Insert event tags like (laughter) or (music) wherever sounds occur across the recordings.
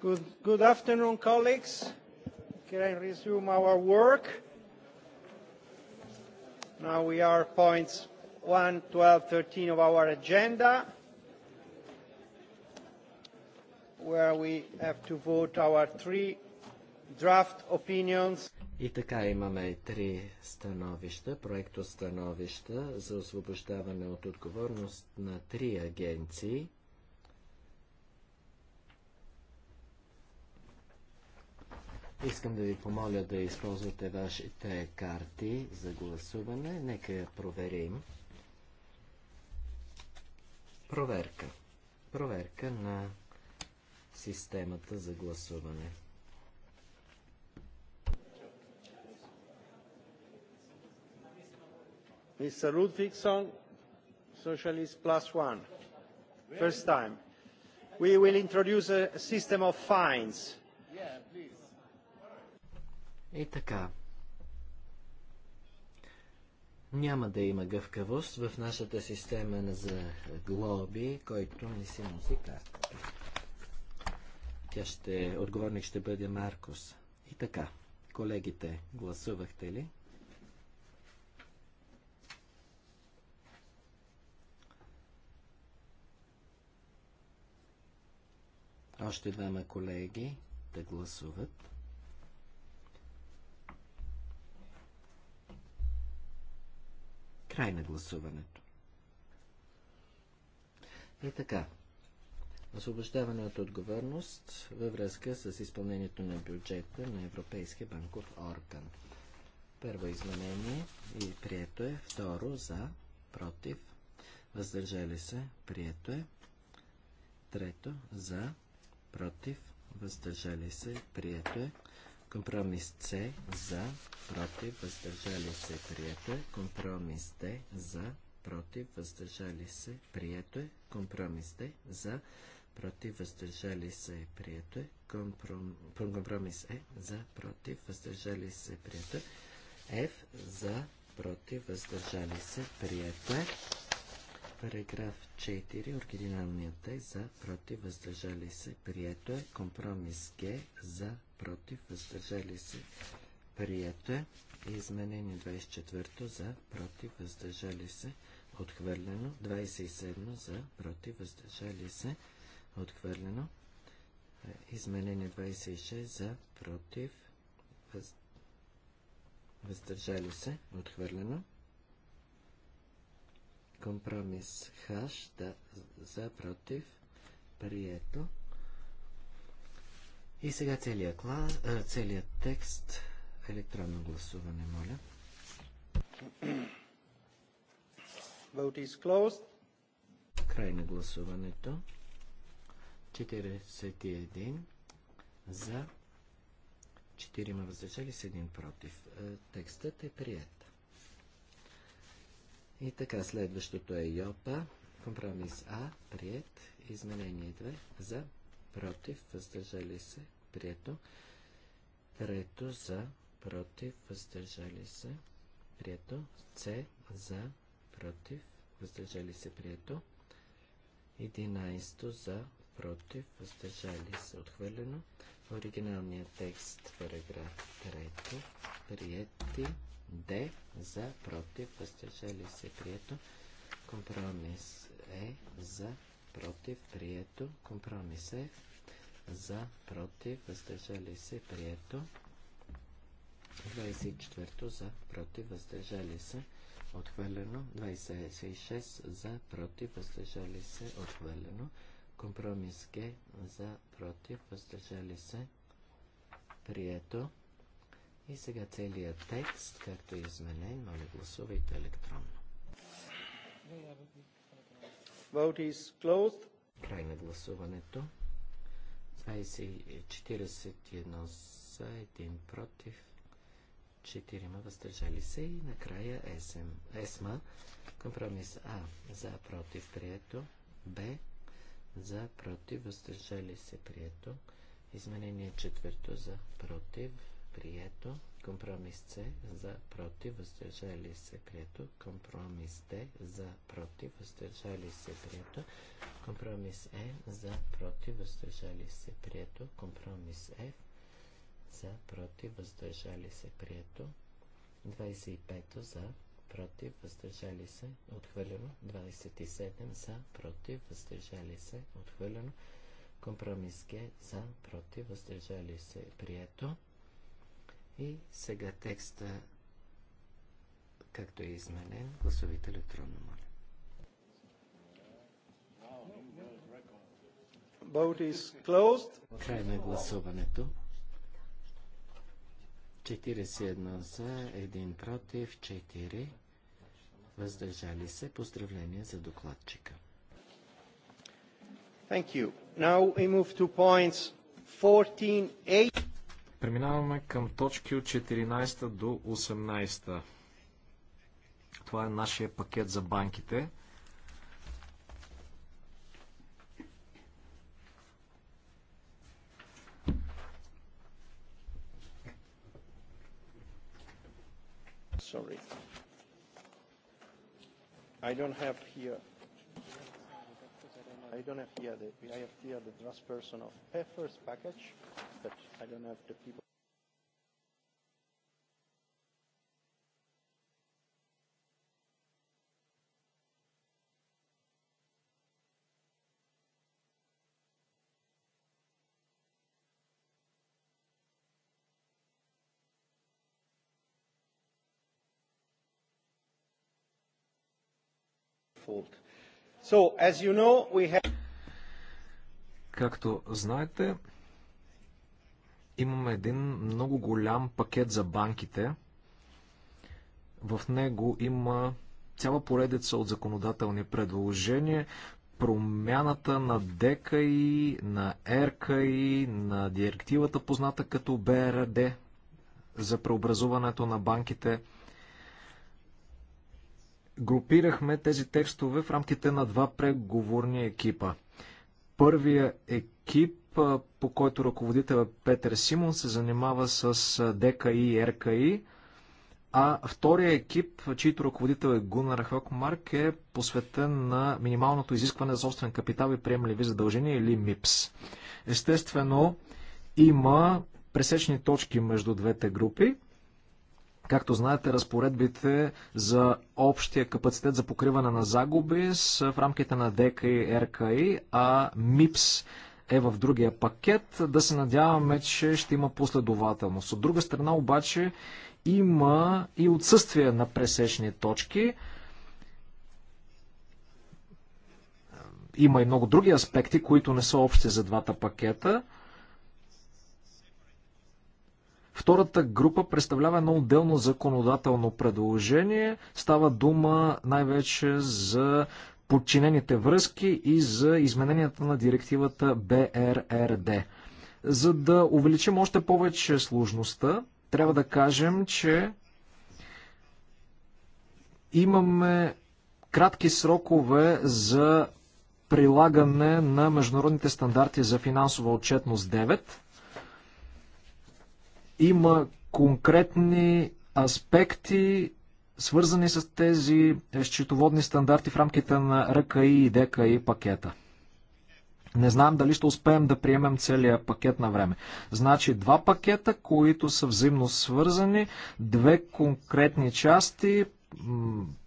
Good, good afternoon, colleagues. Can I resume our work? Now we are points 1, 12, 13 of our agenda, where we have to vote our three draft opinions. И така имаме три становища, проекто становища за освобождаване от отговорност на три агенции – Искам да ви помоля да използвате вашите карти за гласуване. Нека я проверим. Проверка. Проверка на системата за гласуване. Мистер Рудвиксон, Socialist Plus One. First time. We will introduce a system of fines и е така. Няма да има гъвкавост в нашата система за глоби, който не си носи Тя ще, отговорник ще бъде Маркус. И така, колегите, гласувахте ли? Още двама колеги да гласуват. Край на гласуването. И така. Освобождаване от отговорност във връзка с изпълнението на бюджета на Европейския банков орган. Първо изменение и прието е. Второ за, против, въздържали се, прието е. Трето за, против, въздържали се, прието е. Компромис С за, против, въздържали се, прието е. Компромис Д за, против, въздържали се, прието е. Компромис Д за, против, въздържали се, прието е. Компром... Компромис Е за, против, въздържали се, прието е. Ф за, против, въздържали се, прието е. Параграф 4. Оригиналният текст за против въздържали се. Прието е. Компромис Г за против въздържали се. Прието е. Изменение 24 за против въздържали се. Отхвърлено. 27 за против въздържали се. Отхвърлено. Е, изменение 26 за против въздържали се. Отхвърлено. Компромис хаш да, за против. Прието. И сега целият, клас, целият текст. Електронно гласуване, моля. Vote is closed. Край на гласуването. 41 за 4 въздържали се 1 против. Е, текстът е прият. И така, следващото е Йопа. Компромис А, прият. Изменение 2, за, против, въздържали се, прието. Трето, за, против, въздържали се, прието. С, за, против, въздържали се, прието. 11 за, против, въздържали се, отхвърлено. Оригиналният текст, параграф трето, приети. Д за против, въздържали се прието. Компромис Е за против, прието. Компромис Е за против, въздържали се прието. 24 за против, въздържали се отхвърлено. 26 за против, въздържали се отхвърлено. Компромис Г за против, въздържали се прието. И сега целият текст, както е изменен, моля гласувайте електронно. Vote is closed. Край на гласуването. 20, 41 за, 1 против, 4 въздържали се и накрая СМ, ЕСМА. Компромис А за, против, прието. Б за, против, въздържали се, прието. Изменение четвърто за, против, прието. Компромис С за против, въздържали се прието. Компромис Д за против, въздържали се прието. Компромис Е за против, въздържали се прието. Компромис Ф за против, въздържали се прието. 25 за против, въздържали се, отхвърлено. 27 за против, въздържали се, отхвърлено. Компромис Г за против, въздържали се прието. И сега текста, както е изменен, гласовите електронно моля. Vote is closed. Край на гласуването. 41 за, 1 против, 4 въздържали се. Поздравления за докладчика. Thank you. Now we move to points 14, 8. Преминаваме към точки от 14 до 18. Това е нашия пакет за банките. Sorry. I don't have here. I don't have here the I have here the transperson of Pfeffer's package but I don't know if the people. So, as you know, we have... Както знаете, имаме един много голям пакет за банките. В него има цяла поредица от законодателни предложения. Промяната на ДЕКА и на ЕРКА и на директивата, позната като БРД за преобразуването на банките. Групирахме тези текстове в рамките на два преговорни екипа. Първия екип, по който ръководител Петър Симон се занимава с ДКИ и РКИ, а втория екип, чийто ръководител е Гунар Хокмарк, е посветен на минималното изискване за собствен капитал и приемливи задължения или МИПС. Естествено, има пресечни точки между двете групи. Както знаете, разпоредбите за общия капацитет за покриване на загуби са в рамките на ДК и РКИ, а МИПС е в другия пакет. Да се надяваме, че ще има последователност. От друга страна обаче има и отсъствие на пресечни точки. Има и много други аспекти, които не са общи за двата пакета – Втората група представлява едно отделно законодателно предложение. Става дума най-вече за подчинените връзки и за измененията на директивата БРРД. За да увеличим още повече сложността, трябва да кажем, че имаме кратки срокове за прилагане на международните стандарти за финансова отчетност 9. Има конкретни аспекти, свързани с тези счетоводни стандарти в рамките на РКИ и ДКИ пакета. Не знаем дали ще успеем да приемем целия пакет на време. Значи два пакета, които са взаимно свързани, две конкретни части,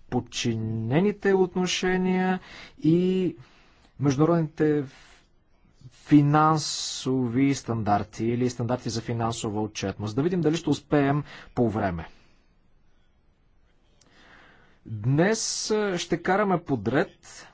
подчинените отношения и международните финансови стандарти или стандарти за финансова отчетност. Да видим дали ще успеем по време. Днес ще караме подред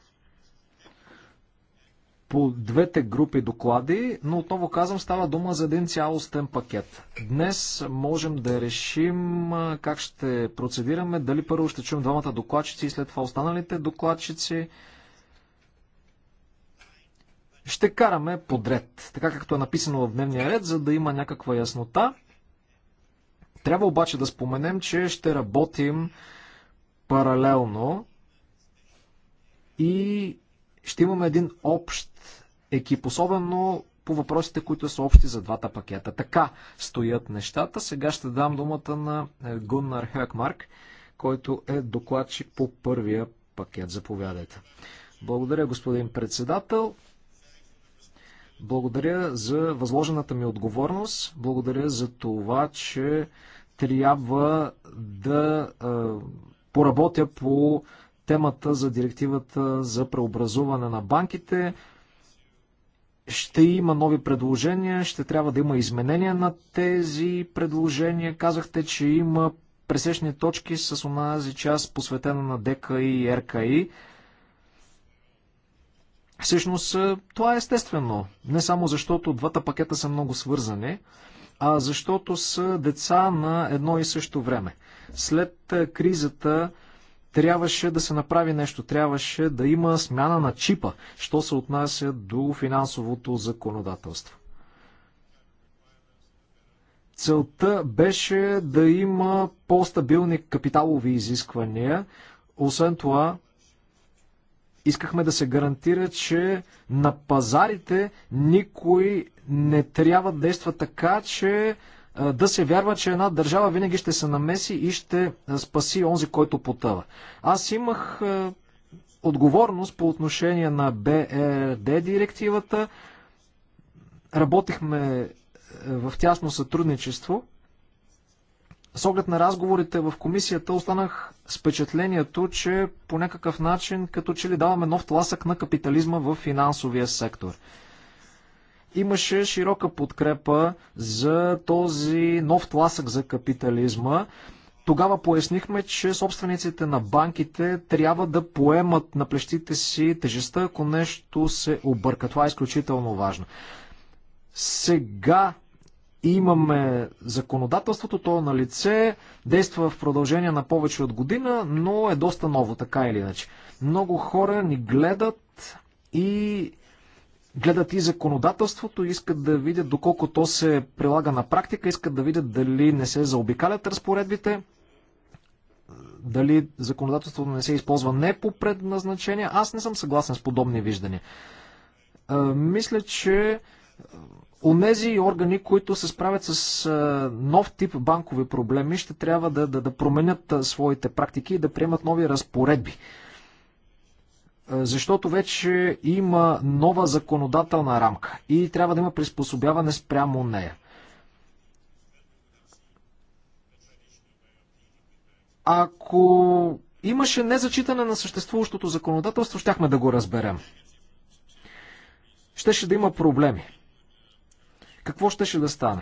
по двете групи доклади, но отново казвам, става дума за един цялостен пакет. Днес можем да решим как ще процедираме, дали първо ще чуем двамата докладчици и след това останалите докладчици. Ще караме подред, така както е написано в дневния ред, за да има някаква яснота. Трябва обаче да споменем, че ще работим паралелно и ще имаме един общ екип, особено по въпросите, които са общи за двата пакета. Така стоят нещата. Сега ще дам думата на е, Гуннар Хекмарк, който е докладчик по първия пакет. Заповядайте. Благодаря, господин председател. Благодаря за възложената ми отговорност. Благодаря за това, че трябва да поработя по темата за директивата за преобразуване на банките. Ще има нови предложения, ще трябва да има изменения на тези предложения. Казахте, че има пресечни точки с онази част посветена на ДК и РКИ. Всъщност това е естествено. Не само защото двата пакета са много свързани, а защото са деца на едно и също време. След кризата трябваше да се направи нещо, трябваше да има смяна на чипа, що се отнася до финансовото законодателство. Целта беше да има по-стабилни капиталови изисквания, освен това Искахме да се гарантира, че на пазарите никой не трябва да действа така, че да се вярва, че една държава винаги ще се намеси и ще спаси онзи, който потъва. Аз имах отговорност по отношение на БРД е директивата. Работихме в тясно сътрудничество с оглед на разговорите в комисията останах с впечатлението, че по някакъв начин като че ли даваме нов тласък на капитализма в финансовия сектор. Имаше широка подкрепа за този нов тласък за капитализма. Тогава пояснихме, че собствениците на банките трябва да поемат на плещите си тежестта, ако нещо се обърка. Това е изключително важно. Сега имаме законодателството, то е на лице, действа в продължение на повече от година, но е доста ново, така или иначе. Много хора ни гледат и гледат и законодателството, искат да видят доколко то се прилага на практика, искат да видят дали не се заобикалят разпоредбите, дали законодателството не се използва не по предназначение. Аз не съм съгласен с подобни виждания. Е, мисля, че Онези органи, които се справят с нов тип банкови проблеми, ще трябва да, да, да променят своите практики и да приемат нови разпоредби. Защото вече има нова законодателна рамка и трябва да има приспособяване спрямо нея. Ако имаше незачитане на съществуващото законодателство, щяхме да го разберем. Щеше да има проблеми. Какво ще, ще да стане?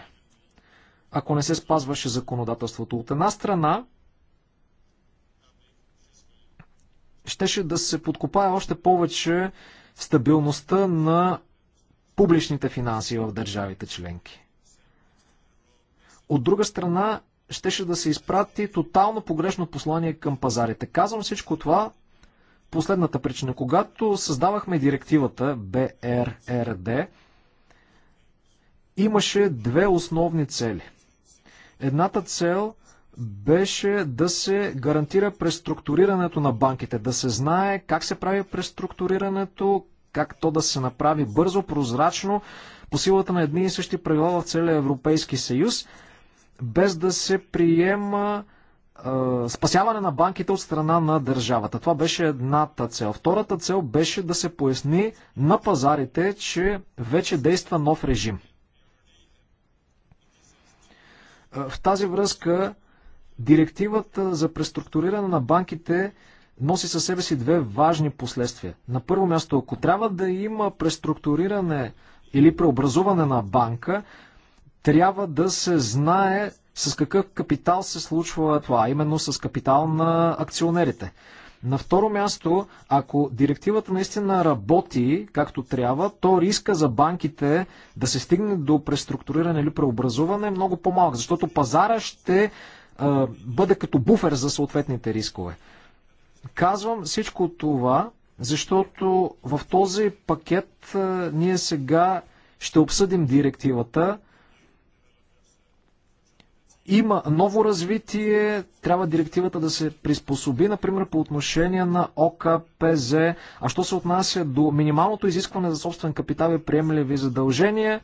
Ако не се спазваше законодателството от една страна, щеше да се подкопае още повече стабилността на публичните финанси в държавите членки. От друга страна, щеше да се изпрати тотално погрешно послание към пазарите. Казвам всичко това последната причина. Когато създавахме директивата BRRD, имаше две основни цели. Едната цел беше да се гарантира преструктурирането на банките, да се знае как се прави преструктурирането, как то да се направи бързо, прозрачно, по силата на едни и същи правила в целия Европейски съюз, без да се приема е, спасяване на банките от страна на държавата. Това беше едната цел. Втората цел беше да се поясни на пазарите, че вече действа нов режим – в тази връзка директивата за преструктуриране на банките носи със себе си две важни последствия. На първо място, ако трябва да има преструктуриране или преобразуване на банка, трябва да се знае с какъв капитал се случва това, именно с капитал на акционерите. На второ място, ако директивата наистина работи както трябва, то риска за банките да се стигне до преструктуриране или преобразуване е много по-малък, защото пазара ще а, бъде като буфер за съответните рискове. Казвам всичко това, защото в този пакет а, ние сега ще обсъдим директивата има ново развитие, трябва директивата да се приспособи, например, по отношение на ОКПЗ. А що се отнася до минималното изискване за собствен капитал и приемливи задължения,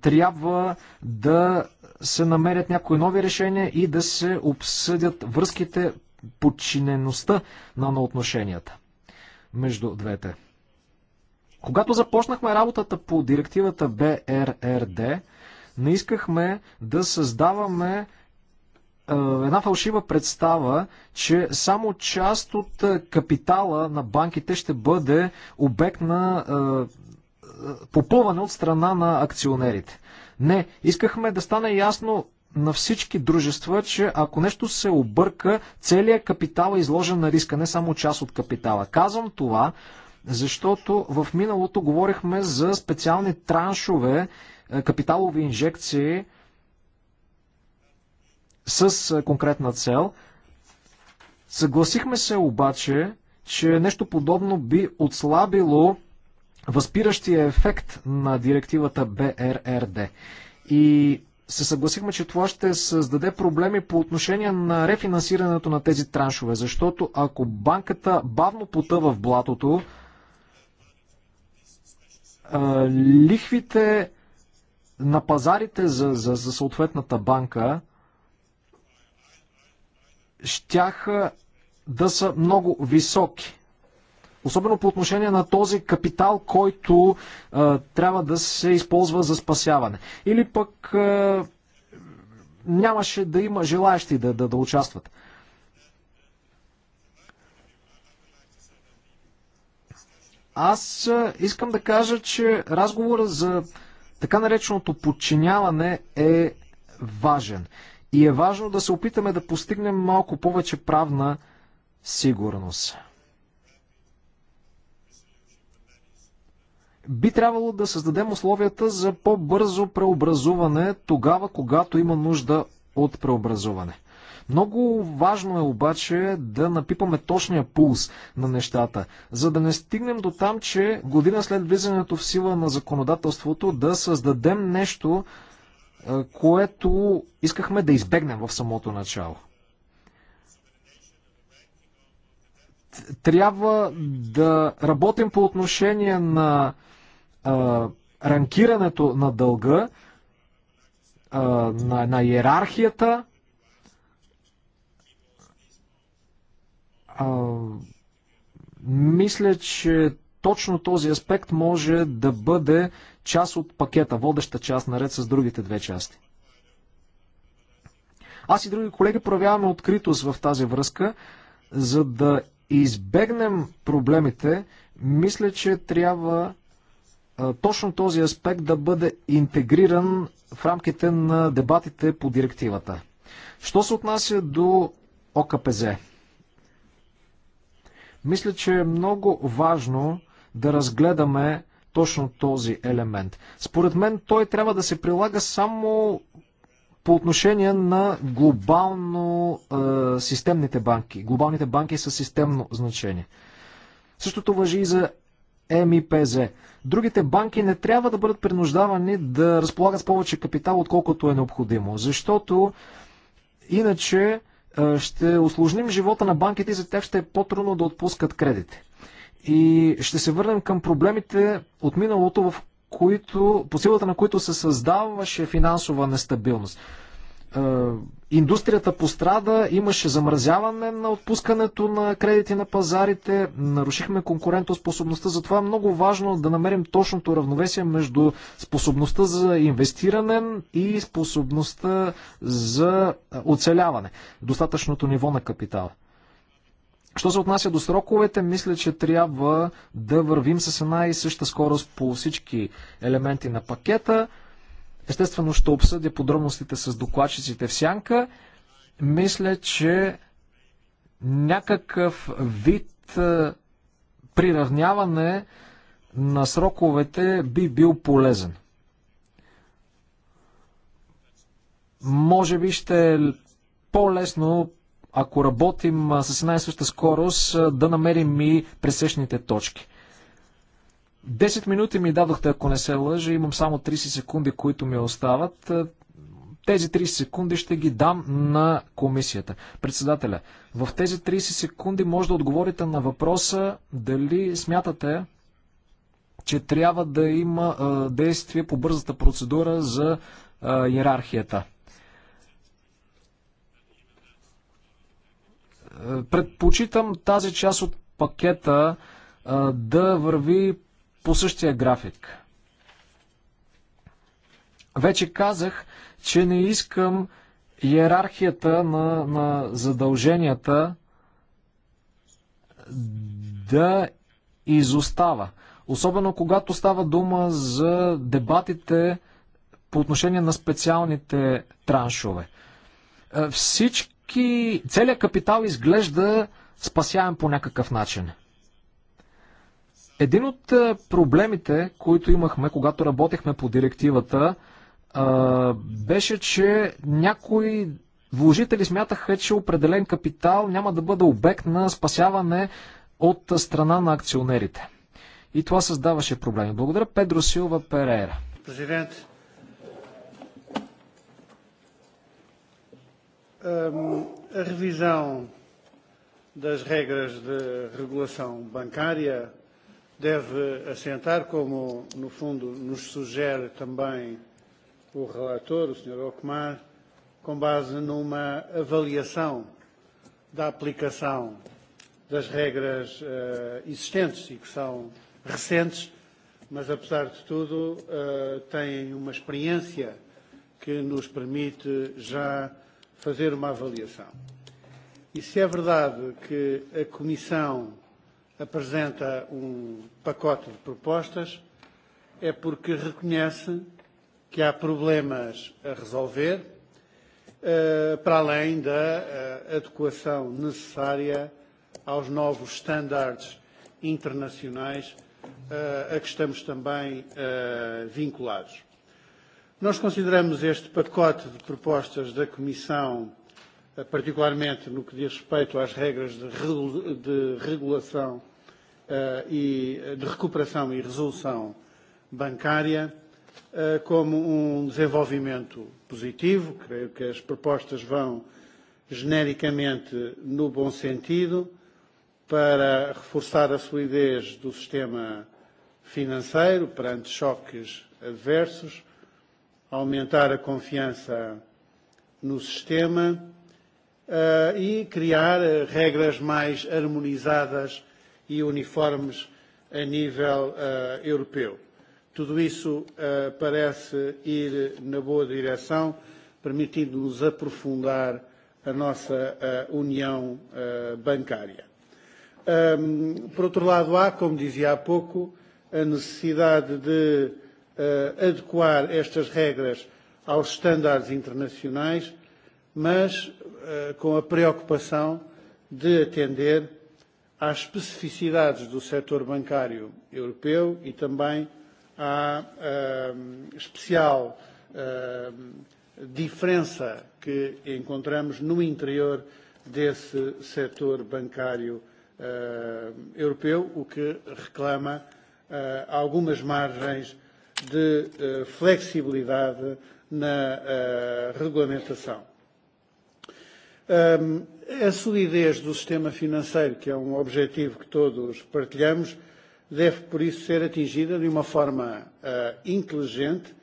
трябва да се намерят някои нови решения и да се обсъдят връзките, подчинеността на, на отношенията между двете. Когато започнахме работата по директивата БРРД, не искахме да създаваме една фалшива представа, че само част от капитала на банките ще бъде обект на попълване от страна на акционерите. Не, искахме да стане ясно на всички дружества, че ако нещо се обърка, целият капитал е изложен на риска, не само част от капитала. Казвам това, защото в миналото говорихме за специални траншове капиталови инжекции с конкретна цел. Съгласихме се обаче, че нещо подобно би отслабило възпиращия ефект на директивата БРРД. И се съгласихме, че това ще създаде проблеми по отношение на рефинансирането на тези траншове, защото ако банката бавно потъва в блатото, лихвите на пазарите за, за, за съответната банка щяха да са много високи. Особено по отношение на този капитал, който е, трябва да се използва за спасяване. Или пък е, нямаше да има желаящи да, да, да участват. Аз искам да кажа, че разговора за така нареченото подчиняване е важен. И е важно да се опитаме да постигнем малко повече правна сигурност. Би трябвало да създадем условията за по-бързо преобразуване тогава, когато има нужда от преобразуване. Много важно е обаче да напипаме точния пулс на нещата, за да не стигнем до там, че година след влизането в сила на законодателството да създадем нещо, което искахме да избегнем в самото начало. Трябва да работим по отношение на а, ранкирането на дълга, а, на, на иерархията, мисля, че точно този аспект може да бъде част от пакета, водеща част, наред с другите две части. Аз и други колеги проявяваме откритост в тази връзка, за да избегнем проблемите, мисля, че трябва а, точно този аспект да бъде интегриран в рамките на дебатите по директивата. Що се отнася до ОКПЗ? Мисля, че е много важно да разгледаме точно този елемент. Според мен той трябва да се прилага само по отношение на глобално е, системните банки. Глобалните банки са системно значение. Същото въжи и за МИПЗ. Другите банки не трябва да бъдат принуждавани да разполагат с повече капитал, отколкото е необходимо, защото иначе ще осложним живота на банките и за тях ще е по-трудно да отпускат кредити. И ще се върнем към проблемите от миналото, в които, по силата на които се създаваше финансова нестабилност. Е, индустрията пострада, имаше замразяване на отпускането на кредити на пазарите, нарушихме конкурентоспособността, затова е много важно да намерим точното равновесие между способността за инвестиране и способността за оцеляване, достатъчното ниво на капитала. Що се отнася до сроковете, мисля, че трябва да вървим с една и съща скорост по всички елементи на пакета. Естествено ще обсъдя подробностите с докладчиците в сянка. Мисля, че някакъв вид е, приравняване на сроковете би бил полезен. Може би ще е по-лесно, ако работим е, с най съща скорост, е, да намерим и пресечните точки. 10 минути ми дадохте, ако не се лъжа. Имам само 30 секунди, които ми остават. Е, тези 30 секунди ще ги дам на комисията. Председателя, в тези 30 секунди може да отговорите на въпроса дали смятате, че трябва да има а, е, действие по бързата процедура за а, е, иерархията. Предпочитам тази част от пакета а, да върви по същия график. Вече казах, че не искам иерархията на, на задълженията да изостава. Особено когато става дума за дебатите по отношение на специалните траншове. Е, всички, целият капитал изглежда спасяем по някакъв начин. Един от проблемите, които имахме, когато работехме по директивата, беше, че някои вложители смятаха, че определен капитал няма да бъде обект на спасяване от страна на акционерите. И това създаваше проблеми. Благодаря, Педро Силва Перейра. Президент, Ревизион. revisão das regras de regulação bancária deve assentar, como no fundo nos sugere também o relator, o Sr. Ocumar, com base numa avaliação da aplicação das regras uh, existentes e que são recentes, mas apesar de tudo uh, têm uma experiência que nos permite já fazer uma avaliação. E se é verdade que a Comissão apresenta um pacote de propostas é porque reconhece que há problemas a resolver, para além da adequação necessária aos novos estándares internacionais a que estamos também vinculados. Nós consideramos este pacote de propostas da Comissão, particularmente no que diz respeito às regras de regulação e de recuperação e resolução bancária como um desenvolvimento positivo. Creio que as propostas vão genericamente no bom sentido para reforçar a solidez do sistema financeiro perante choques adversos, aumentar a confiança no sistema uh, e criar regras mais harmonizadas e uniformes a nível uh, europeu. Tudo isso uh, parece ir na boa direção, permitindo-nos aprofundar a nossa uh, união uh, bancária. Um, por outro lado, há, como dizia há pouco, a necessidade de uh, adequar estas regras aos estándares internacionais, mas uh, com a preocupação de atender às especificidades do setor bancário europeu e também à uh, especial uh, diferença que encontramos no interior desse setor bancário uh, europeu, o que reclama uh, algumas margens de uh, flexibilidade na uh, regulamentação. A solidez do sistema financeiro, que é um objetivo que todos partilhamos, deve, por isso, ser atingida de uma forma uh, inteligente,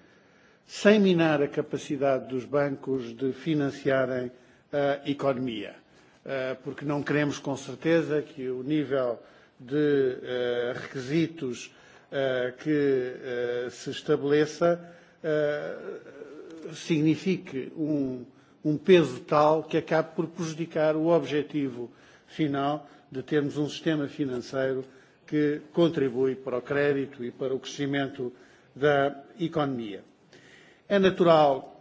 sem minar a capacidade dos bancos de financiarem a economia. Uh, porque não queremos, com certeza, que o nível de uh, requisitos uh, que uh, se estabeleça uh, signifique um um peso tal que acabe por prejudicar o objetivo final de termos um sistema financeiro que contribui para o crédito e para o crescimento da economia. É natural,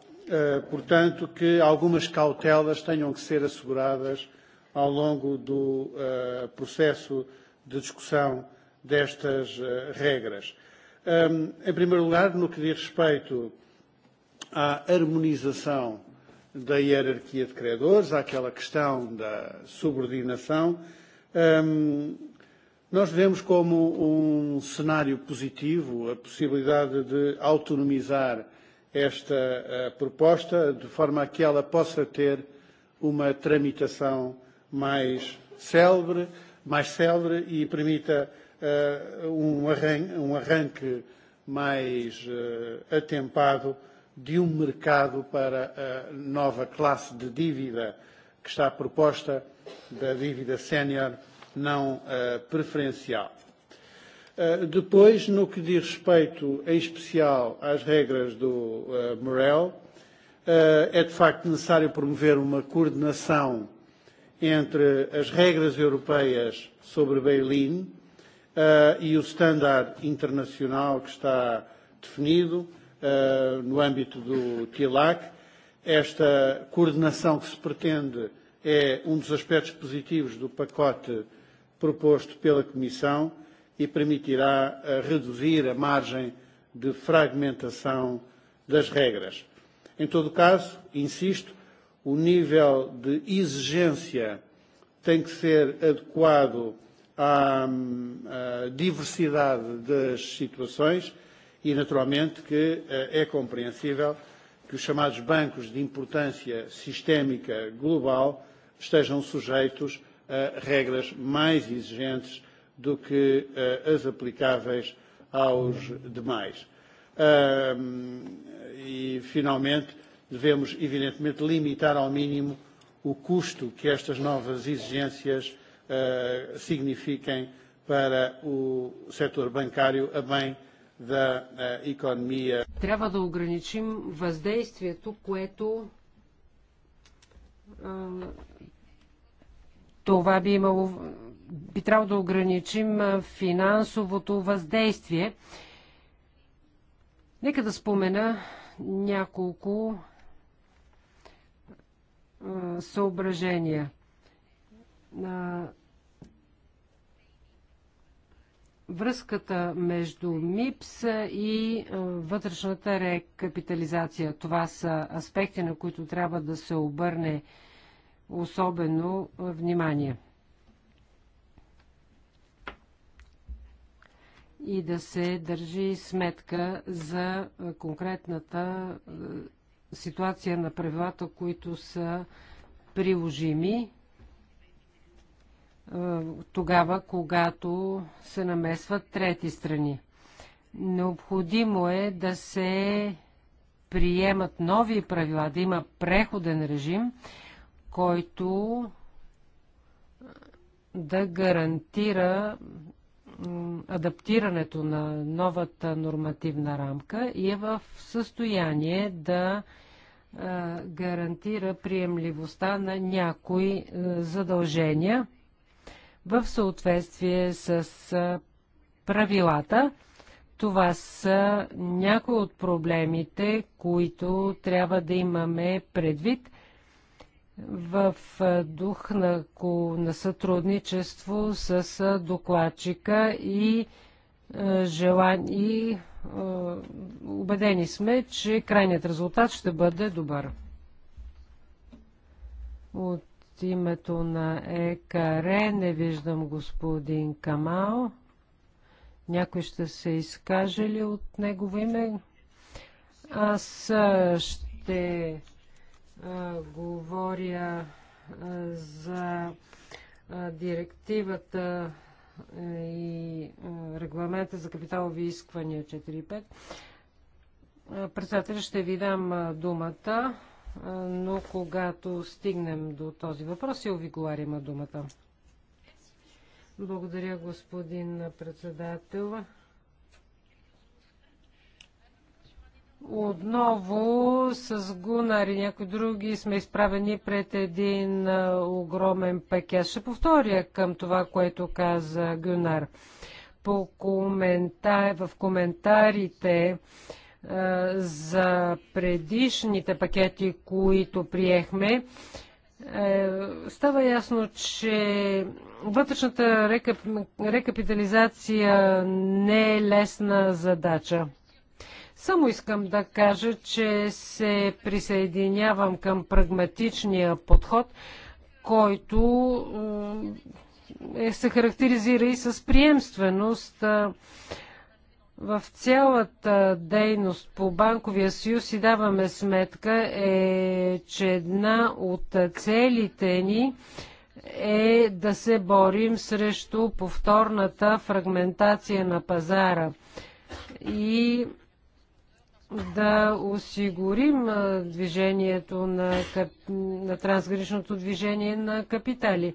portanto, que algumas cautelas tenham que ser asseguradas ao longo do processo de discussão destas regras. Em primeiro lugar, no que diz respeito à harmonização da hierarquia de credores, àquela questão da subordinação, um, nós vemos como um cenário positivo a possibilidade de autonomizar esta proposta, de forma a que ela possa ter uma tramitação mais célebre, mais célebre e permita uh, um, arran um arranque mais uh, atempado uh, de um mercado para a nova classe de dívida que está proposta, da dívida sénior não uh, preferencial. Uh, depois, no que diz respeito, em especial, às regras do uh, Morel, uh, é de facto necessário promover uma coordenação entre as regras europeias sobre bail-in uh, e o standard internacional que está definido, uh, no âmbito do TILAC. Esta coordenação que se pretende é um dos aspectos positivos do pacote proposto pela Comissão e permitirá reduzir a margem de fragmentação das regras. Em todo caso, insisto, o nível de exigência tem que ser adequado à diversidade das situações e, naturalmente, que é compreensível que os chamados bancos de importância sistémica global estejam sujeitos a regras mais exigentes do que as aplicáveis aos demais. E, finalmente, devemos, evidentemente, limitar ao mínimo o custo que estas novas exigências signifiquem para o setor bancário a bem Uh, uh, Трябва да ограничим въздействието, което това би имало, би трябвало да ограничим финансовото въздействие. Нека да спомена няколко съображения. връзката между МИПС и вътрешната рекапитализация. Това са аспекти, на които трябва да се обърне особено внимание. И да се държи сметка за конкретната ситуация на правилата, които са приложими е, тогава, когато се намесват трети страни. Необходимо е да се приемат нови правила, да има преходен режим, който е, да гарантира адаптирането на новата нормативна рамка и е в състояние да е, гарантира приемливостта на някои задължения – в съответствие с правилата. Това са някои от проблемите, които трябва да имаме предвид в дух на, на сътрудничество с докладчика и желан и убедени сме, че крайният резултат ще бъде добър. От от името на ЕКР не виждам господин Камал. Някой ще се изкаже ли от негово име? Аз ще а, говоря а, за а, директивата и регламента за капиталови изисквания 4.5. Председателя ще ви дам думата но когато стигнем до този въпрос, я Голар има думата. Благодаря, господин председател. Отново с Гунар и някои други сме изправени пред един огромен пакет. Ще повторя към това, което каза Гунар. По коментар, в коментарите е, за предишните пакети, които приехме, е, става ясно, че вътрешната рекап... рекапитализация не е лесна задача. Само искам да кажа, че се присъединявам към прагматичния подход, който е, се характеризира и с приемственост в цялата дейност по банковия съюз си даваме сметка е, че една от целите ни е да се борим срещу повторната фрагментация на пазара и да осигурим движението на, на трансграничното движение на капитали.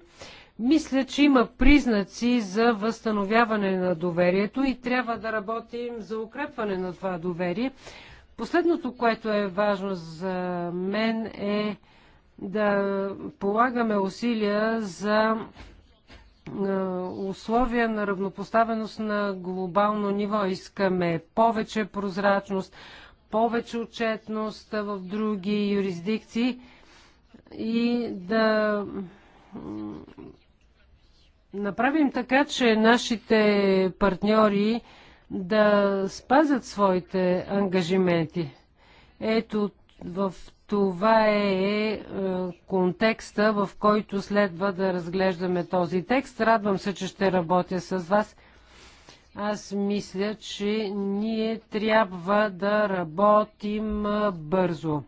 Мисля, че има признаци за възстановяване на доверието и трябва да работим за укрепване на това доверие. Последното, което е важно за мен е да полагаме усилия за условия на равнопоставеност на глобално ниво. Искаме повече прозрачност, повече отчетност в други юрисдикции и да направим така, че нашите партньори да спазят своите ангажименти. Ето в това е, е, е контекста, в който следва да разглеждаме този текст. Радвам се, че ще работя с вас. Аз мисля, че ние трябва да работим бързо.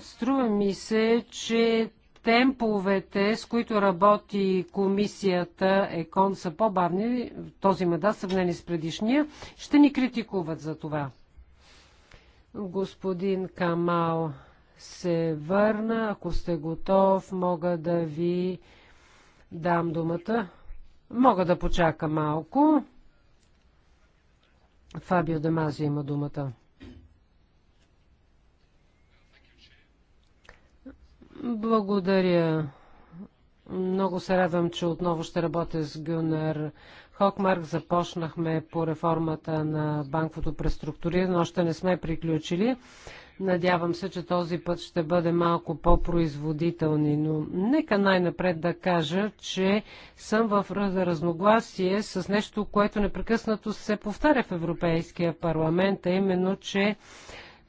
Струва ми се, че темповете, с които работи комисията ЕКОН са по-бавни, този мандат съвнени с предишния, ще ни критикуват за това. Господин Камал се върна. Ако сте готов, мога да ви дам думата. Мога да почака малко. Фабио Демази има думата. Благодаря. Много се радвам, че отново ще работя с Гюнер Хокмарк. Започнахме по реформата на банковото преструктуриране. Още не сме приключили. Надявам се, че този път ще бъде малко по-производителни, но нека най-напред да кажа, че съм в разногласие с нещо, което непрекъснато се повтаря в Европейския парламент, а именно, че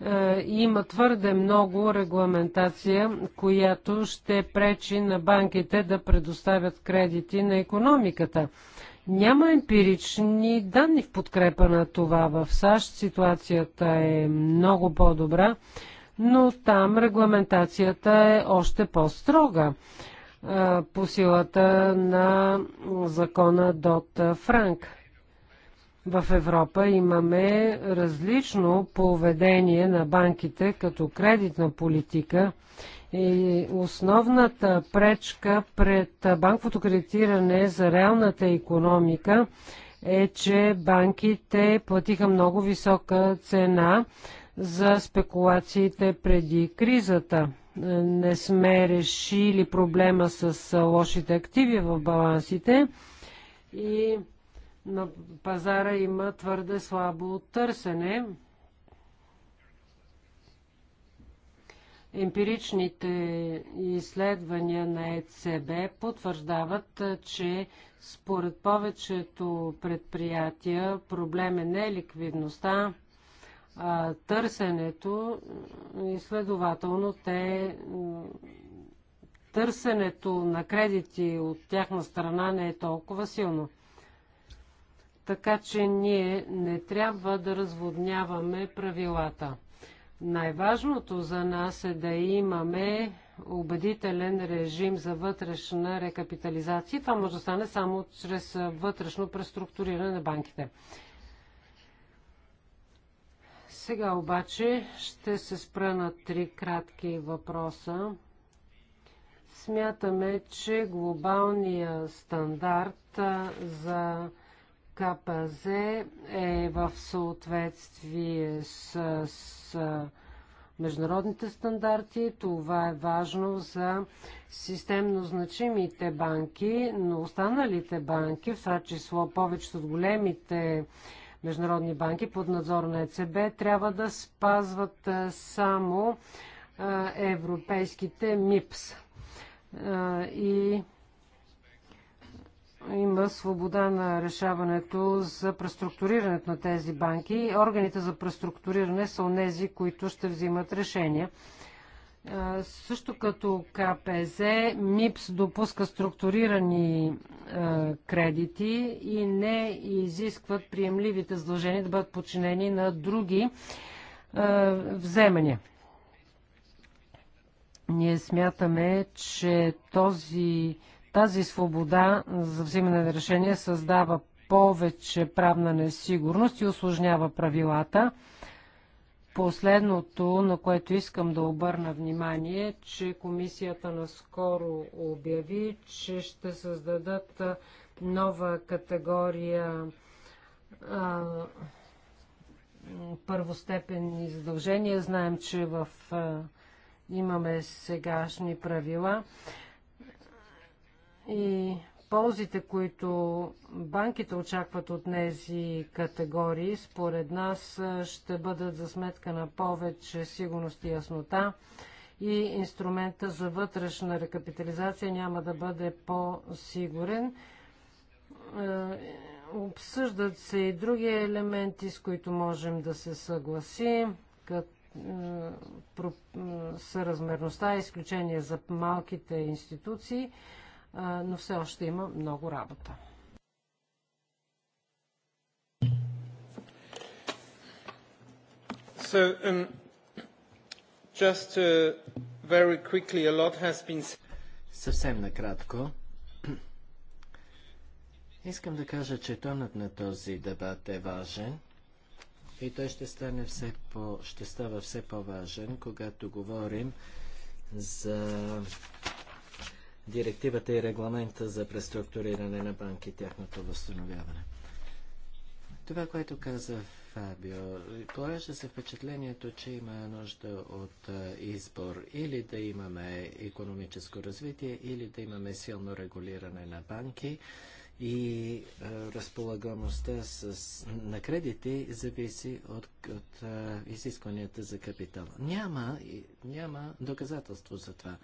е, има твърде много регламентация, която ще пречи на банките да предоставят кредити на економиката. Няма емпирични данни в подкрепа на това. В САЩ ситуацията е много по-добра, но там регламентацията е още по-строга е, по силата на закона Дот Франк в Европа имаме различно поведение на банките като кредитна политика и основната пречка пред банковото кредитиране за реалната економика е, че банките платиха много висока цена за спекулациите преди кризата. Не сме решили проблема с лошите активи в балансите и на пазара има твърде слабо търсене. Емпиричните изследвания на ЕЦБ потвърждават, че според повечето предприятия проблем е не ликвидността, а търсенето и следователно те търсенето на кредити от тяхна страна не е толкова силно. Така че ние не трябва да разводняваме правилата. Най-важното за нас е да имаме убедителен режим за вътрешна рекапитализация. Това може да стане само чрез вътрешно преструктуриране на банките. Сега обаче ще се спра на три кратки въпроса. Смятаме, че глобалния стандарт за КПЗ е в съответствие с, с международните стандарти. Това е важно за системно значимите банки, но останалите банки, в това число повечето от големите международни банки под надзор на ЕЦБ, трябва да спазват само европейските МИПС. И има свобода на решаването за преструктурирането на тези банки. Органите за преструктуриране са онези, които ще взимат решения. Също като КПЗ, МИПС допуска структурирани кредити и не изискват приемливите задължения да бъдат подчинени на други вземания. Ние смятаме, че този тази свобода за взимане на решение създава повече правна несигурност и осложнява правилата. Последното, на което искам да обърна внимание, е, че комисията наскоро обяви, че ще създадат нова категория а, първостепенни задължения. Знаем, че в, а, имаме сегашни правила и ползите, които банките очакват от тези категории, според нас ще бъдат за сметка на повече сигурност и яснота и инструмента за вътрешна рекапитализация няма да бъде по-сигурен. Обсъждат се и други елементи, с които можем да се съгласим, като съразмерността, изключение за малките институции – но все още има много работа. So, um, just uh, very quickly, a lot has been... Съвсем накратко. (clears throat) Искам да кажа, че тонът на този дебат е важен и той ще, стане все по, ще става все по-важен, когато говорим за директивата и регламента за преструктуриране на банки и тяхното възстановяване. Това, което каза Фабио, поражда се впечатлението, че има нужда от избор или да имаме економическо развитие, или да имаме силно регулиране на банки и разполагамостта разполагаемостта с, на кредити зависи от, от изискванията за капитал. Няма, няма доказателство за това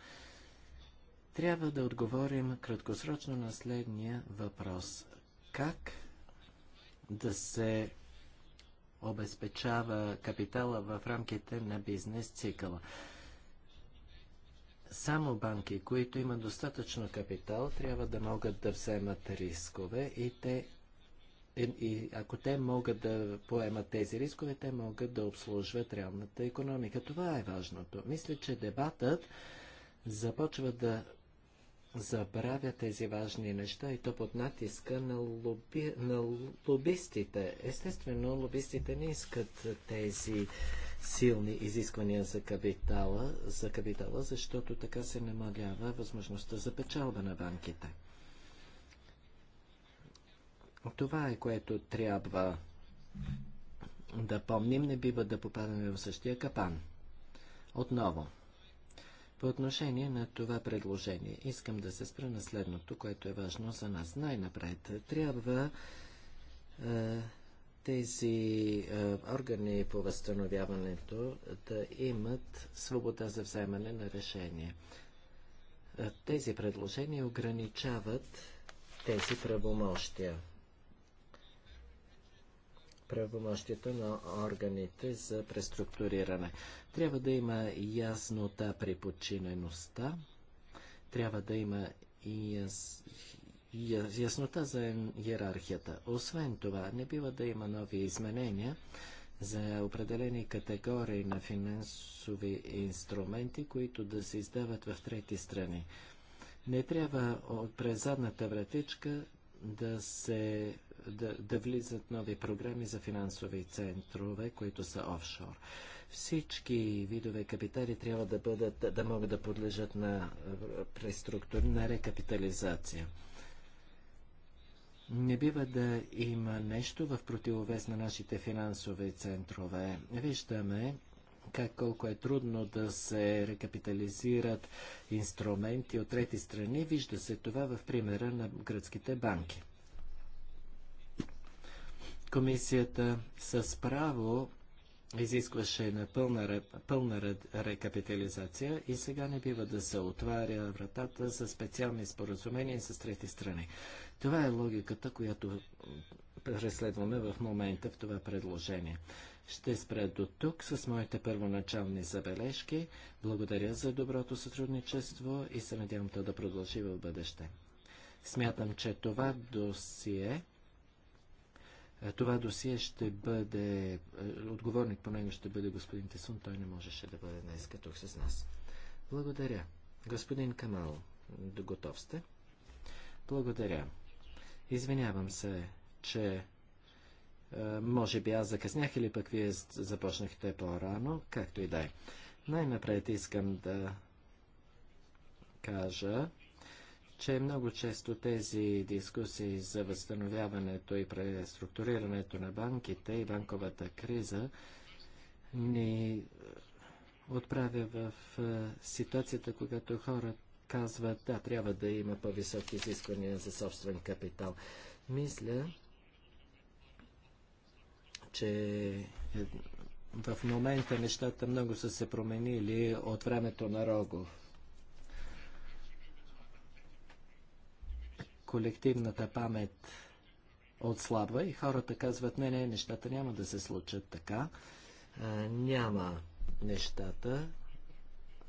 трябва да отговорим краткосрочно на следния въпрос. Как да се обезпечава капитала в рамките на бизнес цикъла? Само банки, които имат достатъчно капитал, трябва да могат да вземат рискове и те и ако те могат да поемат тези рискове, те могат да обслужват реалната економика. Това е важното. Мисля, че дебатът започва да забравя тези важни неща и то под натиска на, лоби, на лобистите. Естествено, лобистите не искат тези силни изисквания за капитала, за капитала, защото така се намалява възможността за печалба на банките. Това е което трябва да помним, не бива да попадаме в същия капан. Отново – по отношение на това предложение, искам да се спра на следното, което е важно за нас. Най-напред трябва е, тези е, органи по възстановяването да имат свобода за вземане на решение. Е, тези предложения ограничават тези правомощия правомощията на органите за преструктуриране. Трябва да има яснота при подчинеността, трябва да има и яс... яснота за иерархията. Освен това, не бива да има нови изменения за определени категории на финансови инструменти, които да се издават в трети страни. Не трябва от през задната вратичка да, се, да, да влизат нови програми за финансови центрове, които са офшор. Всички видове капитали трябва да, бъдат, да могат да подлежат на, преструктур, на рекапитализация. Не бива да има нещо в противовес на нашите финансови центрове. Виждаме, как колко е трудно да се рекапитализират инструменти от трети страни. Вижда се това в примера на гръцките банки. Комисията с право изискваше на пълна, пълна рекапитализация и сега не бива да се отваря вратата за специални споразумения с трети страни. Това е логиката, която преследваме в момента в това предложение. Ще спра до тук с моите първоначални забележки. Благодаря за доброто сътрудничество и се надявам то да продължи в бъдеще. Смятам, че това досие това досие ще бъде, е, отговорник по него ще бъде господин Тесун, той не можеше да бъде днес тук с нас. Благодаря. Господин Камал, готов сте? Благодаря. Извинявам се, че е, може би аз закъснях или пък вие започнахте по-рано, както и да е. Най-напред искам да кажа, че много често тези дискусии за възстановяването и преструктурирането на банките и банковата криза ни е, отправя в е, ситуацията, когато хора казват, да, трябва да има по-високи изисквания за собствен капитал. Мисля, че е, в момента нещата много са се променили от времето на Рогов. Колективната памет отслабва и хората казват, не, не, нещата няма да се случат така. А, е, няма нещата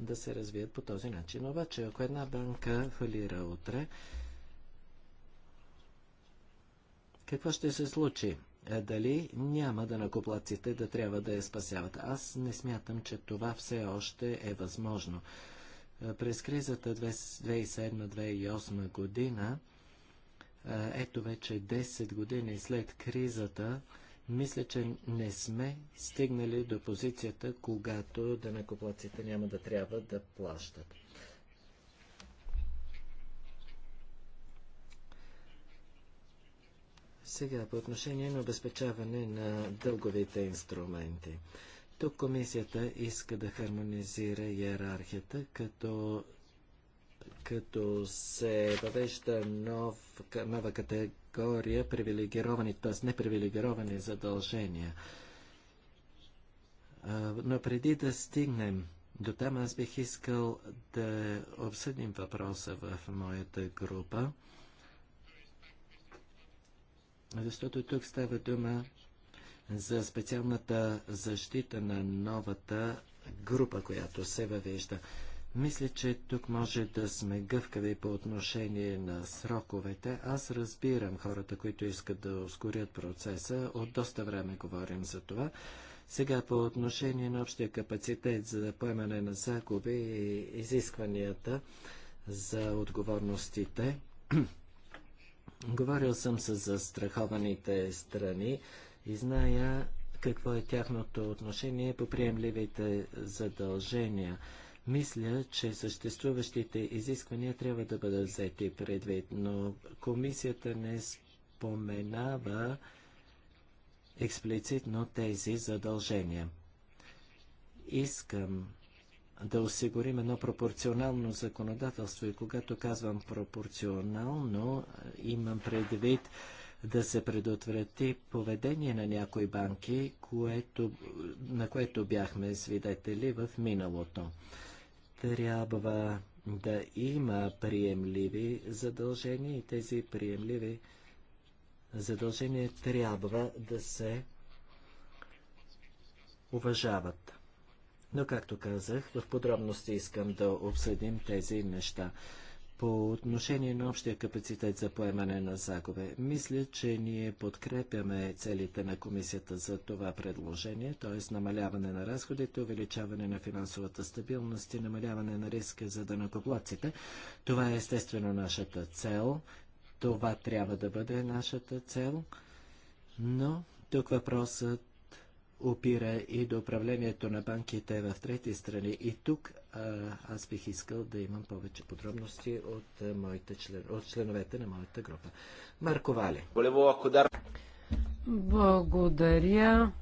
да се развият по този начин. Обаче, ако една банка фалира утре, какво ще се случи? Е дали няма да накоплаците да трябва да я спасяват. Аз не смятам, че това все още е възможно. Е, през кризата 2007-2008 година, е, ето вече 10 години след кризата, мисля, че не сме стигнали до позицията, когато да накоплаците няма да трябва да плащат. Сега по отношение на обезпечаване на дълговите инструменти. Тук комисията иска да хармонизира иерархията, като, като се въвежда нов, нова категория привилегировани, т.е. непривилегировани задължения. Но преди да стигнем до там, аз бих искал да обсъдим въпроса в моята група. Защото тук става дума за специалната защита на новата група, която се въвежда. Мисля, че тук може да сме гъвкави по отношение на сроковете. Аз разбирам хората, които искат да ускорят процеса. От доста време говорим за това. Сега по отношение на общия капацитет за поемане на загуби и изискванията за отговорностите. Говорил съм с застрахованите страни и зная какво е тяхното отношение по приемливите задължения. Мисля, че съществуващите изисквания трябва да бъдат взети предвид, но комисията не споменава експлицитно тези задължения. Искам да осигурим едно пропорционално законодателство. И когато казвам пропорционално, имам предвид да се предотврати поведение на някои банки, което, на което бяхме свидетели в миналото. Трябва да има приемливи задължения и тези приемливи задължения трябва да се уважават. Но, както казах, в подробности искам да обсъдим тези неща. По отношение на общия капацитет за поемане на загубе, мисля, че ние подкрепяме целите на комисията за това предложение, т.е. намаляване на разходите, увеличаване на финансовата стабилност и намаляване на риска за данакоплаците. Това е естествено нашата цел. Това трябва да бъде нашата цел. Но тук въпросът опира и до управлението на банките в трети страни. И тук а, аз бих искал да имам повече подробности от, а, моите член, от членовете на моята група. Марко Вали. Благодаря.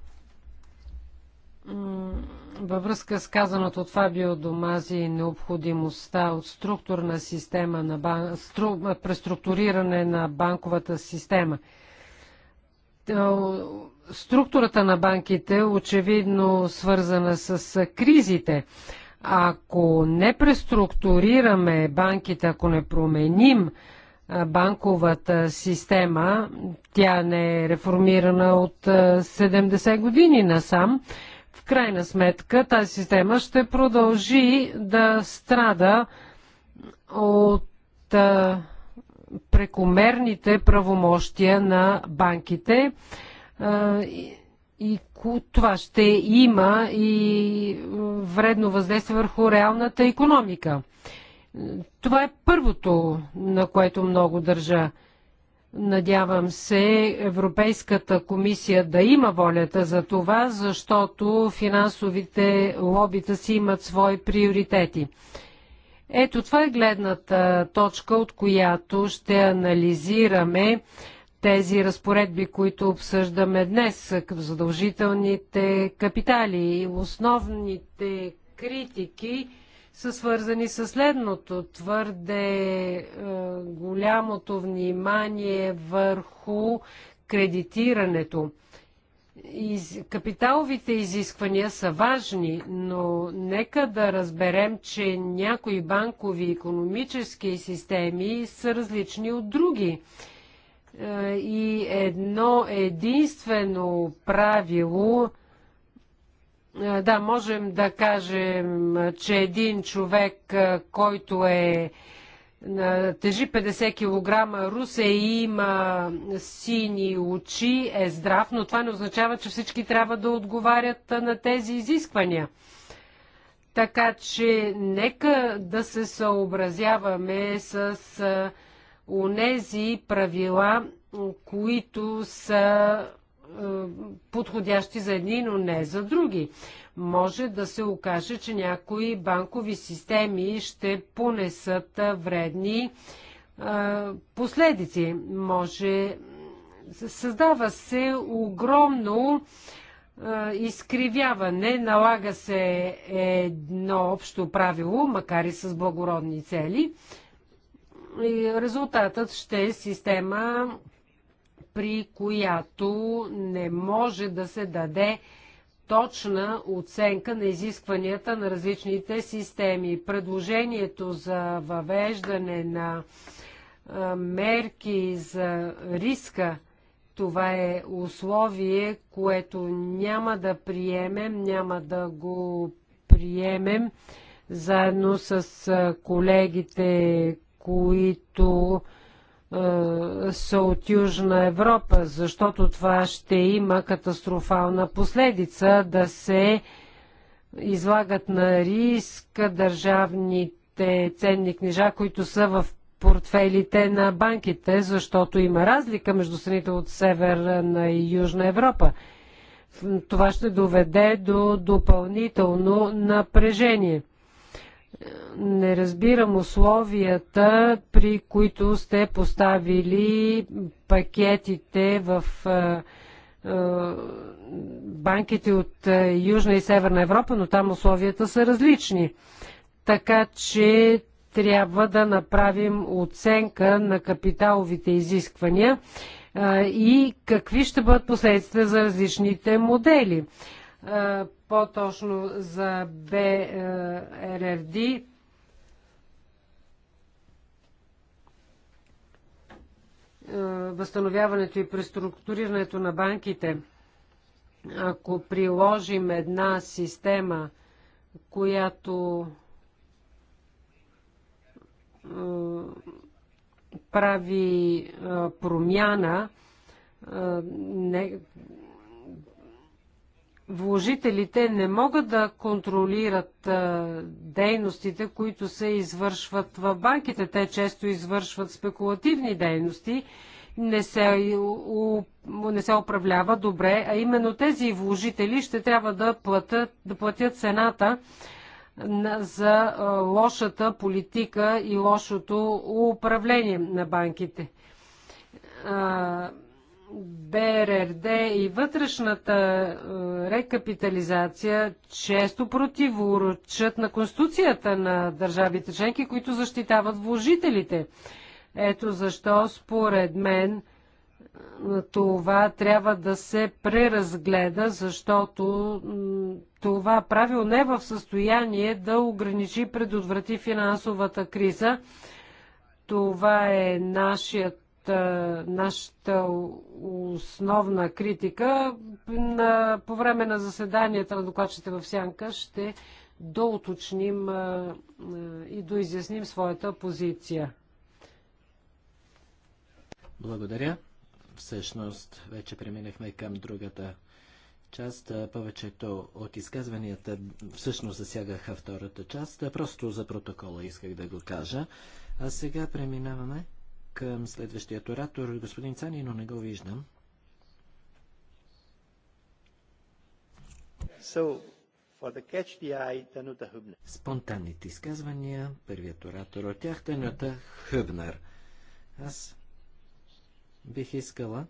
Във връзка с казаното от Фабио Домази необходимостта от структурна система на бан... стру... преструктуриране на банковата система структурата на банките очевидно свързана с кризите. Ако не преструктурираме банките, ако не променим банковата система, тя не е реформирана от 70 години насам, в крайна сметка тази система ще продължи да страда от прекомерните правомощия на банките и, и това ще има и вредно въздействие върху реалната економика. Това е първото, на което много държа. Надявам се Европейската комисия да има волята за това, защото финансовите лобита си имат свои приоритети. Ето това е гледната точка, от която ще анализираме тези разпоредби, които обсъждаме днес, задължителните капитали и основните критики са свързани с следното. Твърде е, голямото внимание върху кредитирането. Из... Капиталовите изисквания са важни, но нека да разберем, че някои банкови и економически системи са различни от други. Е, и едно единствено правило, е, да, можем да кажем, че един човек, е, който е тежи 50 кг рус е и има сини очи, е здрав, но това не означава, че всички трябва да отговарят на тези изисквания. Така че нека да се съобразяваме с онези правила, които са е, подходящи за едни, но не за други. Може да се окаже, че някои банкови системи ще понесат вредни е, последици. Може създава се огромно е, изкривяване, налага се едно общо правило, макар и с благородни цели – и резултатът ще е система, при която не може да се даде точна оценка на изискванията на различните системи. Предложението за въвеждане на мерки за риска, това е условие, което няма да приемем, няма да го приемем заедно с колегите, които е, са от Южна Европа, защото това ще има катастрофална последица да се излагат на риск държавните ценни книжа, които са в портфелите на банките, защото има разлика между страните от Северна и Южна Европа. Това ще доведе до допълнително напрежение не разбирам условията, при които сте поставили пакетите в банките от Южна и Северна Европа, но там условията са различни. Така че трябва да направим оценка на капиталовите изисквания и какви ще бъдат последствия за различните модели по-точно за БРРД. Е възстановяването и преструктурирането на банките, ако приложим една система, която прави промяна, вложителите не могат да контролират дейностите, които се извършват в банките. Те често извършват спекулативни дейности, не се, не се управлява добре, а именно тези вложители ще трябва да платят, да платят цената за лошата политика и лошото управление на банките БРРД и вътрешната е, рекапитализация често противоречат на конституцията на държавите членки, които защитават вложителите. Ето защо според мен това трябва да се преразгледа, защото това правило не е в състояние да ограничи, предотврати финансовата криза. Това е нашият е, нашата основна критика. На, по време на заседанията на докладчите в Сянка ще доуточним а, е, е, и доизясним своята позиция. Благодаря. Всъщност, вече преминахме към другата част. Повечето от изказванията всъщност засягаха втората част. Просто за протокола исках да го кажа. А сега преминаваме към следващия оратор, господин Цани, но не го виждам. So, for the catch the eye, Танута Хъбнер. Спонтанните изказвания, първият оратор от тях, Танута Хъбнер. Аз бих искала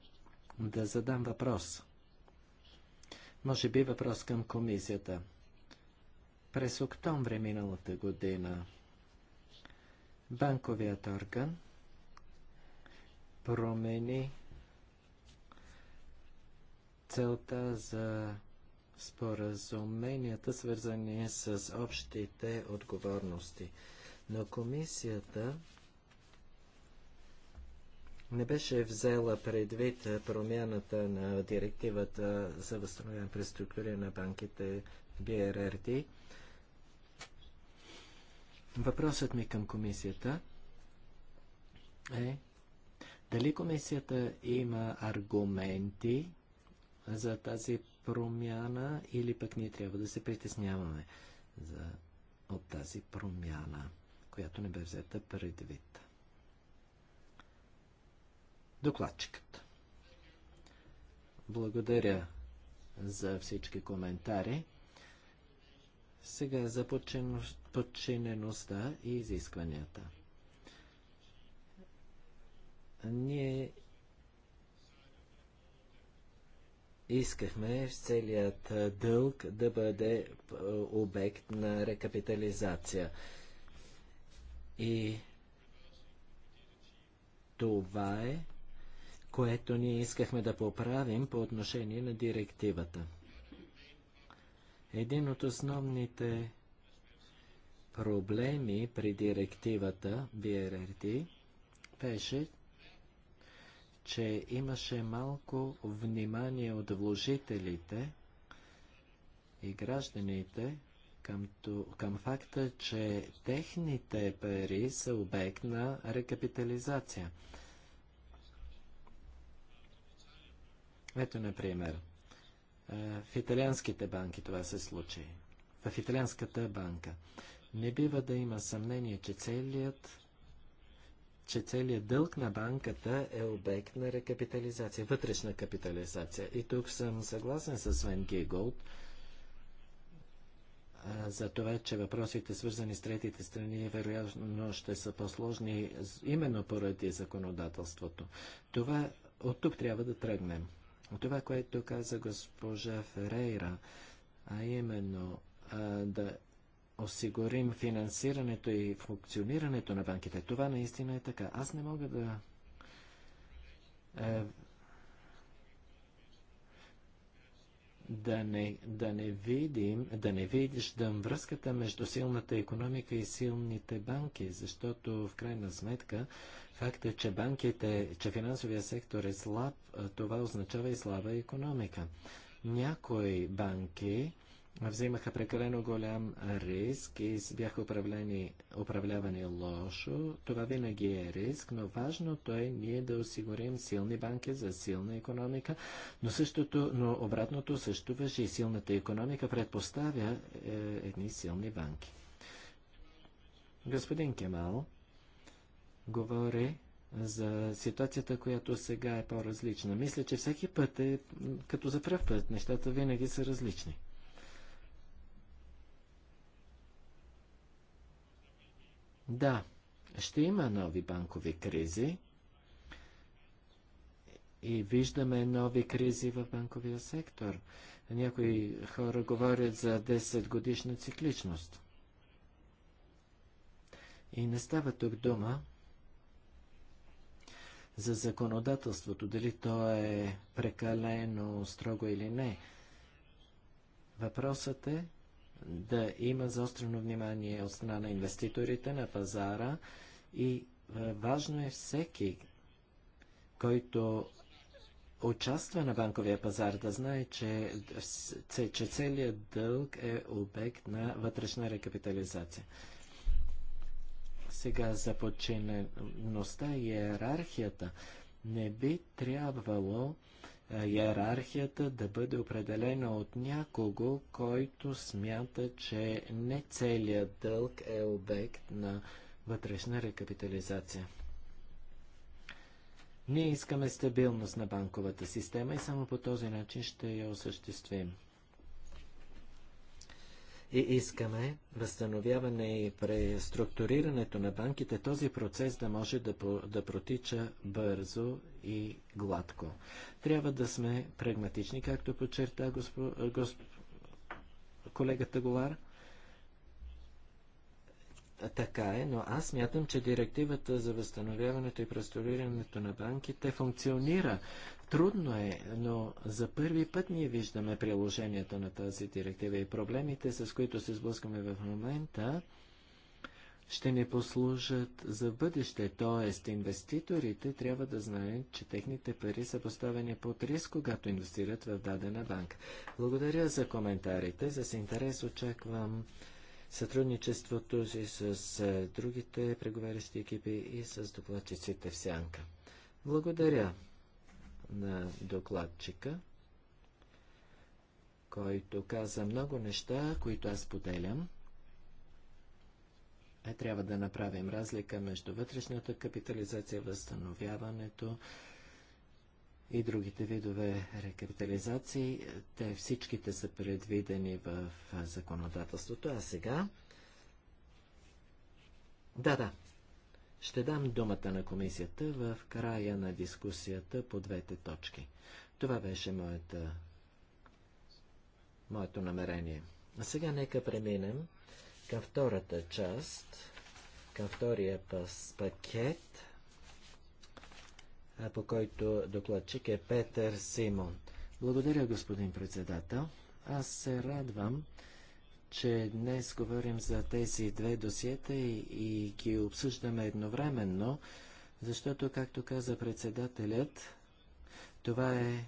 да задам въпрос. Може би въпрос към комисията. През октомври миналата година банковият орган промени целта за споразуменията, свързани с общите отговорности. Но комисията не беше взела предвид промяната на директивата за възстановяване преструктуриране на банките BRRD. Въпросът ми към комисията е дали комисията има аргументи за тази промяна или пък ние трябва да се притесняваме за, от тази промяна, която не бе взета предвид? Докладчикът. Благодаря за всички коментари. Сега за подчинеността и изискванията. Ние искахме целият дълг да бъде обект на рекапитализация. И това е, което ние искахме да поправим по отношение на директивата. Един от основните проблеми при директивата BRRT беше, че имаше малко внимание от вложителите и гражданите към, към факта, че техните пари са обект на рекапитализация. Ето, например, в италианските банки това се случи. В италианската банка. Не бива да има съмнение, че целият че целият дълг на банката е обект на рекапитализация, вътрешна капитализация. И тук съм съгласен с Свен Гиголд за това, че въпросите свързани с третите страни вероятно ще са по-сложни именно поради законодателството. Това от тук трябва да тръгнем. От Това, което каза госпожа Ферейра, а именно да осигурим финансирането и функционирането на банките. Това наистина е така. Аз не мога да. Е, да не, да не видим, да не видиш дъм връзката между силната економика и силните банки, защото в крайна сметка факта, е, че банките, че финансовия сектор е слаб, това означава и слаба економика. Някои банки, взимаха прекалено голям риск и бяха управлени, управлявани лошо. Това винаги е риск, но важното е ние да осигурим силни банки за силна економика, но, същото, но обратното също въжи. Силната економика предпоставя е, едни силни банки. Господин Кемал говори за ситуацията, която сега е по-различна. Мисля, че всеки път е като за пръв път. Нещата винаги са различни. Да, ще има нови банкови кризи и виждаме нови кризи в банковия сектор. Някои хора говорят за 10 годишна цикличност. И не става тук дума за законодателството, дали то е прекалено строго или не. Въпросът е да има заострено внимание от страна на инвеститорите на пазара и е, важно е всеки, който участва на банковия пазар, да знае, че, че целият дълг е обект на вътрешна рекапитализация. Сега за подчинеността и иерархията не би трябвало е, иерархията да бъде определена от някого, който смята, че не целият дълг е обект на вътрешна рекапитализация. Ние искаме стабилност на банковата система и само по този начин ще я осъществим и искаме възстановяване и преструктурирането на банките, този процес да може да, да протича бързо и гладко. Трябва да сме прагматични, както подчерта госп... Госп... колегата Голар. Така е, но аз мятам, че директивата за възстановяването и преструктурирането на банките функционира. Трудно е, но за първи път ние виждаме приложението на тази директива и проблемите, с които се сблъскаме в момента, ще ни послужат за бъдеще, т.е. инвеститорите трябва да знаят, че техните пари са поставени под риск, когато инвестират в дадена банка. Благодаря за коментарите. С интерес очаквам сътрудничеството си с другите преговарящи екипи и с докладчиците в Сянка. Благодаря на докладчика, който каза много неща, които аз поделям. Е, трябва да направим разлика между вътрешната капитализация, възстановяването, и другите видове рекапитализации. Те всичките са предвидени в законодателството. А сега... Да, да. Ще дам думата на комисията в края на дискусията по двете точки. Това беше моята... моето намерение. А сега нека преминем към втората част, към втория пакет по който докладчик е Петър Симон. Благодаря, господин председател. Аз се радвам, че днес говорим за тези две досиета и, и ги обсъждаме едновременно, защото, както каза председателят, това е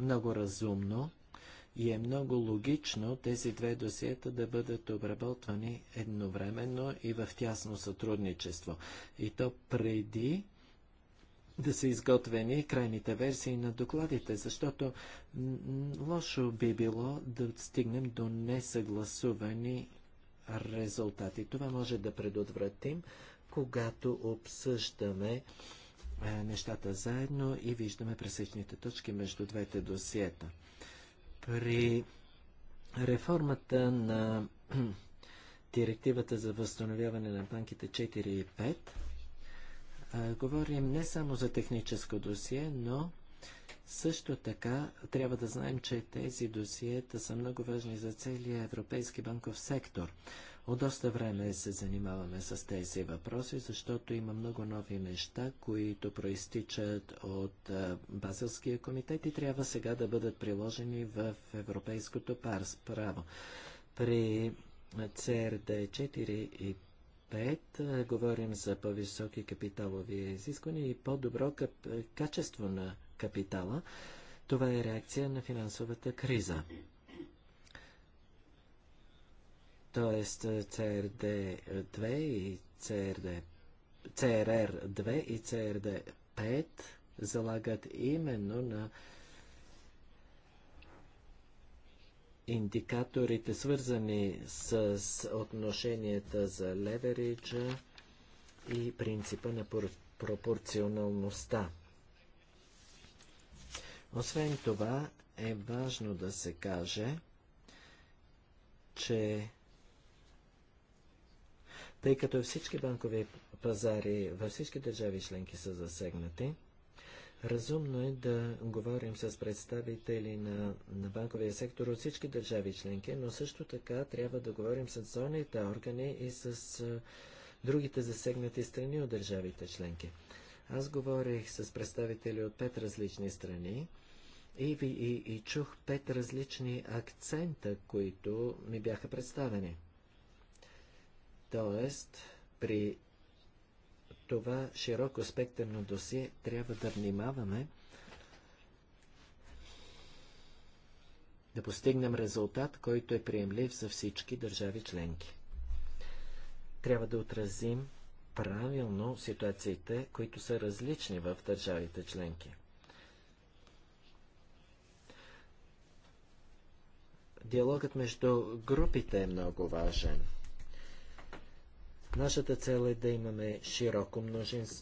много разумно и е много логично тези две досиета да бъдат обработвани едновременно и в тясно сътрудничество. И то преди да са изготвени крайните версии на докладите, защото лошо би било да стигнем до несъгласувани резултати. Това може да предотвратим, когато обсъждаме е, нещата заедно и виждаме пресечните точки между двете досиета. При реформата на (clears throat) директивата за възстановяване на банките 4 и 5 Говорим не само за техническо досие, но също така трябва да знаем, че тези досиета са много важни за целия европейски банков сектор. От доста време се занимаваме с тези въпроси, защото има много нови неща, които проистичат от Базелския комитет и трябва сега да бъдат приложени в европейското парс право. При ЦРД 4 и 5 говорим за по-високи капиталови изисквания и по-добро кап... качество на капитала. Това е реакция на финансовата криза. Тоест CRD2 и CRD... CRR2 и CRD5 залагат именно на индикаторите, свързани с отношенията за левериджа и принципа на пропорционалността. Освен това, е важно да се каже, че тъй като всички банкови пазари във всички държави членки са засегнати, Разумно е да говорим с представители на, на банковия сектор от всички държави членки, но също така трябва да говорим с зоните, органи и с а, другите засегнати страни от държавите членки. Аз говорих с представители от пет различни страни и, и, и, и чух пет различни акцента, които ми бяха представени. Тоест, при това широко спектърно досие трябва да внимаваме да постигнем резултат, който е приемлив за всички държави членки. Трябва да отразим правилно ситуациите, които са различни в държавите членки. Диалогът между групите е много важен – Нашата цел е да имаме широко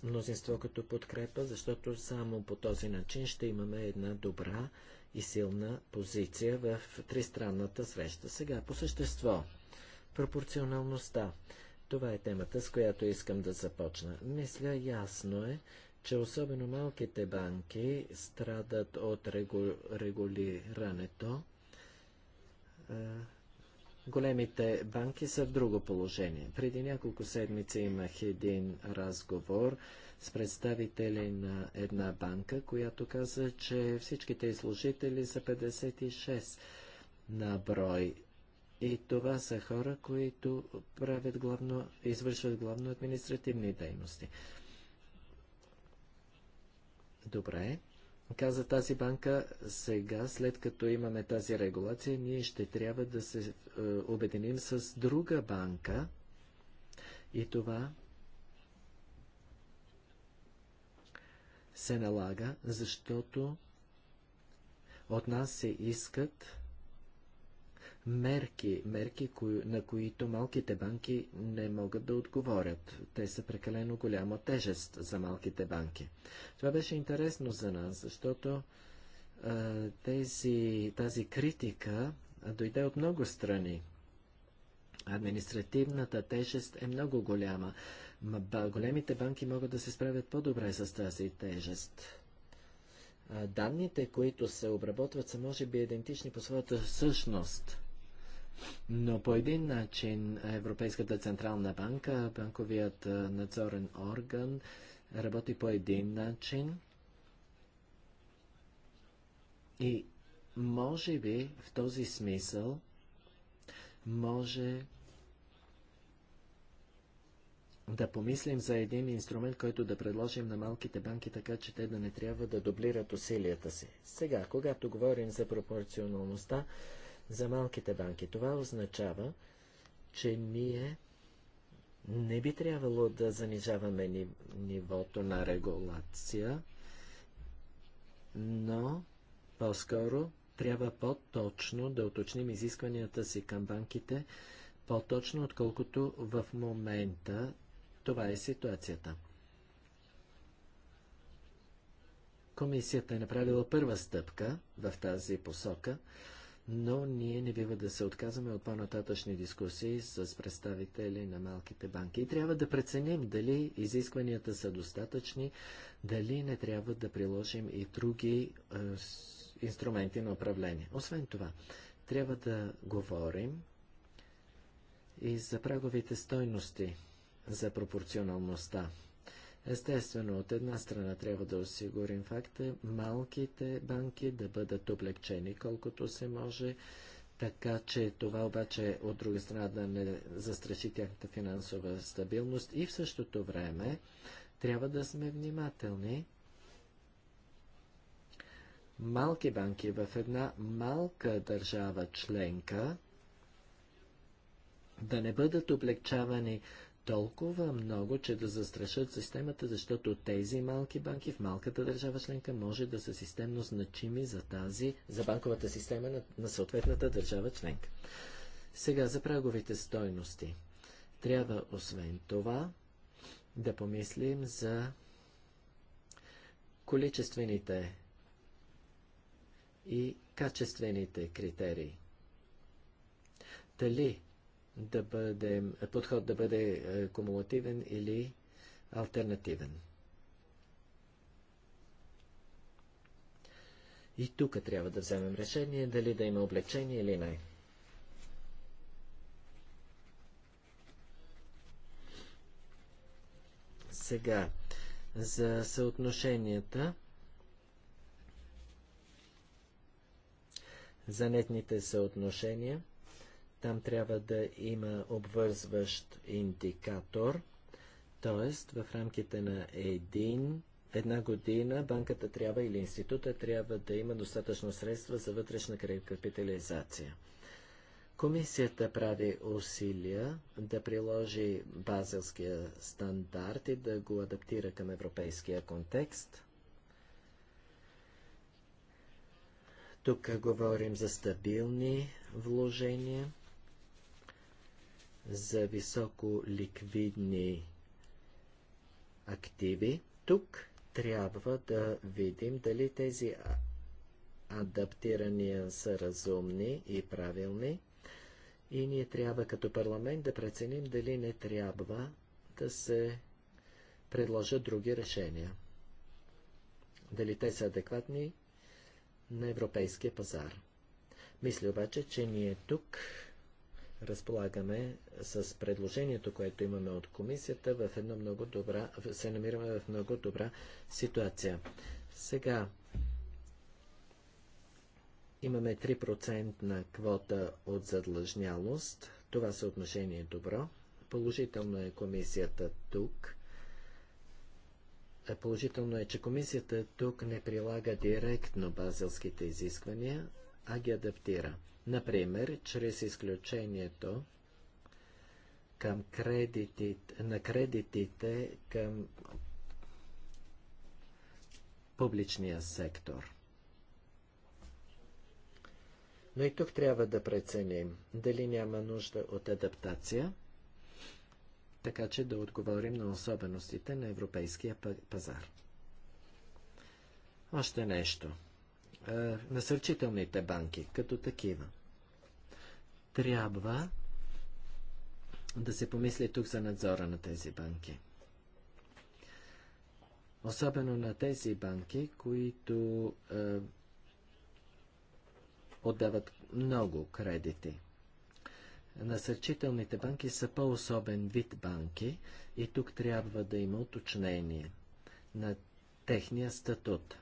мнозинство като подкрепа, защото само по този начин ще имаме една добра и силна позиция в тристранната среща. Сега по същество. Пропорционалността. Това е темата, с която искам да започна. Мисля, ясно е, че особено малките банки страдат от регулирането. Големите банки са в друго положение. Преди няколко седмици имах един разговор с представители на една банка, която каза, че всичките изложители са 56 на брой. И това са хора, които правят главно, извършват главно административни дейности. Добре каза тази банка, сега, след като имаме тази регулация, ние ще трябва да се е, обединим с друга банка и това се налага, защото от нас се искат мерки, мерки, на които малките банки не могат да отговорят. Те са прекалено голяма тежест за малките банки. Това беше интересно за нас, защото а, тези, тази критика дойде от много страни. Административната тежест е много голяма. Големите банки могат да се справят по-добре с тази тежест. Данните, които се обработват, са може би идентични по своята същност. Но по един начин Европейската Централна банка, банковият надзорен орган, работи по един начин и може би в този смисъл може да помислим за един инструмент, който да предложим на малките банки, така че те да не трябва да дублират усилията си. Сега, когато говорим за пропорционалността, за малките банки. Това означава, че ние не би трябвало да занижаваме нивото на регулация, но по-скоро трябва по-точно да уточним изискванията си към банките, по-точно отколкото в момента това е ситуацията. Комисията е направила първа стъпка в тази посока – но ние не бива да се отказваме от по-нататъчни дискусии с представители на малките банки. И трябва да преценим дали изискванията са достатъчни, дали не трябва да приложим и други е, инструменти на управление. Освен това, трябва да говорим и за праговите стойности за пропорционалността. Естествено, от една страна трябва да осигурим факта малките банки да бъдат облегчени колкото се може, така че това обаче от друга страна да не застраши тяхната финансова стабилност и в същото време трябва да сме внимателни. Малки банки в една малка държава членка да не бъдат облегчавани толкова много, че да застрашат системата, защото тези малки банки в малката държава членка може да са системно значими за тази, за банковата система на, на съответната държава членка. Сега за праговите стойности. Трябва освен това да помислим за количествените и качествените критерии. Дали да бъде, подход да бъде е, кумулативен или альтернативен. И тук трябва да вземем решение дали да има облегчение или не. Сега, за съотношенията, за нетните съотношения – там трябва да има обвързващ индикатор, т.е. в рамките на един, една година банката трябва или института трябва да има достатъчно средства за вътрешна капитализация. Комисията прави усилия да приложи базелския стандарт и да го адаптира към европейския контекст. Тук говорим за стабилни вложения за високо ликвидни активи. Тук трябва да видим дали тези адаптирания са разумни и правилни. И ние трябва като парламент да преценим дали не трябва да се предложат други решения. Дали те са адекватни на европейския пазар. Мисля обаче, че ние тук разполагаме с предложението, което имаме от комисията, в една много добра, се намираме в много добра ситуация. Сега имаме 3% на квота от задлъжнялост. Това съотношение е добро. Положително е комисията тук. Е, положително е, че комисията тук не прилага директно базилските изисквания, а ги адаптира. Например, чрез изключението към кредитите, на кредитите към публичния сектор. Но и тук трябва да преценим дали няма нужда от адаптация, така че да отговорим на особеностите на европейския пазар. Още нещо – е, насърчителните банки като такива. Трябва да се помисли тук за надзора на тези банки. Особено на тези банки, които е, отдават много кредити. Насърчителните банки са по-особен вид банки и тук трябва да има уточнение на техния статут.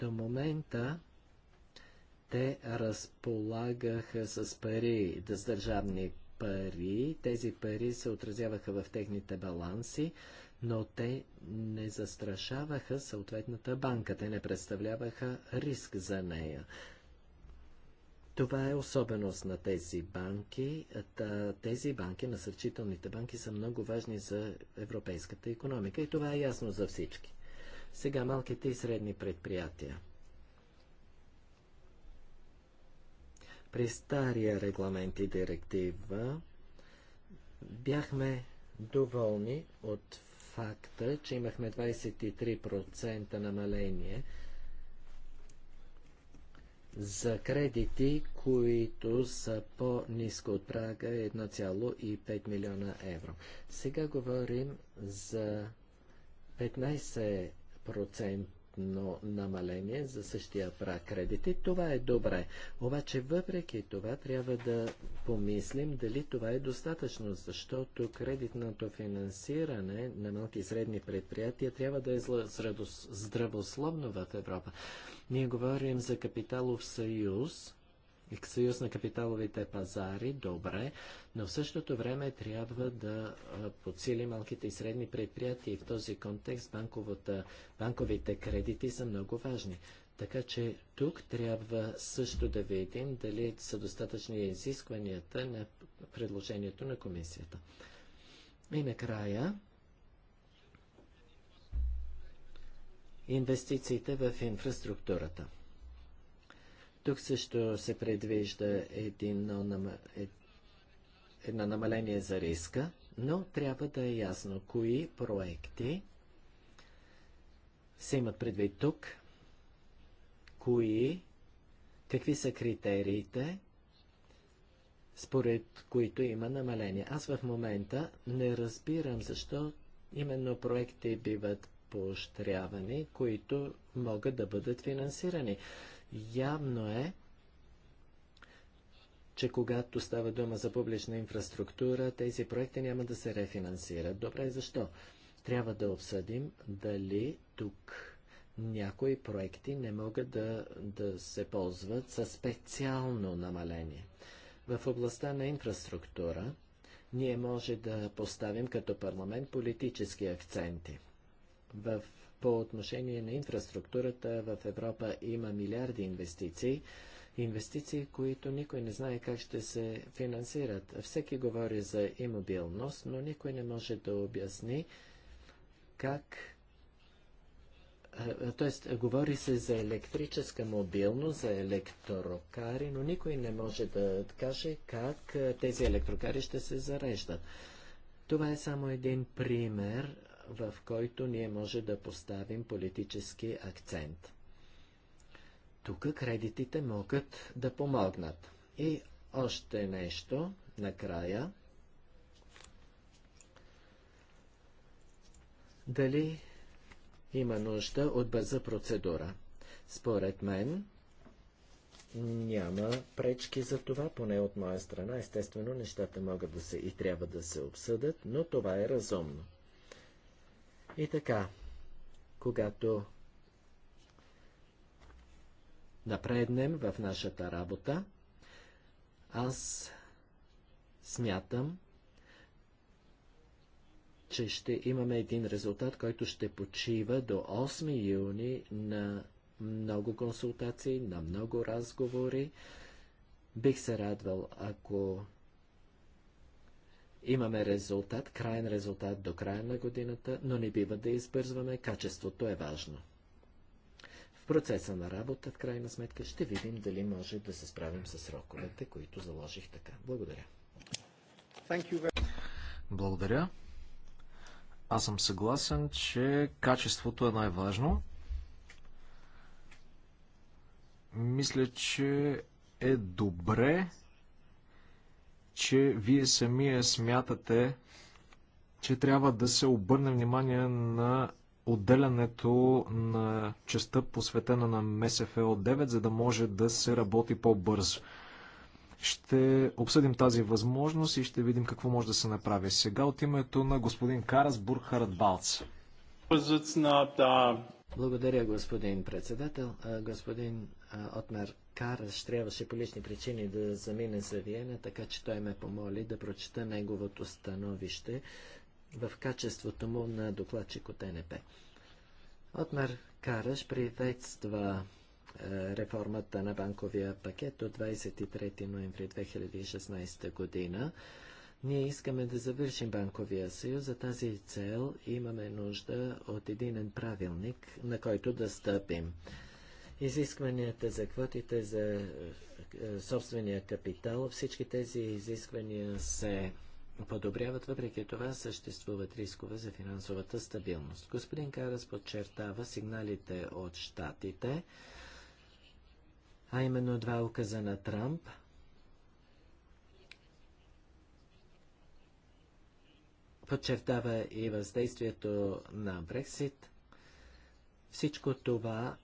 До момента те разполагаха с пари, да с държавни пари. Тези пари се отразяваха в техните баланси, но те не застрашаваха съответната банка. Те не представляваха риск за нея. Това е особеност на тези банки. Тези банки, насърчителните банки, са много важни за европейската економика и това е ясно за всички. Сега малките и средни предприятия. При стария регламент и директива бяхме доволни от факта, че имахме 23% намаление за кредити, които са по-ниско от прага 1,5 милиона евро. Сега говорим за 15 процентно намаление за същия прак кредити. Това е добре. Обаче въпреки това трябва да помислим дали това е достатъчно, защото кредитното финансиране на малки и средни предприятия трябва да е здравословно в Европа. Ние говорим за капиталов съюз, съюз на капиталовите пазари, добре, но в същото време трябва да подсили малките и средни предприятия и в този контекст банковите кредити са много важни. Така че тук трябва също да видим дали са достатъчни изискванията на предложението на комисията. И накрая, инвестициите в инфраструктурата. Тук също се предвижда едно, е, едно намаление за риска, но трябва да е ясно кои проекти се имат предвид тук, кои, какви са критериите, според които има намаление. Аз в момента не разбирам защо именно проекти биват поощрявани, които могат да бъдат финансирани. Явно е, че когато става дума за публична инфраструктура, тези проекти няма да се рефинансират. Добре, защо? Трябва да обсъдим дали тук някои проекти не могат да, да се ползват със специално намаление. В областта на инфраструктура ние може да поставим като парламент политически акценти. В по отношение на инфраструктурата в Европа има милиарди инвестиции, инвестиции, които никой не знае как ще се финансират. Всеки говори за имобилност, но никой не може да обясни как т.е. говори се за електрическа мобилност, за електрокари, но никой не може да каже как тези електрокари ще се зареждат. Това е само един пример в който ние може да поставим политически акцент. Тук кредитите могат да помогнат. И още нещо накрая. Дали има нужда от бърза процедура? Според мен няма пречки за това, поне от моя страна. Естествено, нещата могат да се и трябва да се обсъдят, но това е разумно. И така, когато напреднем в нашата работа, аз смятам, че ще имаме един резултат, който ще почива до 8 юни на много консултации, на много разговори. Бих се радвал, ако Имаме резултат, крайен резултат до края на годината, но не бива да избързваме. Качеството е важно. В процеса на работа, в крайна сметка, ще видим дали може да се справим с сроковете, които заложих така. Благодаря. Благодаря. Аз съм съгласен, че качеството е най-важно. Мисля, че е добре че вие самия смятате, че трябва да се обърне внимание на отделянето на частта посветена на МСФО 9, за да може да се работи по-бързо. Ще обсъдим тази възможност и ще видим какво може да се направи. Сега от името на господин Карас Бурхард Балц. Благодаря, господин председател. Господин Отмер Караш трябваше по лични причини да замине за Виена, така че той ме помоли да прочета неговото становище в качеството му на докладчик от НП. Отмер Караш приветства реформата на банковия пакет от 23 ноември 2016 година. Ние искаме да завършим банковия съюз. За тази цел имаме нужда от единен правилник, на който да стъпим. Изискванията за квотите за е, собствения капитал, всички тези изисквания се подобряват, въпреки това съществуват рискове за финансовата стабилност. Господин Карас подчертава сигналите от щатите, а именно два указа на Трамп – подчертава и въздействието на Брексит. Всичко това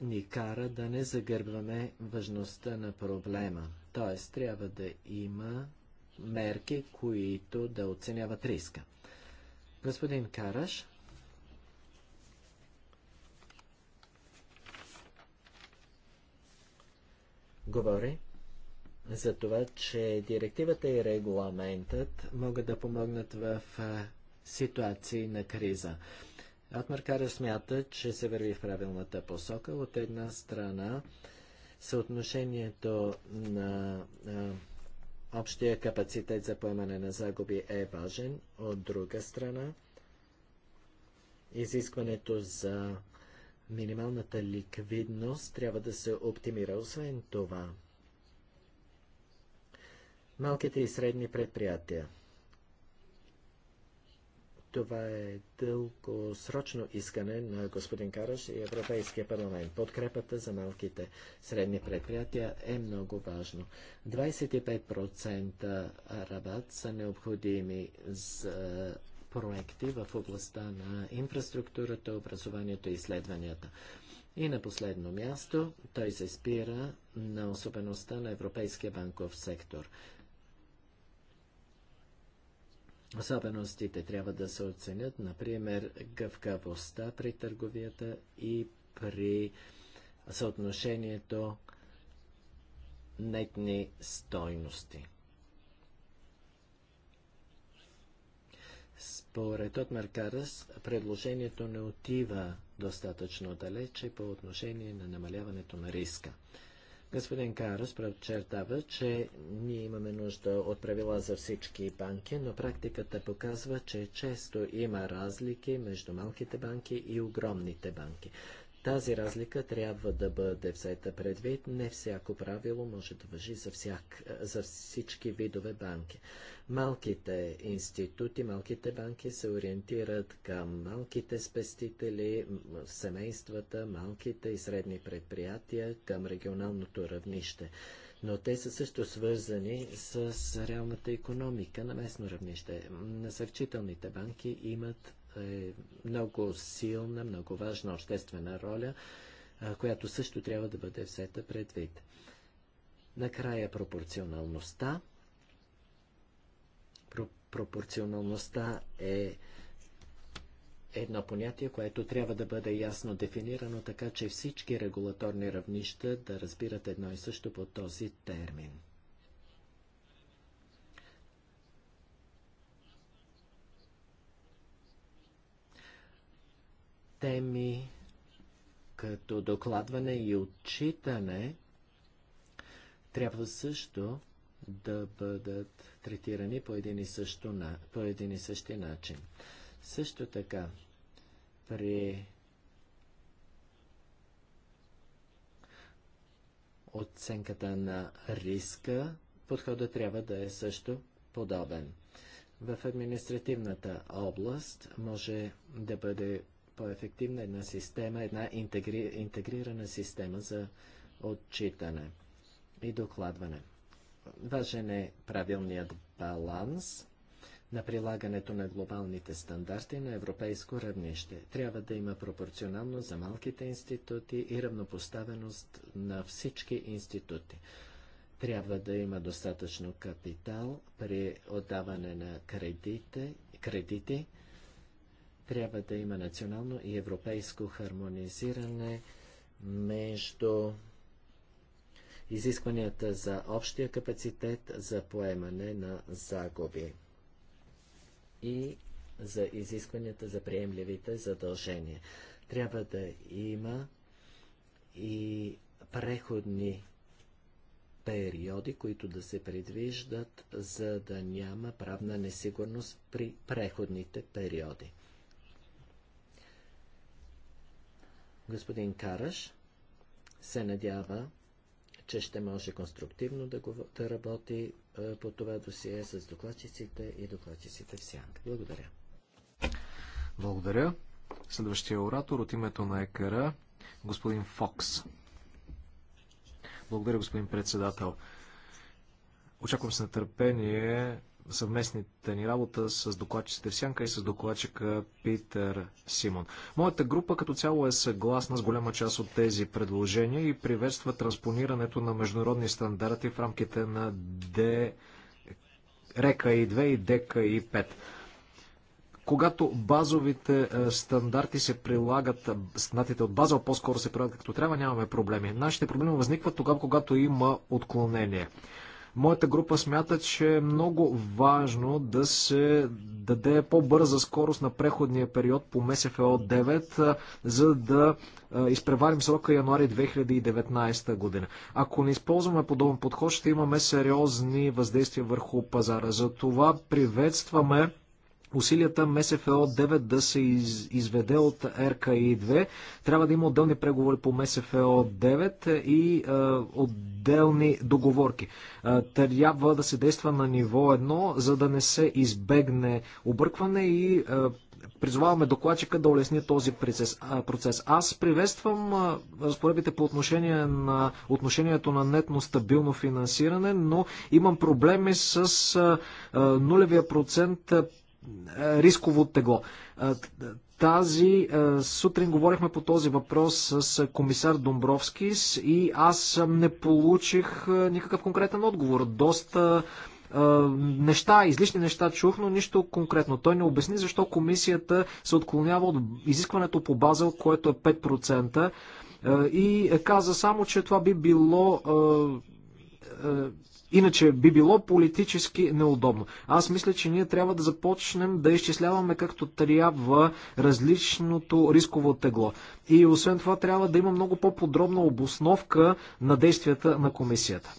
ни кара да не загърбваме важността на проблема. Т.е. трябва да има мерки, които да оценяват риска. Господин Караш, говори за това, че директивата и регламентът могат да помогнат в ситуации на криза. Атмар Кара смята, че се върви в правилната посока. От една страна, съотношението на а, общия капацитет за поемане на загуби е важен. От друга страна, изискването за минималната ликвидност трябва да се оптимира. Освен това, Малките и средни предприятия. Това е дългосрочно искане на господин Караш и Европейския парламент. Подкрепата за малките средни предприятия е много важно. 25% рабат са необходими за проекти в областта на инфраструктурата, образованието и изследванията. И на последно място той се спира на особеността на Европейския банков сектор. Особеностите трябва да се оценят, например, гъвкавостта при търговията и при съотношението нетни стойности. Според от Маркарас, предложението не отива достатъчно далече по отношение на намаляването на риска. Господин Карас предчертава, че ние имаме нужда от правила за всички банки, но практиката показва, че често има разлики между малките банки и огромните банки. Тази разлика трябва да бъде взета предвид. Не всяко правило може да въжи за, всяк, за всички видове банки. Малките институти, малките банки се ориентират към малките спестители, семействата, малките и средни предприятия, към регионалното равнище. Но те са също свързани с реалната економика на местно равнище. Насърчителните банки имат е много силна, много важна обществена роля, която също трябва да бъде взета предвид. Накрая пропорционалността. пропорционалността е едно понятие, което трябва да бъде ясно дефинирано, така че всички регулаторни равнища да разбират едно и също по този термин. теми като докладване и отчитане трябва също да бъдат третирани по един и, също, по един и същи начин. Също така, при оценката на риска, подходът трябва да е също подобен. В административната област може да бъде по-ефективна една система, една интегри, интегрирана система за отчитане и докладване. Важен е правилният баланс на прилагането на глобалните стандарти на европейско равнище. Трябва да има пропорционалност за малките институти и равнопоставеност на всички институти. Трябва да има достатъчно капитал при отдаване на кредите, кредити трябва да има национално и европейско хармонизиране между изискванията за общия капацитет за поемане на загуби и за изискванията за приемливите задължения. Трябва да има и преходни периоди, които да се предвиждат, за да няма правна несигурност при преходните периоди. Господин Караш се надява, че ще може конструктивно да, го, да работи е, по това досие с докладчиците и докладчиците в сянка. Благодаря. Благодаря. Следващия оратор от името на ЕКР, господин Фокс. Благодаря, господин председател. Очаквам с нетърпение съвместната ни работа с докладчиците в Сянка и с докладчика Питер Симон. Моята група като цяло е съгласна с голяма част от тези предложения и приветства транспонирането на международни стандарти в рамките на Д... РЕКА и 2 и ДЕКА и 5. Когато базовите е, стандарти се прилагат, стандартите от база по-скоро се прилагат като трябва, нямаме проблеми. Нашите проблеми възникват тогава, когато има отклонение. Моята група смята, че е много важно да се даде по-бърза скорост на преходния период по МСФО 9, за да изпреварим срока януари 2019 година. Ако не използваме подобен подход, ще имаме сериозни въздействия върху пазара. Затова приветстваме усилията МСФО-9 да се из, изведе от РКИ-2. Трябва да има отделни преговори по МСФО-9 и е, отделни договорки. Е, трябва да се действа на ниво 1, за да не се избегне объркване и е, Призоваваме докладчика да улесни този процес. Е, Аз приветствам е, разпоредбите по отношение на отношението на нетно стабилно финансиране, но имам проблеми с е, нулевия процент рисково тегло. Тази сутрин говорихме по този въпрос с комисар Домбровскис и аз не получих никакъв конкретен отговор. Доста неща, излишни неща чух, но нищо конкретно. Той не обясни защо комисията се отклонява от изискването по базал, което е 5% и каза само, че това би било Иначе би било политически неудобно. Аз мисля, че ние трябва да започнем да изчисляваме както трябва различното рисково тегло. И освен това трябва да има много по-подробна обосновка на действията на комисията.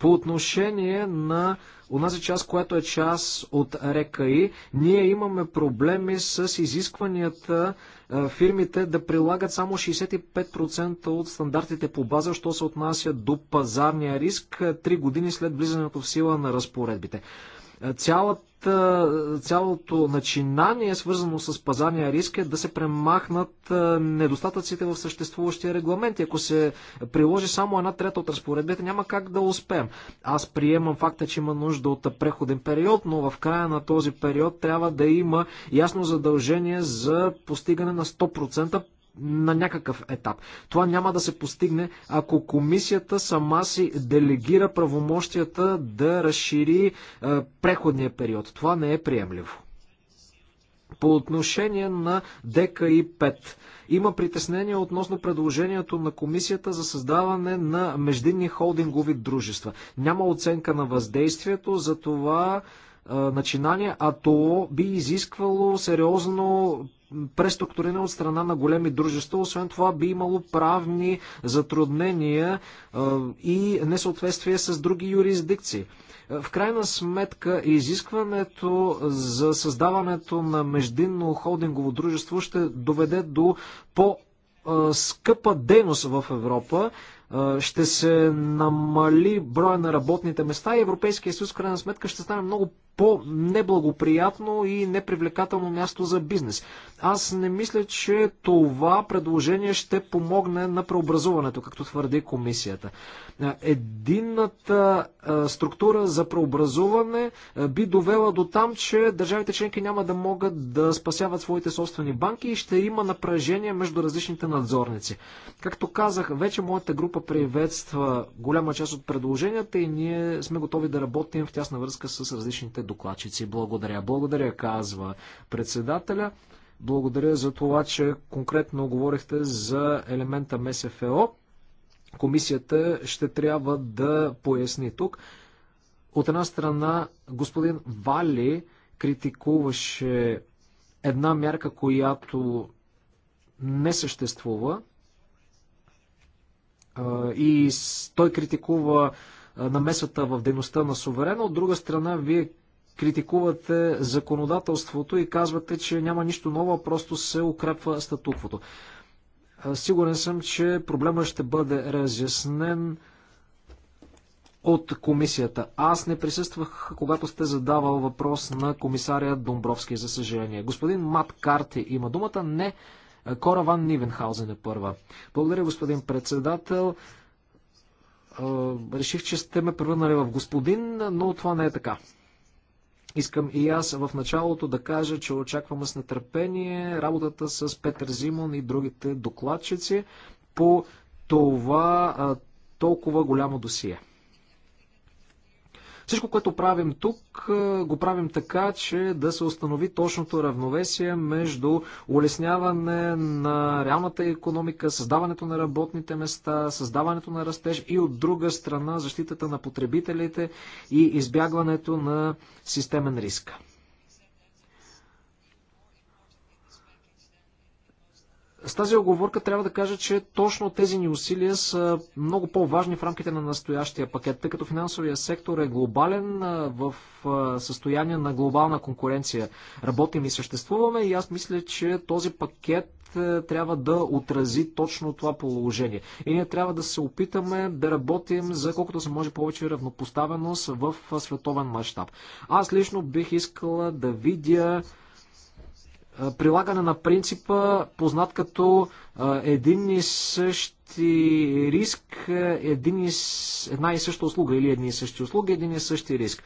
По отношение на унази част, която е част от РКИ, ние имаме проблеми с изискванията фирмите да прилагат само 65% от стандартите по база, що се отнася до пазарния риск 3 години след влизането в сила на разпоредбите. Цялата цялото начинание, свързано с пазарния риск, е да се премахнат недостатъците в съществуващия регламент. И ако се приложи само една трета от разпоредбите, няма как да успеем. Аз приемам факта, че има нужда от преходен период, но в края на този период трябва да има ясно задължение за постигане на 100% на някакъв етап. Това няма да се постигне, ако комисията сама си делегира правомощията да разшири е, преходния период. Това не е приемливо. По отношение на ДКИ 5. Има притеснение относно предложението на комисията за създаване на междинни холдингови дружества. Няма оценка на въздействието, за това Начинания, а то би изисквало сериозно преструктуриране от страна на големи дружества. Освен това би имало правни затруднения и несъответствие с други юрисдикции. В крайна сметка, изискването за създаването на междинно холдингово дружество ще доведе до по скъпа дейност в Европа ще се намали броя на работните места и Европейския съюз, в крайна сметка, ще стане много по-неблагоприятно и непривлекателно място за бизнес. Аз не мисля, че това предложение ще помогне на преобразуването, както твърди комисията. Единната структура за преобразуване би довела до там, че държавите членки няма да могат да спасяват своите собствени банки и ще има напрежение между различните надзорници. Както казах, вече моята група група приветства голяма част от предложенията и ние сме готови да работим в тясна връзка с различните докладчици. Благодаря. Благодаря, казва председателя. Благодаря за това, че конкретно говорихте за елемента МСФО. Комисията ще трябва да поясни тук. От една страна, господин Вали критикуваше една мярка, която не съществува, и той критикува намесата в дейността на суверена. От друга страна, вие критикувате законодателството и казвате, че няма нищо ново, просто се укрепва статуквото. Сигурен съм, че проблема ще бъде разяснен от комисията. Аз не присъствах, когато сте задавал въпрос на комисаря Домбровски, за съжаление. Господин Мат Карти има думата. Не. Кора Ван Нивенхаузен е първа. Благодаря, господин председател. Реших, че сте ме превърнали в господин, но това не е така. Искам и аз в началото да кажа, че очакваме с нетърпение работата с Петър Зимон и другите докладчици по това толкова голямо досие. Всичко, което правим тук, е, го правим така, че да се установи точното равновесие между улесняване на реалната економика, създаването на работните места, създаването на растеж и от друга страна защитата на потребителите и избягването на системен риск. С тази оговорка трябва да кажа, че точно тези ни усилия са много по-важни в рамките на настоящия пакет, тъй като финансовия сектор е глобален в състояние на глобална конкуренция. Работим и съществуваме и аз мисля, че този пакет трябва да отрази точно това положение. И ние трябва да се опитаме да работим за колкото се може повече равнопоставеност в световен мащаб. Аз лично бих искала да видя прилагане на принципа, познат като един и същи риск, един и, една и съща услуга или едни и същи услуги, един и същи риск.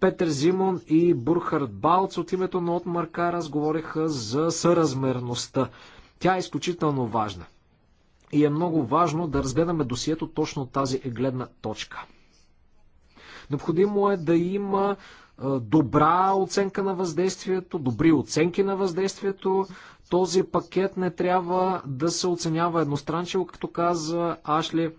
Петър Зимон и Бурхард Балц от името на Отмарка разговориха за съразмерността. Тя е изключително важна. И е много важно да разгледаме досието точно от тази гледна точка. Необходимо е да има добра оценка на въздействието, добри оценки на въздействието. Този пакет не трябва да се оценява едностранчиво, като каза Ашли.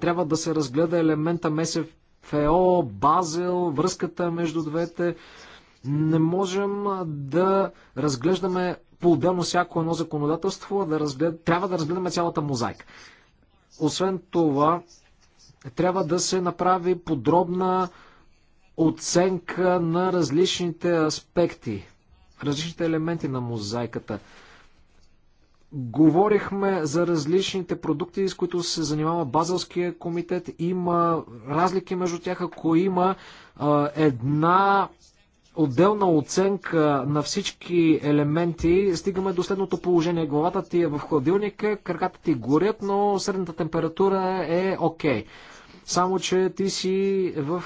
Трябва да се разгледа елемента МСФО, Базел, връзката между двете. Не можем да разглеждаме по-отделно всяко едно законодателство, да разглед... трябва да разгледаме цялата мозайка. Освен това, трябва да се направи подробна оценка на различните аспекти, различните елементи на мозайката. Говорихме за различните продукти, с които се занимава Базълския комитет. Има разлики между тях, ако има а, една отделна оценка на всички елементи, стигаме до следното положение. Главата ти е в хладилника, краката ти горят, но средната температура е окей. Okay. Само, че ти си в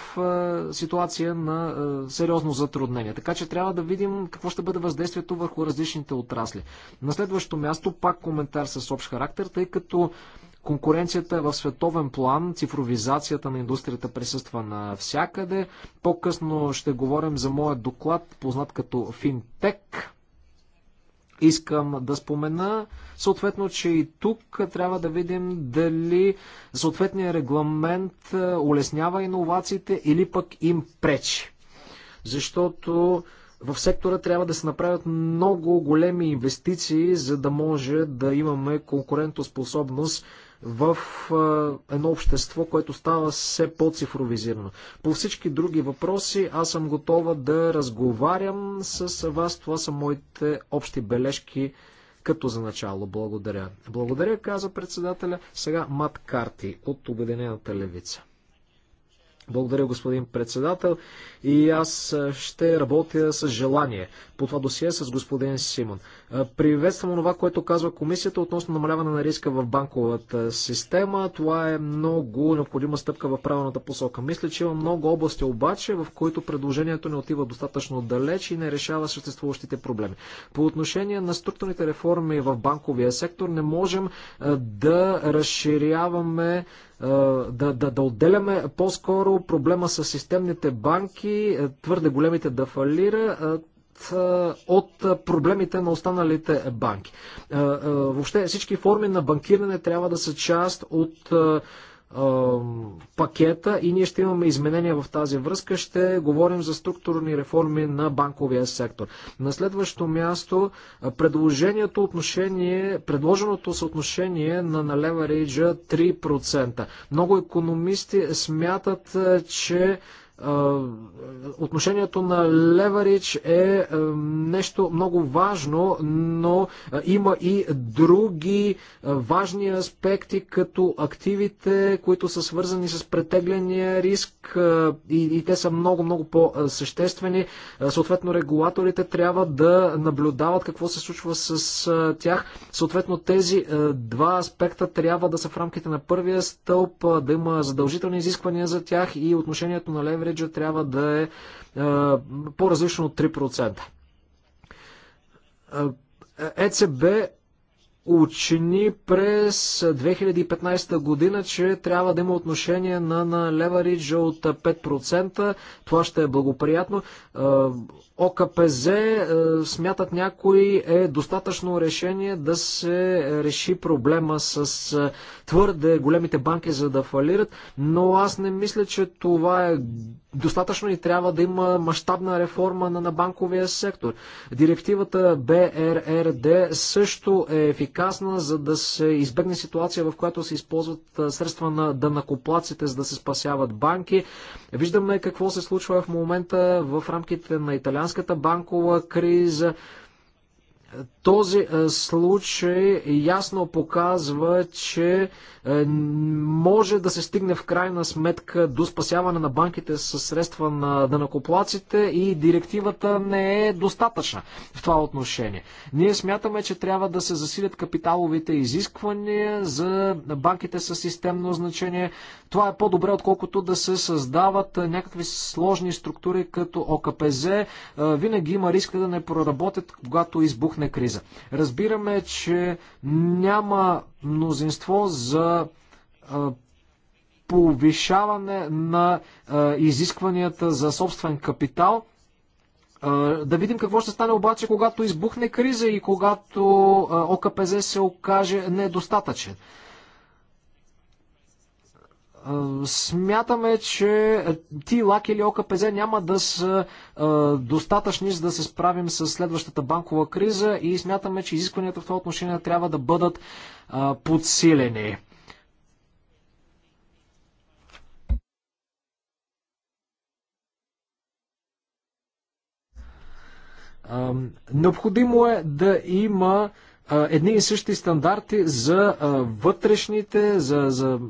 ситуация на сериозно затруднение. Така че трябва да видим какво ще бъде въздействието върху различните отрасли. На следващо място пак коментар с общ характер, тъй като конкуренцията в световен план, цифровизацията на индустрията присъства навсякъде. По-късно ще говорим за моят доклад, познат като Финтек. Искам да спомена съответно, че и тук трябва да видим дали съответният регламент е, улеснява иновациите или пък им пречи. Защото в сектора трябва да се направят много големи инвестиции, за да може да имаме конкурентоспособност в едно общество, което става все по-цифровизирано. По всички други въпроси аз съм готова да разговарям с вас. Това са моите общи бележки като за начало. Благодаря. Благодаря, каза председателя. Сега Мат Карти от Обединената левица. Благодаря, господин председател. И аз ще работя с желание по това досие с господин Симон. Приветствам това, което казва комисията относно намаляване на риска в банковата система. Това е много необходима стъпка в правилната посока. Мисля, че има много области обаче, в които предложението не отива достатъчно далеч и не решава съществуващите проблеми. По отношение на структурните реформи в банковия сектор не можем да разширяваме е, да, да, да отделяме по-скоро проблема с системните банки, е, твърде големите да фалира, е, от проблемите на останалите банки. Въобще всички форми на банкиране трябва да са част от пакета и ние ще имаме изменения в тази връзка. Ще говорим за структурни реформи на банковия сектор. На следващо място, предложението отношение, предложеното съотношение на, на левериджа 3%. Много економисти смятат, че Отношението на Леварич е нещо много важно, но е, има и други е, важни аспекти, като активите, които са свързани с претегляния риск е, и, те са много, много по-съществени. Съответно, регулаторите трябва да наблюдават какво се случва с тях. Съответно, тези два аспекта трябва да са в рамките на първия стълб, да има задължителни изисквания за тях и отношението на леверидж менеджер трябва да е по-различно от 3%. ЕЦБ учени през 2015 година, че трябва да има отношение на, на левериджа от 5%. Това ще е благоприятно. ОКПЗ е, смятат някои е достатъчно решение да се реши проблема с е, твърде големите банки за да фалират, но аз не мисля, че това е достатъчно и трябва да има мащабна реформа на, банковия сектор. Директивата БРРД също е ефикасна, за да се избегне ситуация, в която се използват е, средства на дънакоплаците, за да се спасяват банки. Виждаме какво се случва в момента в рамките на италянски американската банкова криза. Този е, случай ясно показва, че е, може да се стигне в крайна сметка до спасяване на банките с средства на данакоплаците и директивата не е достатъчна в това отношение. Ние смятаме, че трябва да се засилят капиталовите изисквания за банките с системно значение. Това е по-добре, отколкото да се създават някакви сложни структури като ОКПЗ. Е, винаги има риск да не проработят, когато избухне криза криза. Разбираме, че няма мнозинство за повишаване на изискванията за собствен капитал. Да видим какво ще стане обаче, когато избухне криза и когато ОКПЗ се окаже недостатъчен смятаме, че лак или ОКПЗ няма да са достатъчни за да се справим с следващата банкова криза и смятаме, че изискванията в това отношение трябва да бъдат подсилени. Необходимо е да има едни и същи стандарти за вътрешните, за, за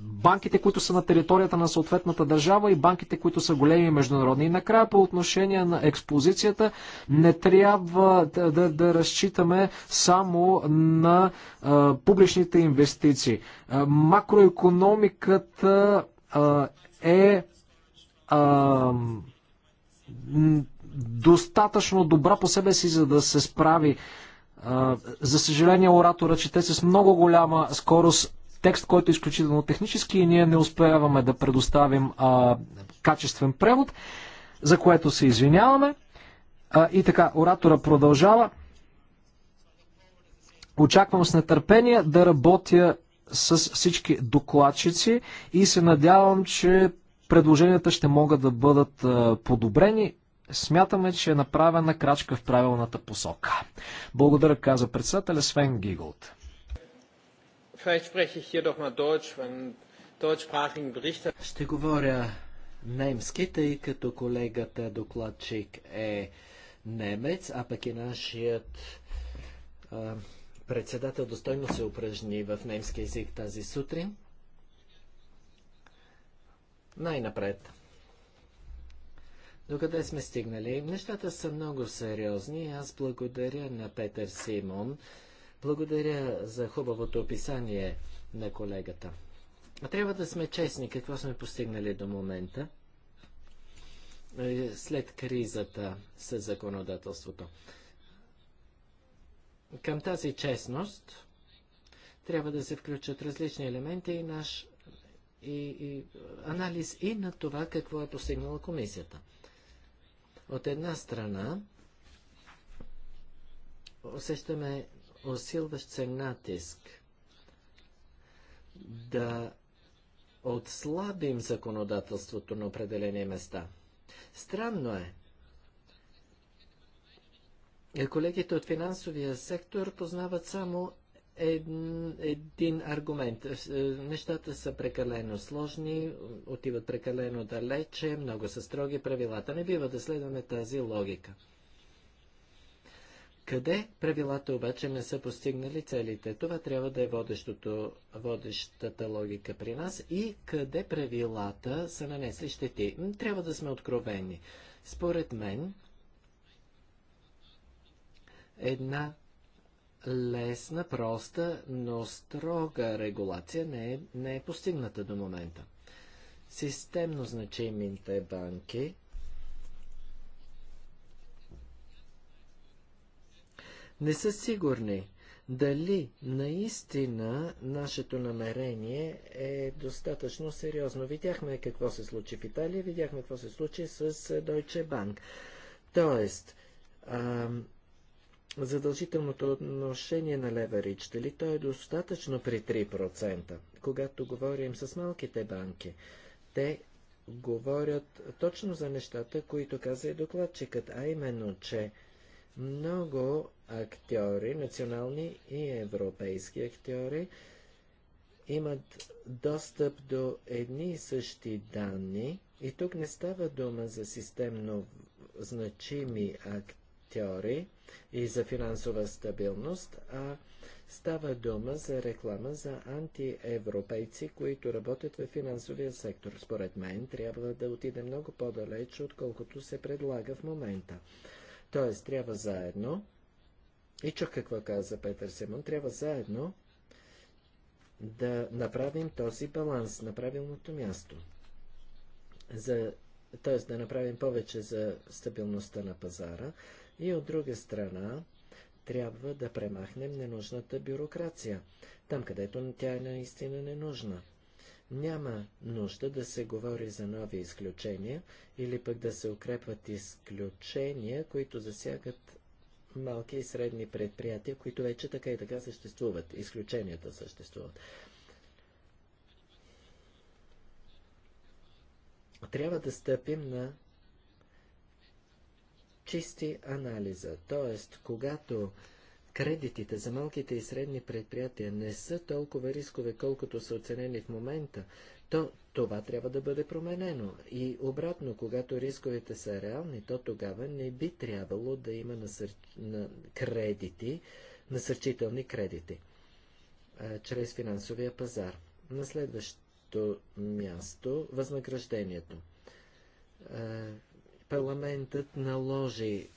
банките, които са на територията на съответната държава и банките, които са големи международни. И накрая по отношение на експозицията не трябва да, да, да разчитаме само на а, публичните инвестиции. А, макроекономиката а, е а, достатъчно добра по себе си, за да се справи за съжаление, оратора чете с много голяма скорост текст, който е изключително технически и ние не успяваме да предоставим а, качествен превод, за което се извиняваме. А, и така, оратора продължава. Очаквам с нетърпение да работя с всички докладчици и се надявам, че предложенията ще могат да бъдат подобрени. Смятаме, че е направена крачка в правилната посока. Благодаря, каза председателя Свен Гиголт. Ще говоря немски, тъй като колегата докладчик е немец, а пък и нашият а, председател достойно се упражни в немски език тази сутрин. Най-напред. Докъде сме стигнали? Нещата са много сериозни. Аз благодаря на Петър Симон благодаря за хубавото описание на колегата. трябва да сме честни какво сме постигнали до момента е, след кризата с законодателството. Към тази честност трябва да се включат различни елементи и наш и, и, анализ и на това какво е постигнала комисията. От една страна усещаме усилващ се натиск да отслабим законодателството на определени места. Странно е. Колегите от финансовия сектор познават само един, аргумент. Е, нещата са прекалено сложни, отиват прекалено далече, много са строги правилата. Не бива да следваме тази логика. Къде правилата обаче не са постигнали целите? Това трябва да е водещото, водещата логика при нас и къде правилата са нанесли щети. Трябва да сме откровени. Според мен, една лесна, проста, но строга регулация не е, не е постигната до момента. Системно значимите банки – не са сигурни дали наистина нашето намерение е достатъчно сериозно. Видяхме какво се случи в Италия, видяхме какво се случи с е, Deutsche Bank. Тоест, а, задължителното отношение на леверидж, дали то е достатъчно при 3%? Когато говорим с малките банки, те говорят точно за нещата, които каза и докладчикът, а именно, че много актьори, национални и европейски актьори, имат достъп до едни и същи данни. И тук не става дума за системно значими актьори и за финансова стабилност, а става дума за реклама за антиевропейци, които работят в финансовия сектор. Според мен трябва да отиде много по-далеч, отколкото се предлага в момента. Тоест, трябва заедно, и чух какво каза Петър Симон, трябва заедно да направим този баланс на правилното място. За, т.е. да направим повече за стабилността на пазара и от друга страна трябва да премахнем ненужната бюрокрация, там където тя е наистина ненужна. Няма нужда да се говори за нови изключения или пък да се укрепват изключения, които засягат малки и средни предприятия, които вече така и така съществуват. Изключенията съществуват. Трябва да стъпим на чисти анализа. Тоест, когато кредитите за малките и средни предприятия не са толкова рискове, колкото са оценени в момента, то това трябва да бъде променено. И обратно, когато рисковете са реални, то тогава не би трябвало да има насър... на кредити, насърчителни кредити а, чрез финансовия пазар. На следващото място възнаграждението. А, парламентът наложи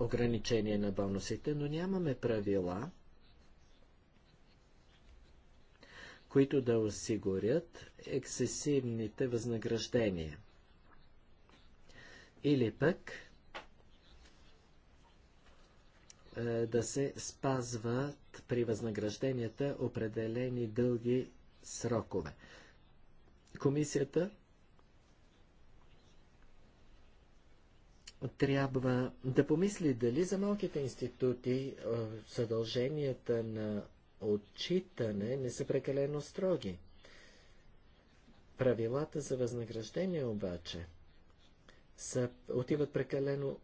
ограничение на бонусите, но нямаме правила, които да осигурят ексесивните възнаграждения. Или пък е, да се спазват при възнагражденията определени дълги срокове. Комисията трябва да помисли дали за малките институти съдълженията е, на отчитане не са прекалено строги. Правилата за възнаграждение обаче са, отиват прекалено,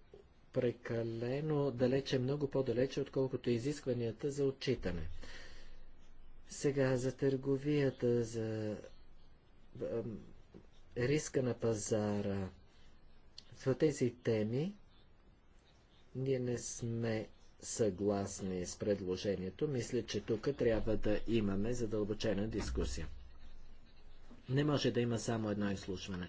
прекалено далече, много по-далече, отколкото изискванията за отчитане. Сега за търговията, за риска на пазара – в тези теми ние не сме съгласни с предложението. Мисля, че тук трябва да имаме задълбочена дискусия. Не може да има само едно изслушване.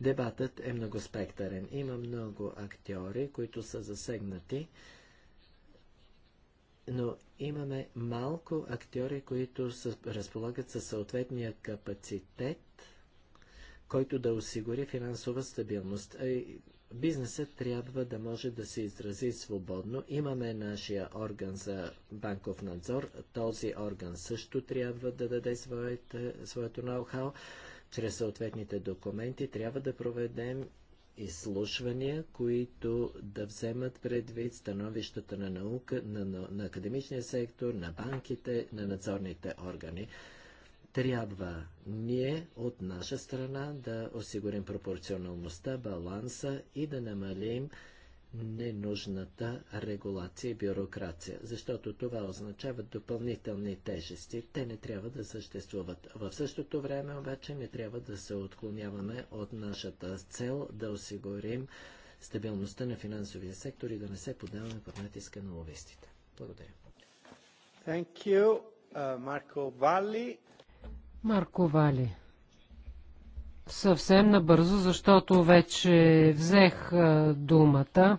Дебатът е многоспектърен. Има много актьори, които са засегнати, но имаме малко актьори, които са, разполагат със съответния капацитет, който да осигури финансова стабилност. Е, Бизнесът трябва да може да се изрази свободно. Имаме нашия орган за банков надзор. Този орган също трябва да даде своята, своето ноу-хау. Чрез съответните документи трябва да проведем изслушвания, които да вземат предвид становищата на наука, на, на, на академичния сектор, на банките, на надзорните органи. Трябва ние от наша страна да осигурим пропорционалността, баланса и да намалим ненужната регулация и бюрокрация, защото това означава допълнителни тежести. Те не трябва да съществуват. В същото време обаче не трябва да се отклоняваме от нашата цел да осигурим стабилността на финансовия сектор и да не се подаваме под натиска на лобистите. Благодаря. Thank you, Марко uh, Вали. Марко Вали. Съвсем набързо, защото вече взех а, думата. А,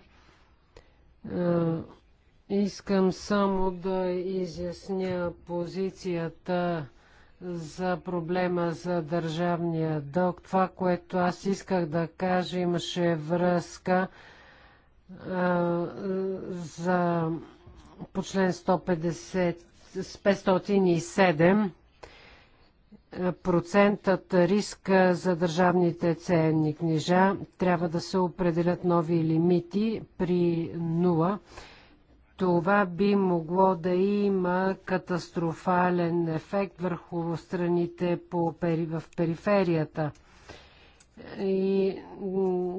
искам само да изясня позицията за проблема за държавния дълг. Това, което аз исках да кажа, имаше връзка а, за по член 150, 507 процентът риск за държавните ценни книжа трябва да се определят нови лимити при нула. Това би могло да има катастрофален ефект върху страните по, в периферията. И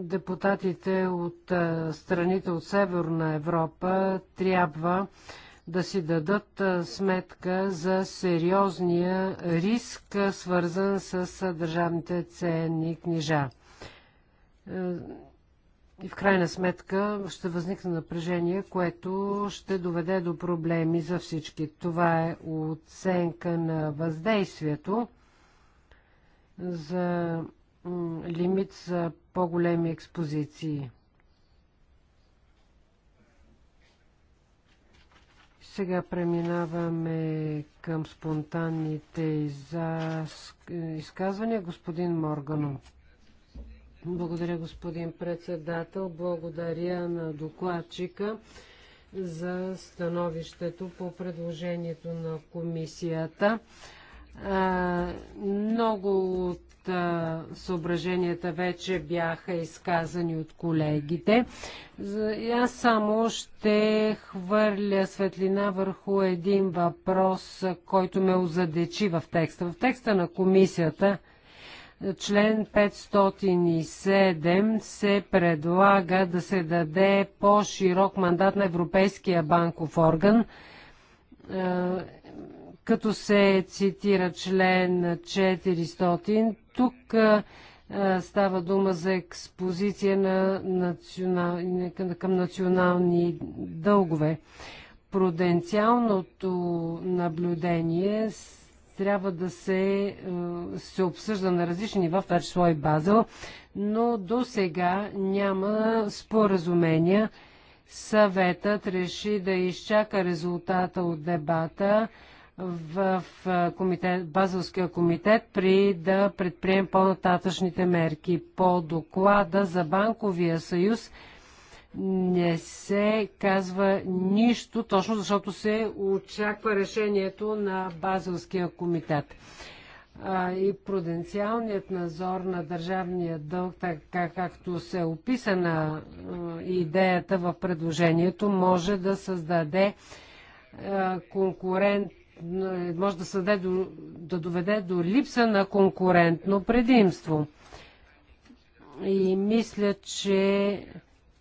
депутатите от страните от Северна Европа трябва да си дадат сметка за сериозния риск, свързан с държавните ценни книжа. И в крайна сметка ще възникне напрежение, което ще доведе до проблеми за всички. Това е оценка на въздействието за лимит за по-големи експозиции. Сега преминаваме към спонтанните за изказвания. Господин Моргано. Благодаря, господин председател. Благодаря на докладчика за становището по предложението на комисията. Много от съображенията вече бяха изказани от колегите. Аз само ще хвърля светлина върху един въпрос, който ме озадечи в текста. В текста на комисията член 507 се предлага да се даде по-широк мандат на Европейския банков орган като се цитира член 400, тук става дума за експозиция на национал... към национални дългове. Пруденциалното наблюдение трябва да се, се обсъжда на различни нива, в това число и Базел, но до сега няма споразумения. Съветът реши да изчака резултата от дебата в комитет, базовския комитет при да предприем по-нататъчните мерки. По доклада за Банковия съюз не се казва нищо, точно защото се очаква решението на базовския комитет. А, и пруденциалният надзор на държавния дълг, така както се описа на идеята в предложението, може да създаде конкурент е, може да, съде до, да доведе до липса на конкурентно предимство. И мисля, че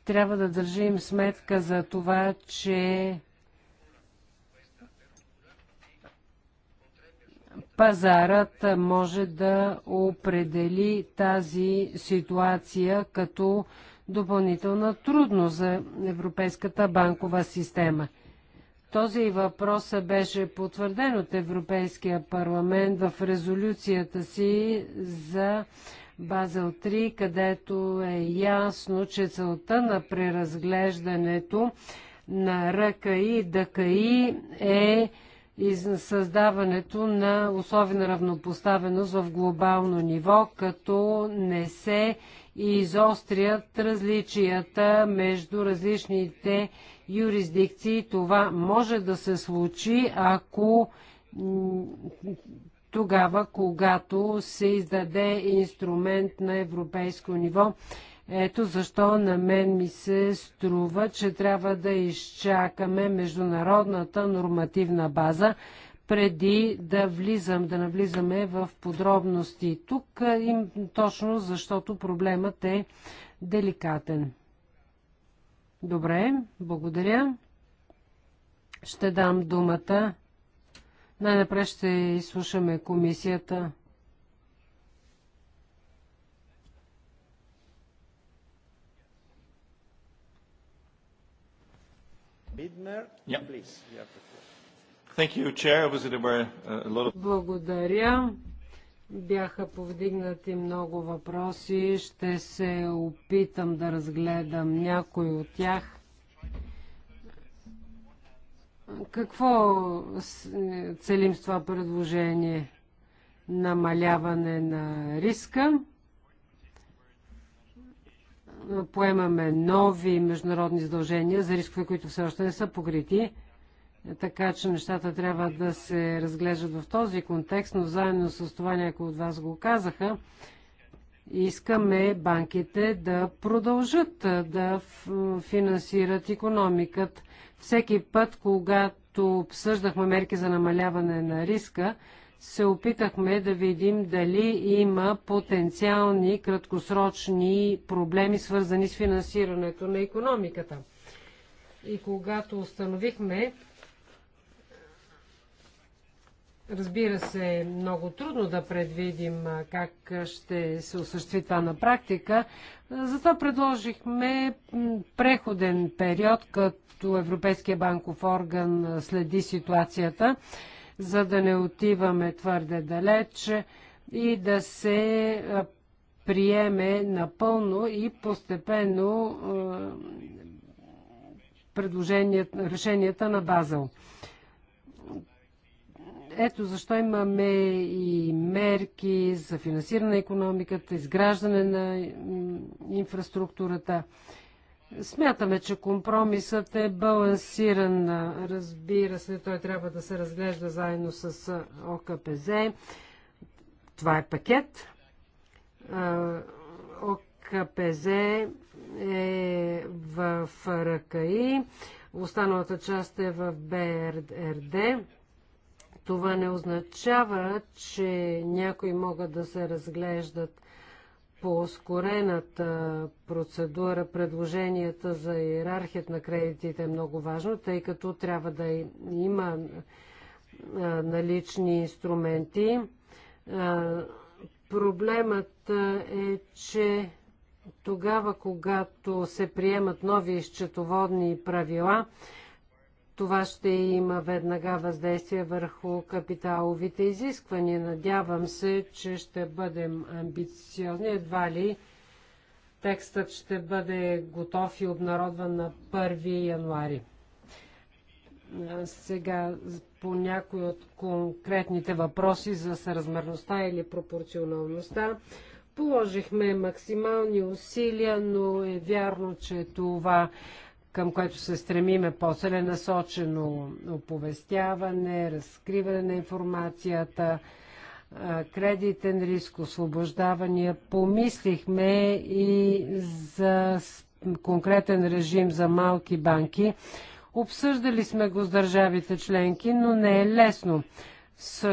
трябва да държим сметка за това, че пазарът може да определи тази ситуация като допълнителна трудност за Европейската банкова система. Този въпрос беше потвърден от Европейския парламент в резолюцията си за Базел 3, където е ясно, че целта на преразглеждането на РКИ и ДКИ е създаването на особена равнопоставеност в глобално ниво, като не се изострят различията между различните юрисдикции. Това може да се случи, ако тогава, когато се издаде инструмент на европейско ниво. Ето защо на мен ми се струва, че трябва да изчакаме международната нормативна база, преди да влизам, да навлизаме в подробности тук, им, точно защото проблемът е деликатен. Добре, благодаря. Ще дам думата. Най-напред ще изслушаме комисията. Uh, благодаря. Бяха повдигнати много въпроси. Ще се опитам да разгледам някой от тях. Какво целим с това предложение? Намаляване на риска. Поемаме нови международни задължения за рискове, които все още не са покрити така че нещата трябва да се разглеждат в този контекст, но заедно с това някои от вас го казаха. Искаме банките да продължат да финансират економикът. Всеки път, когато обсъждахме мерки за намаляване на риска, се опитахме да видим дали има потенциални краткосрочни проблеми, свързани с финансирането на економиката. И когато установихме, Разбира се, е много трудно да предвидим как ще се осъществи това на практика. Затова предложихме преходен период, като Европейския банков орган следи ситуацията, за да не отиваме твърде далеч и да се приеме напълно и постепенно решенията на Базел. Ето защо имаме и мерки за финансиране на економиката, изграждане на инфраструктурата. Смятаме, че компромисът е балансиран. Разбира се, той трябва да се разглежда заедно с ОКПЗ. Това е пакет. ОКПЗ е в РКИ. Останалата част е в БРД. Това не означава, че някои могат да се разглеждат по ускорената процедура. Предложенията за иерархията на кредитите е много важно, тъй като трябва да има налични инструменти. Проблемът е, че тогава, когато се приемат нови изчетоводни правила, това ще има веднага въздействие върху капиталовите изисквания. Надявам се, че ще бъдем амбициозни. Едва ли текстът ще бъде готов и обнародван на 1 януари. Сега по някои от конкретните въпроси за съразмерността или пропорционалността. Положихме максимални усилия, но е вярно, че това към което се стремим е по-целенасочено оповестяване, разкриване на информацията, кредитен риск, освобождавания. Помислихме и за конкретен режим за малки банки. Обсъждали сме го с държавите членки, но не е лесно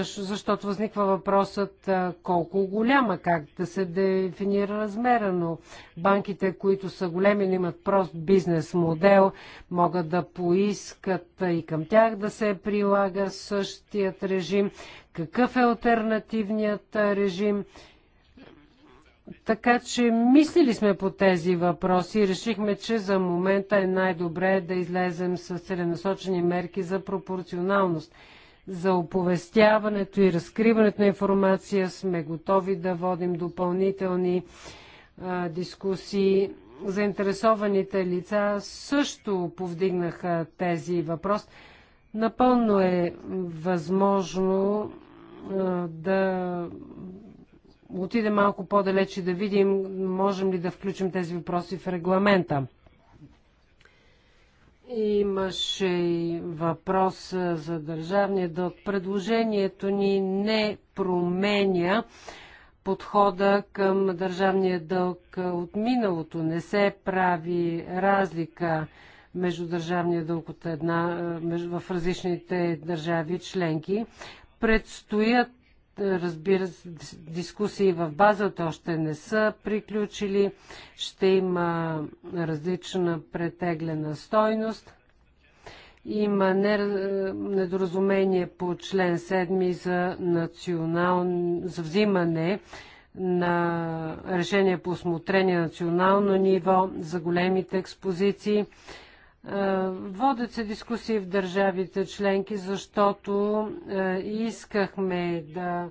защото възниква въпросът колко голяма, как да се дефинира размера, но банките, които са големи, но имат прост бизнес модел, могат да поискат и към тях да се прилага същият режим. Какъв е альтернативният режим? Така че мислили сме по тези въпроси и решихме, че за момента е най-добре да излезем с целенасочени мерки за пропорционалност – за оповестяването и разкриването на информация. Сме готови да водим допълнителни а, дискусии. Заинтересованите лица също повдигнаха тези въпрос. Напълно е възможно а, да отидем малко по-далеч и да видим можем ли да включим тези въпроси в регламента. Имаше и въпрос за държавния дълг. Предложението ни не променя подхода към държавния дълг от миналото. Не се прави разлика между държавния дълг от една, в различните държави членки. Предстоят Разбира се, дискусии в базата още не са приключили. Ще има различна претеглена стойност. Има недоразумение по член 7 за, национал... за взимане на решение по осмотрение на национално ниво за големите експозиции. Е, водят се дискусии в държавите членки, защото е, искахме да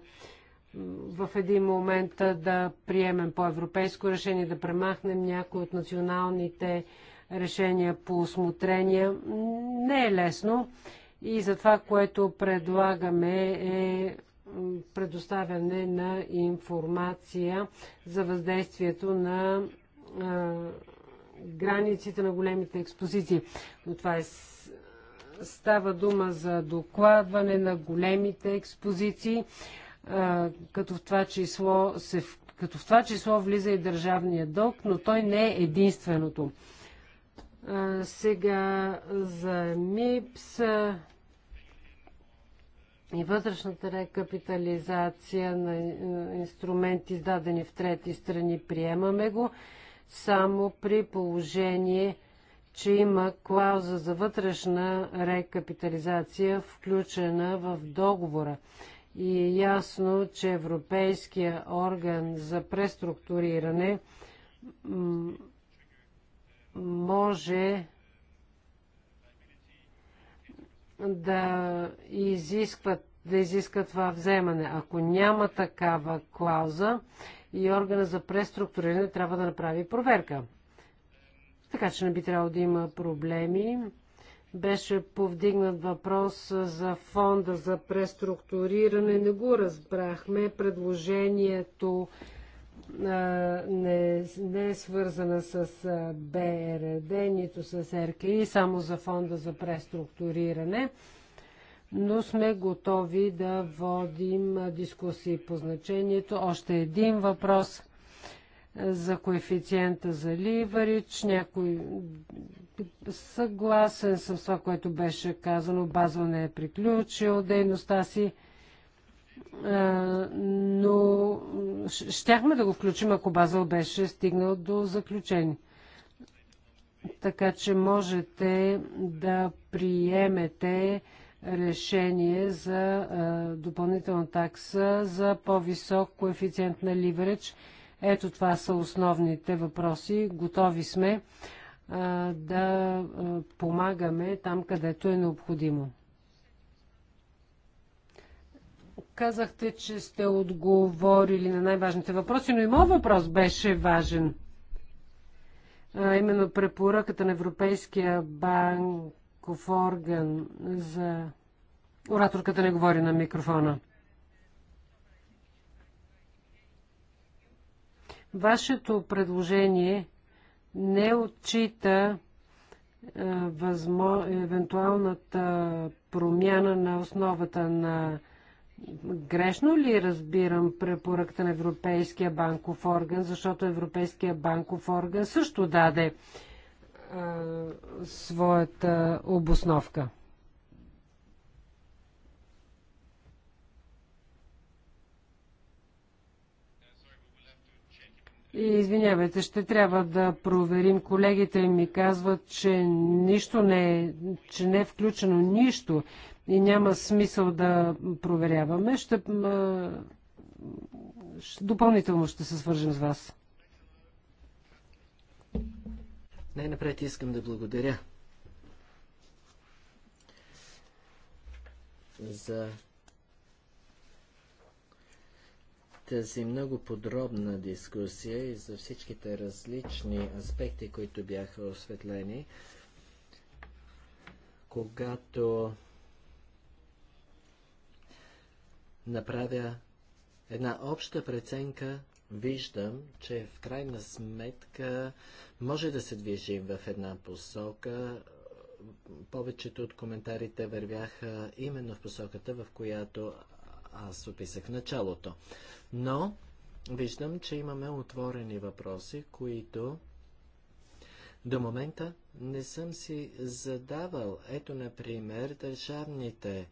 в един момент да приемем по-европейско решение, да премахнем някои от националните решения по осмотрение. Не е лесно и за това, което предлагаме е предоставяне на информация за въздействието на е, границите на големите експозиции. Но това е става дума за докладване на големите експозиции, а, като в това число се като в това число влиза и държавния дълг, но той не е единственото. А, сега за МИПС и вътрешната рекапитализация на инструменти, издадени в трети страни, приемаме го само при положение, че има клауза за вътрешна рекапитализация, включена в договора. И е ясно, че Европейския орган за преструктуриране може да изискат да изиска това вземане. Ако няма такава клауза, и органа за преструктуриране трябва да направи проверка. Така че не би трябвало да има проблеми. Беше повдигнат въпрос за фонда за преструктуриране. Не го разбрахме. Предложението не, не е свързана с БРД, нито с РКИ, само за фонда за преструктуриране но сме готови да водим дискусии по значението. Още един въпрос за коефициента за ливарич. Някой съгласен с това, което беше казано. не е приключил дейността си но щяхме да го включим, ако Базъл беше стигнал до заключение. Така че можете да приемете решение за допълнителна такса за по-висок коефициент на ливереч. Ето това са основните въпроси. Готови сме да помагаме там, където е необходимо. Казахте, че сте отговорили на най-важните въпроси, но и моят въпрос беше важен. А, именно препоръката на Европейския банк някакъв орган за... Ораторката не говори на микрофона. Вашето предложение не отчита е, възмо... евентуалната промяна на основата на Грешно ли разбирам препоръкта на Европейския банков орган, защото Европейския банков орган също даде а, своята обосновка. И извинявайте, ще трябва да проверим. Колегите ми казват, че нищо не е, че не е включено нищо и няма смисъл да проверяваме. Ще, допълнително ще се свържем с вас. Най-напред искам да благодаря за тази много подробна дискусия и за всичките различни аспекти, които бяха осветлени, когато направя една обща преценка виждам, че в крайна сметка може да се движим в една посока. Повечето от коментарите вървяха именно в посоката, в която аз описах началото. Но виждам, че имаме отворени въпроси, които до момента не съм си задавал. Ето, например, държавните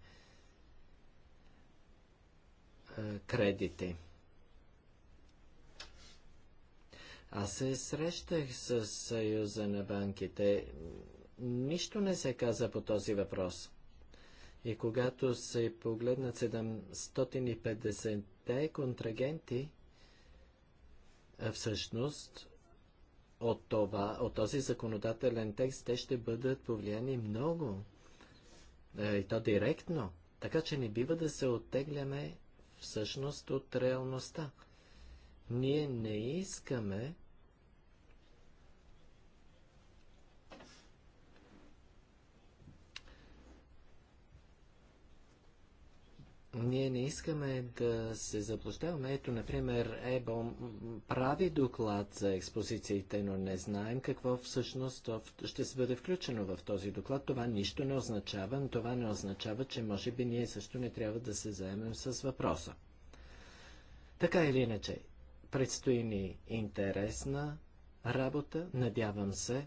кредити. Аз се срещах с Съюза на банките. Нищо не се каза по този въпрос. И когато се погледнат 750-те контрагенти, всъщност от, това, от този законодателен текст те ще бъдат повлияни много. Е, и то директно. Така че не бива да се оттегляме всъщност от реалността. Ние не искаме Ние не искаме да се заблуждаваме. Ето, например, ЕБО прави доклад за експозициите, но не знаем какво всъщност ще се бъде включено в този доклад. Това нищо не означава, но това не означава, че може би ние също не трябва да се заемем с въпроса. Така или иначе, предстои ни интересна работа, надявам се,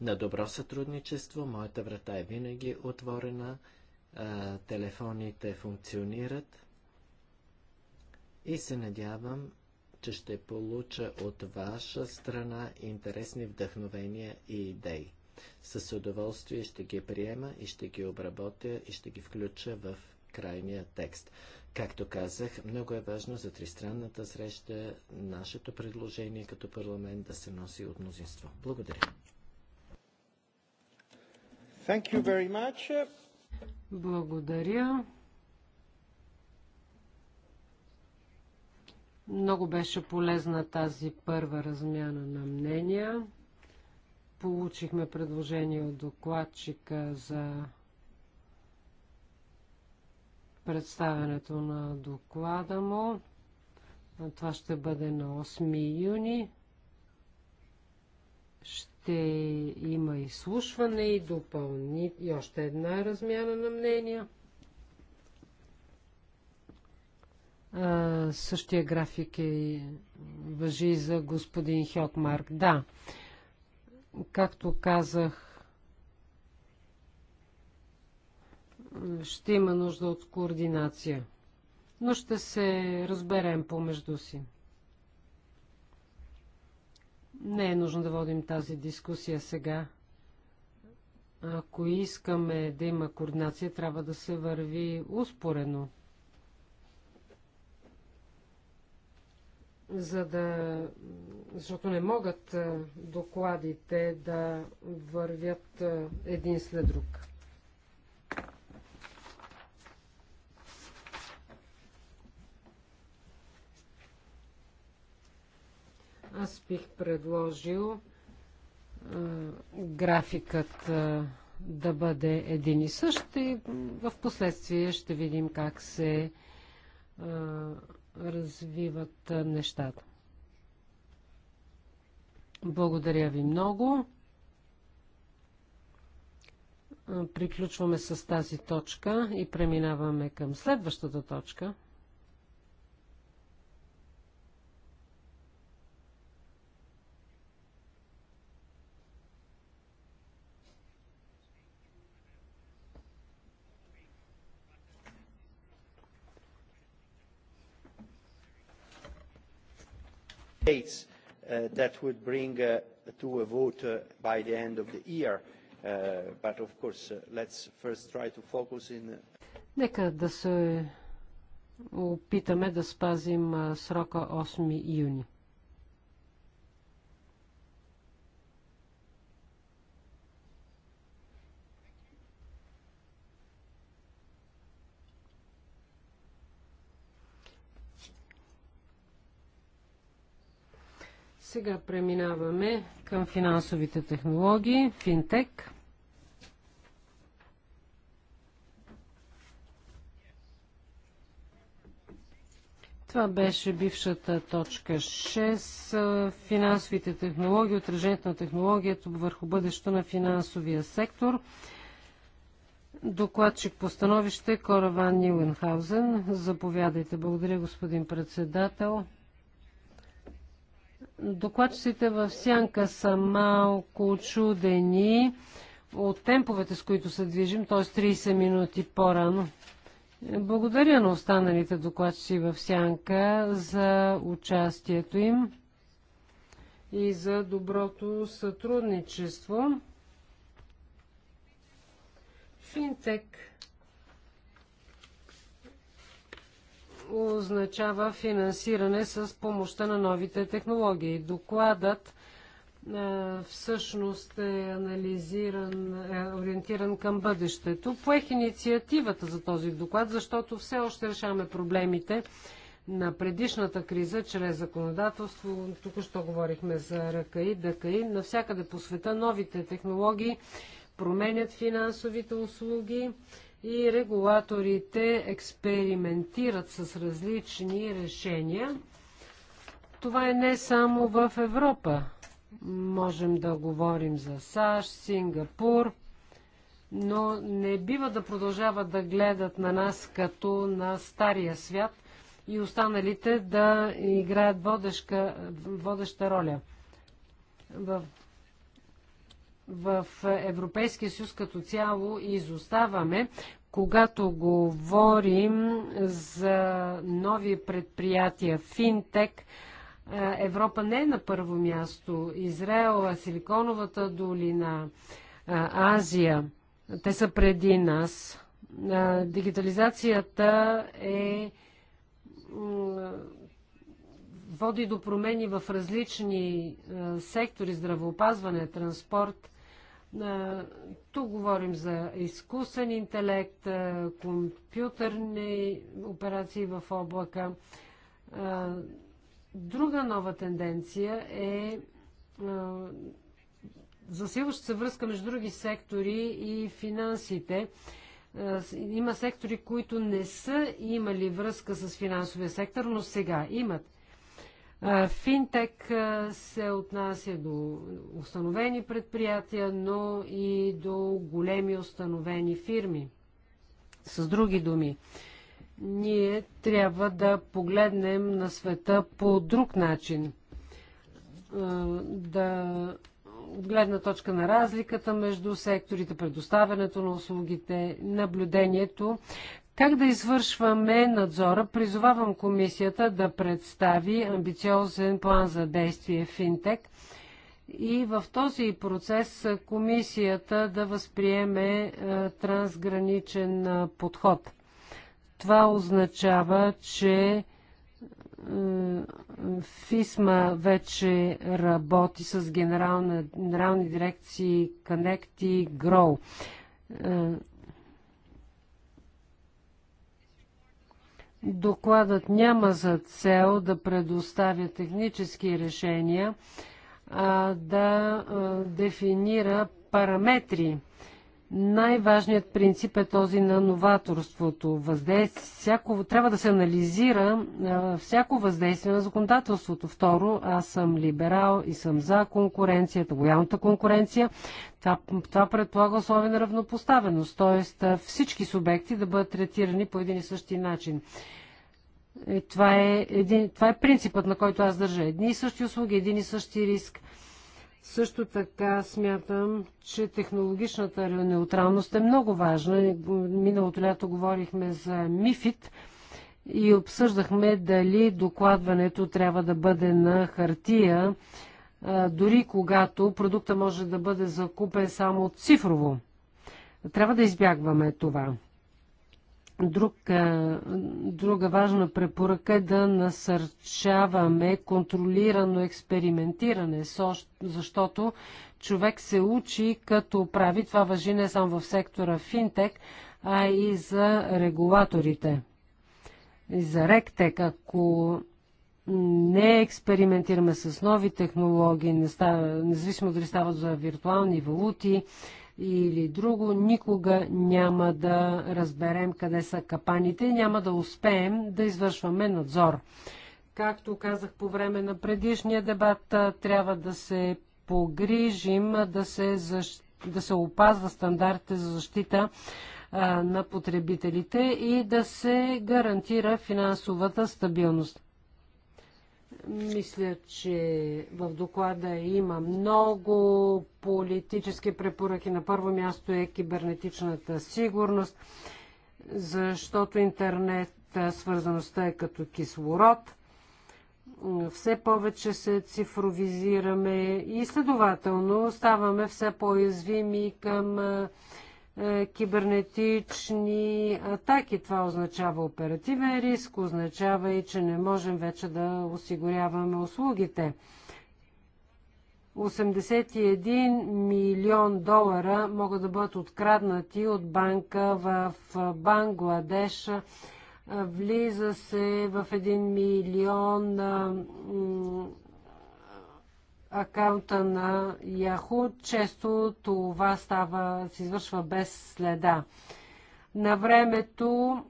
на добро сътрудничество. Моята врата е винаги отворена а, телефоните функционират и се надявам, че ще получа от ваша страна интересни вдъхновения и идеи. С удоволствие ще ги приема и ще ги обработя и ще ги включа в крайния текст. Както казах, много е важно за тристранната среща нашето предложение като парламент да се носи от мнозинство. Благодаря. Thank you very much. Благодаря. Много беше полезна тази първа размяна на мнения. Получихме предложение от докладчика за представянето на доклада му. Това ще бъде на 8 юни. Ще ще има изслушване и допълни и още една размяна на мнения. А, същия график е въжи за господин Хьокмарк. Да, както казах, ще има нужда от координация, но ще се разберем помежду си. Не е нужно да водим тази дискусия сега. Ако искаме да има координация, трябва да се върви успорено. За да... Защото не могат докладите да вървят един след друг. Аз бих предложил графикът да бъде един и същ и в последствие ще видим как се развиват нещата. Благодаря ви много. Приключваме с тази точка и преминаваме към следващата точка. states that would bring to a vote by the end of the year. But of course, let's first try to focus in... Нека да се опитаме да спазим срока 8 юни. Сега преминаваме към финансовите технологии, финтек. Това беше бившата точка 6. Финансовите технологии, отражението на технологията върху бъдещето на финансовия сектор. Докладчик по становище Кораван Ниленхаузен. Заповядайте. Благодаря, господин председател. Докладчиците в сянка са малко чудени от темповете, с които се движим, т.е. 30 минути по-рано. Благодаря на останалите докладчици в сянка за участието им и за доброто сътрудничество. Финтек означава финансиране с помощта на новите технологии. Докладът е, всъщност е анализиран, е ориентиран към бъдещето. Поех инициативата за този доклад, защото все още решаваме проблемите на предишната криза чрез законодателство. Тук що говорихме за РКИ, ДКИ. Навсякъде по света новите технологии променят финансовите услуги и регулаторите експериментират с различни решения. Това е не само в Европа. Можем да говорим за САЩ, Сингапур, но не бива да продължават да гледат на нас като на стария свят и останалите да играят водеща, водеща роля. В в Европейския съюз като цяло изоставаме, когато говорим за нови предприятия, финтек, е, Европа не е на първо място. Израел, Силиконовата долина, е, Азия, те са преди нас. Е, дигитализацията е води до промени в различни сектори, здравеопазване, транспорт – тук говорим за изкуствен интелект, компютърни операции в облака. Друга нова тенденция е засилваща се връзка между други сектори и финансите. Има сектори, които не са имали връзка с финансовия сектор, но сега имат. Финтек се отнася до установени предприятия, но и до големи установени фирми. С други думи, ние трябва да погледнем на света по друг начин. Да от гледна точка на разликата между секторите, предоставянето на услугите, наблюдението, как да извършваме надзора? Призовавам комисията да представи амбициозен план за действие Финтек и в този процес комисията да възприеме е, трансграничен е, подход. Това означава, че е, ФИСМА вече работи с генерални дирекции Connect и GROW Докладът няма за цел да предоставя технически решения, а да дефинира параметри най-важният принцип е този на новаторството. Въздействие, всяко, трябва да се анализира а, всяко въздействие на законодателството. Второ, аз съм либерал и съм за конкуренцията, лоялната конкуренция. Това, това предполага условия на равнопоставеност, т.е. всички субекти да бъдат третирани по един и същи начин. И това е, един, това е принципът, на който аз държа. Едни и същи услуги, един и същи риск също така смятам, че технологичната неутралност е много важна. Миналото лято говорихме за МИФИТ и обсъждахме дали докладването трябва да бъде на хартия, дори когато продукта може да бъде закупен само цифрово. Трябва да избягваме това. Друг, е, друга важна препоръка е да насърчаваме контролирано експериментиране, защото човек се учи като прави. Това въжи не само в сектора финтек, а и за регулаторите. И за ректек, ако не експериментираме с нови технологии, не става, независимо дали стават за виртуални валути или друго, никога няма да разберем къде са капаните, няма да успеем да извършваме надзор. Както казах по време на предишния дебат, трябва да се погрижим да се, защ... да се опазва стандартите за защита на потребителите и да се гарантира финансовата стабилност. Мисля, че в доклада има много политически препоръки. На първо място е кибернетичната сигурност, защото интернет свързаността е като кислород. Все повече се цифровизираме и следователно ставаме все по-уязвими към е, кибернетични атаки. Това означава оперативен риск, означава и, че не можем вече да осигуряваме услугите. 81 милион долара могат да бъдат откраднати от банка в Бангладеш. Влиза се в 1 милион акаунта на Яху. Често това става, се извършва без следа. На времето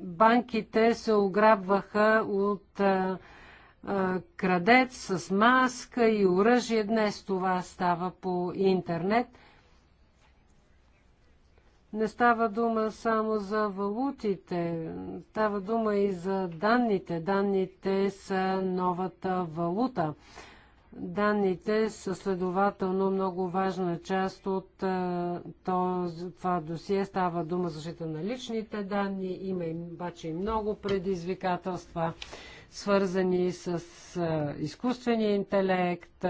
банките се ограбваха от крадец с маска и оръжие. Днес това става по интернет – не става дума само за валутите, става дума и за данните. Данните са новата валута. Данните са следователно много важна част от е, този, това досие. Става дума за защита на личните данни. Има обаче и много предизвикателства, свързани с е, изкуствения интелект,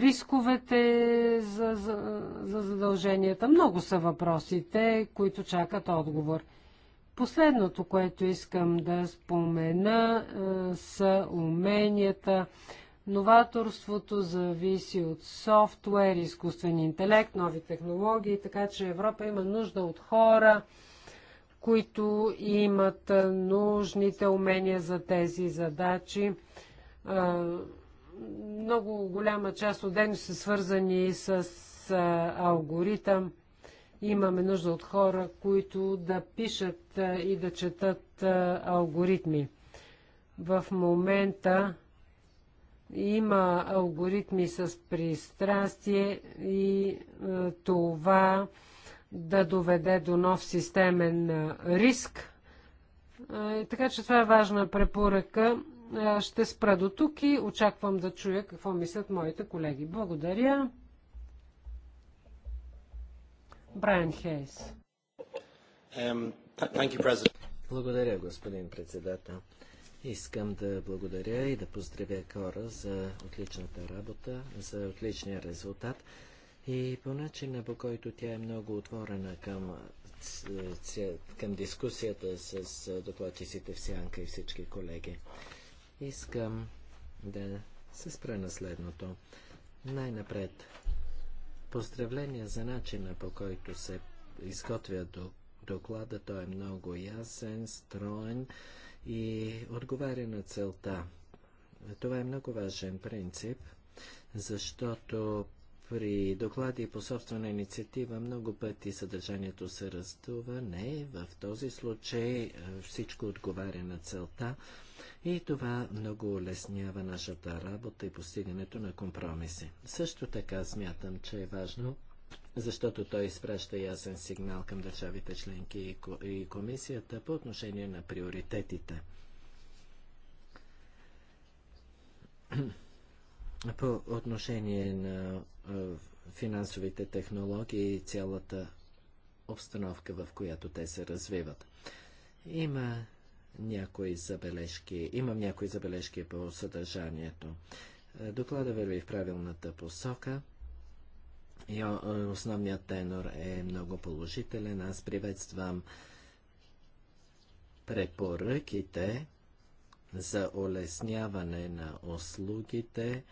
рисковете за, за, за задълженията. Много са въпросите, които чакат отговор. Последното, което искам да спомена, са уменията. Новаторството зависи от софтуер, изкуствен интелект, нови технологии, така че Европа има нужда от хора, които имат нужните умения за тези задачи много голяма част от дейности са свързани с алгоритъм. Имаме нужда от хора, които да пишат и да четат алгоритми. В момента има алгоритми с пристрастие и това да доведе до нов системен риск. Така че това е важна препоръка. Е, ще спра до тук и очаквам да чуя какво мислят моите колеги. Благодаря. Брайан Хейс. Благодаря, господин председател. Искам да благодаря и да поздравя Кора за отличната работа, за отличния резултат и по начина, по който тя е много отворена към, към дискусията с докладчиците в Сянка и всички колеги. Искам да се спра на следното. Най-напред, поздравления за начина по който се изготвя доклада. Той е много ясен, строен и отговаря на целта. Това е много важен принцип, защото при доклади по собствена инициатива много пъти съдържанието се раздува. Не, в този случай всичко отговаря на целта. И това много улеснява нашата работа и постигането на компромиси. Също така смятам, че е важно защото той изпраща ясен сигнал към държавите членки и комисията по отношение на приоритетите. (clears throat) По отношение на финансовите технологии и цялата обстановка, в която те се развиват. Има някои забележки. Имам някои забележки по съдържанието. Е, доклада върви в правилната посока. И е, основният тенор е много положителен. Аз приветствам препоръките за улесняване на услугите,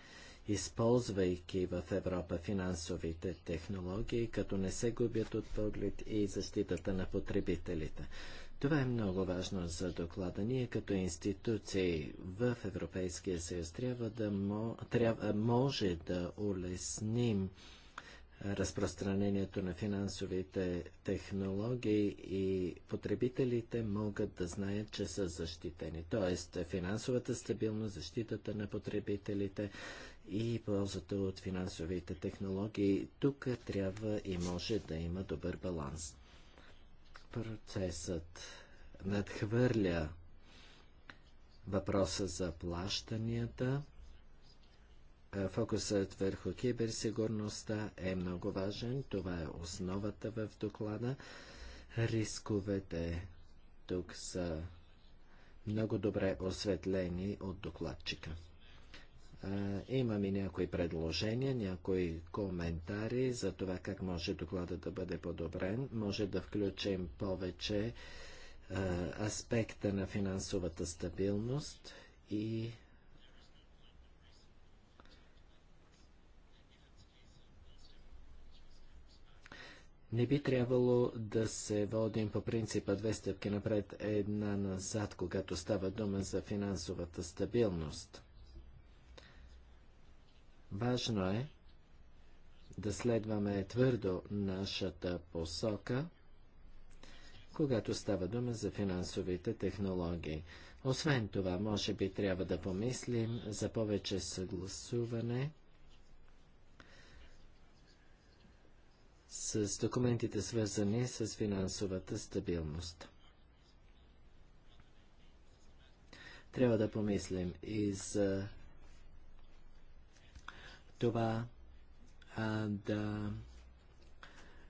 използвайки в Европа финансовите технологии, като не се губят от поглед и защитата на потребителите. Това е много важно за доклада. Ние като институции в Европейския съюз трябва да трябва, може да улесним разпространението на финансовите технологии и потребителите могат да знаят, че са защитени. Тоест финансовата стабилност, защитата на потребителите и ползата от финансовите технологии. Тук трябва и може да има добър баланс процесът надхвърля въпроса за плащанията. Е, фокусът върху киберсигурността е много важен. Това е основата в доклада. Рисковете тук са много добре осветлени от докладчика. Имам и някои предложения, някои коментари за това как може доклада да бъде подобрен. Може да включим повече аспекта на финансовата стабилност и Не би трябвало да се водим по принципа две стъпки напред, една назад, когато става дума за финансовата стабилност. Важно е да следваме твърдо нашата посока, когато става дума за финансовите технологии. Освен това, може би трябва да помислим за повече съгласуване с документите свързани с финансовата стабилност. Трябва да помислим и за това а, да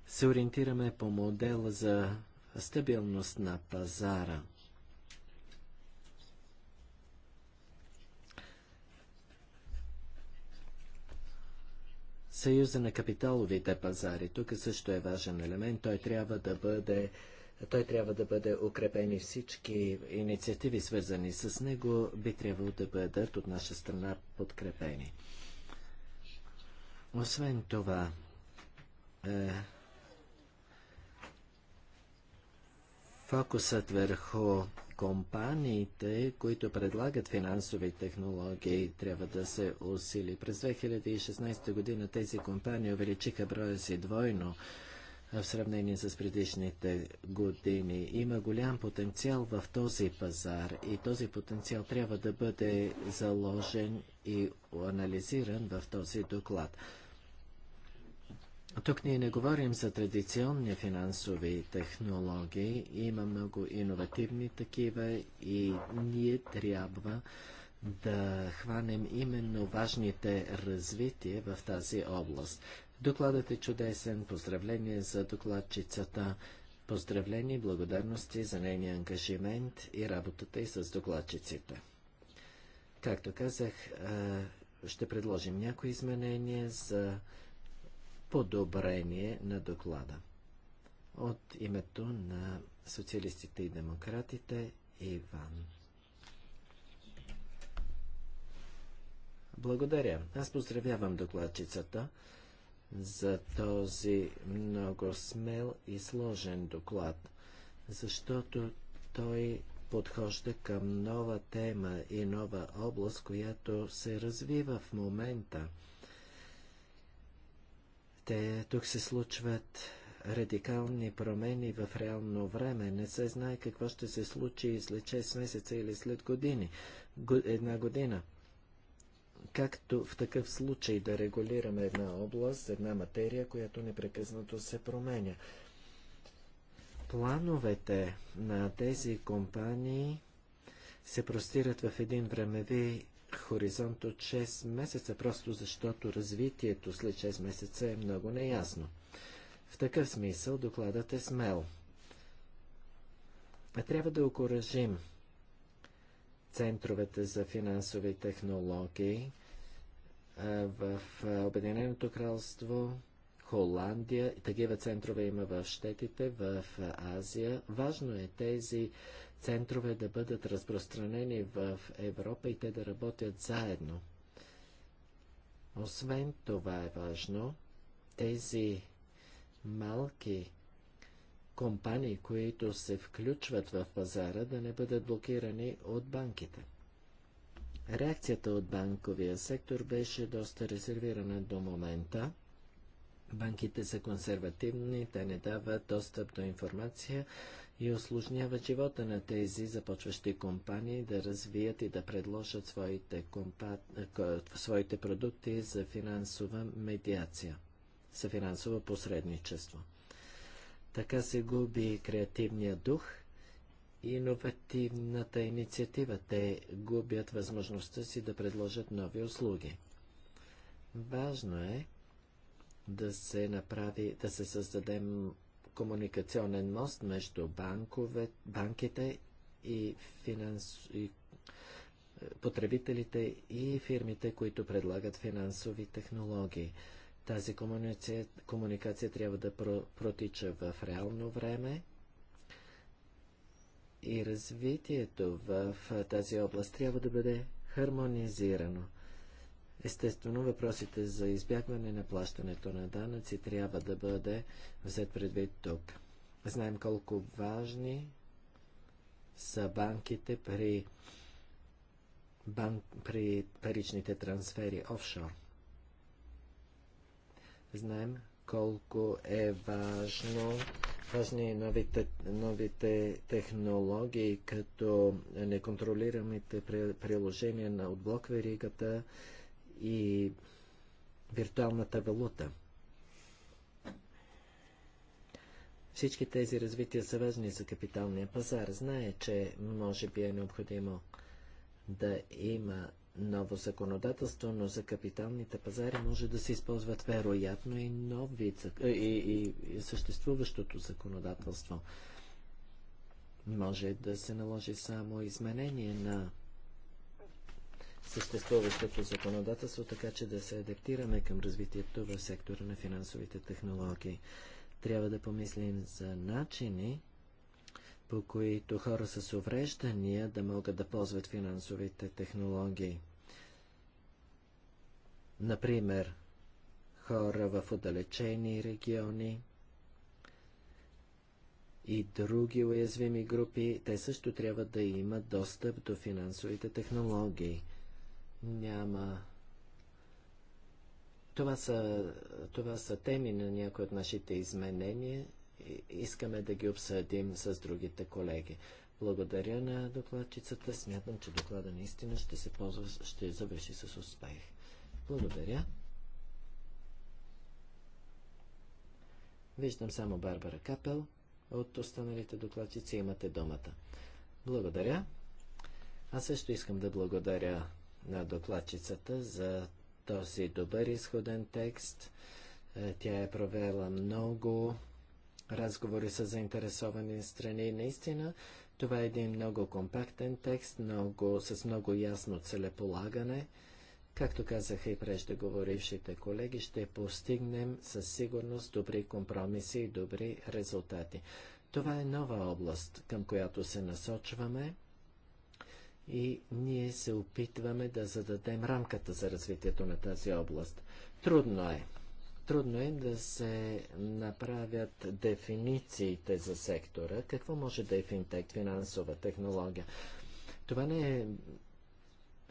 се ориентираме по модел за стабилност на пазара. Съюза на капиталовите пазари. Тук също е важен елемент. Той трябва да бъде той трябва да бъде укрепен и всички инициативи, свързани с него, би трябвало да бъдат от наша страна подкрепени. Освен това, е, фокусът върху компаниите, които предлагат финансови технологии, трябва да се усили. През 2016 година тези компании увеличиха броя си двойно в сравнение с предишните години. Има голям потенциал в този пазар и този потенциал трябва да бъде заложен и анализиран в този доклад. Тук ние не говорим за традиционни финансови технологии, има много иновативни такива и ние трябва да хванем именно важните развития в тази област. Докладът е чудесен. Поздравление за докладчицата. Поздравление и благодарности за нейния ангажимент и работата и с докладчиците. Както казах, ще предложим някои изменения за подобрение на доклада. От името на социалистите и демократите Иван. Благодаря. Аз поздравявам докладчицата за този много смел и сложен доклад, защото той подхожда към нова тема и нова област, която се развива в момента. Те, тук се случват радикални промени в реално време. Не се знае какво ще се случи след 6 месеца или след години. една година както в такъв случай да регулираме една област, една материя, която непрекъснато се променя. Плановете на тези компании се простират в един времеви хоризонт от 6 месеца, просто защото развитието след 6 месеца е много неясно. В такъв смисъл докладът е смел. А трябва да окоръжим центровете за финансови технологии в Обединеното кралство, Холандия, такива центрове има в Щетите, в Азия. Важно е тези центрове да бъдат разпространени в Европа и те да работят заедно. Освен това е важно тези малки компании, които се включват в пазара, да не бъдат блокирани от банките. Реакцията от банковия сектор беше доста резервирана до момента. Банките са консервативни, те не дават достъп до информация и осложняват живота на тези започващи компании да развият и да предложат своите, компа... своите продукти за финансова медиация, за финансово посредничество. Така се губи креативния дух и иновативната инициатива. Те губят възможността си да предложат нови услуги. Важно е да се направи, да се създадем комуникационен мост между банкове, банките и, финанс... и е, потребителите и фирмите, които предлагат финансови технологии. Тази комуникация, комуникация трябва да про, протича в реално време и развитието в тази област трябва да бъде хармонизирано. Естествено, въпросите за избягване на плащането на данъци трябва да бъде взет предвид тук. Знаем колко важни са банките при, банк, при паричните трансфери офшор. Знаем колко е важно важни е новите, новите технологии, като неконтролираните приложения на отблок веригата и виртуалната валута. Всички тези развития са важни за капиталния пазар. Знае, че може би е необходимо да има ново законодателство, но за капиталните пазари може да се използват вероятно и, нови, и, е, и, и съществуващото законодателство. Може да се наложи само изменение на съществуващото законодателство, така че да се адаптираме към развитието в сектора на финансовите технологии. Трябва да помислим за начини, по които хора с увреждания да могат да ползват финансовите технологии. Например, хора в отдалечени региони и други уязвими групи, те също трябва да имат достъп до финансовите технологии. Няма. Това са, това са теми на някои от нашите изменения. Искаме да ги обсъдим с другите колеги. Благодаря на докладчицата. Смятам, че доклада наистина ще се ползва, ще завърши с успех. Благодаря. Виждам само Барбара Капел. От останалите докладчици имате думата. Благодаря. Аз също искам да благодаря на докладчицата за този добър изходен текст. Е, тя е провела много разговори с заинтересовани страни. Наистина, това е един много компактен текст, много, с много ясно целеполагане. Както казаха и преждеговорившите колеги, ще постигнем със сигурност добри компромиси и добри резултати. Това е нова област, към която се насочваме и ние се опитваме да зададем рамката за развитието на тази област. Трудно е. Трудно е да се направят дефинициите за сектора. Какво може да е финтек, финансова технология? Това не е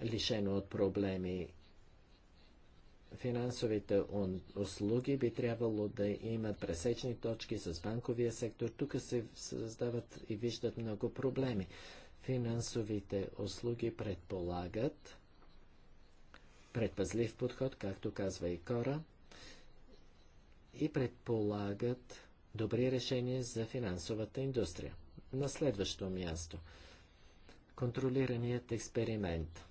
лишено от проблеми финансовите услуги би трябвало да имат пресечни точки с банковия сектор. Тук се създават и виждат много проблеми. Финансовите услуги предполагат предпазлив подход, както казва и Кора, и предполагат добри решения за финансовата индустрия. На следващо място – контролираният експеримент.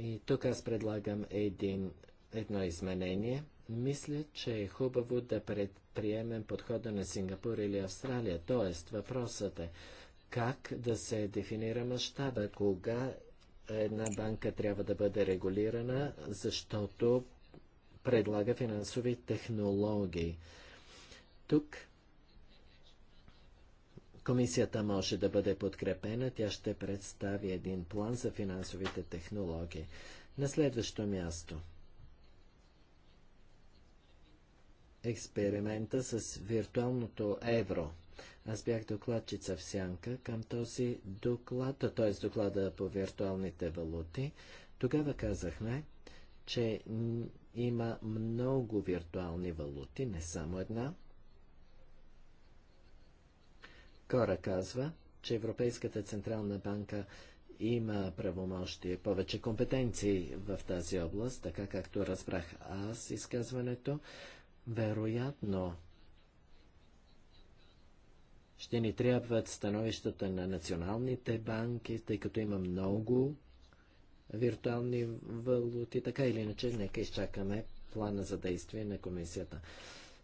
И тук аз предлагам един, едно изменение. Мисля, че е хубаво да предприемем подхода на Сингапур или Австралия. Тоест, въпросът е как да се дефинира мащаба, кога една банка трябва да бъде регулирана, защото предлага финансови технологии. Тук Комисията може да бъде подкрепена, тя ще представи един план за финансовите технологии. На следващо място. Експеримента с виртуалното евро. Аз бях докладчица в Сянка към този доклад, т.е. доклада по виртуалните валути. Тогава казахме, че има много виртуални валути, не само една – Кора казва, че Европейската Централна банка има правомощие, повече компетенции в тази област, така както разбрах аз изказването. Вероятно, ще ни трябват становищата на националните банки, тъй като има много виртуални валути. Така или иначе, нека изчакаме плана за действие на комисията.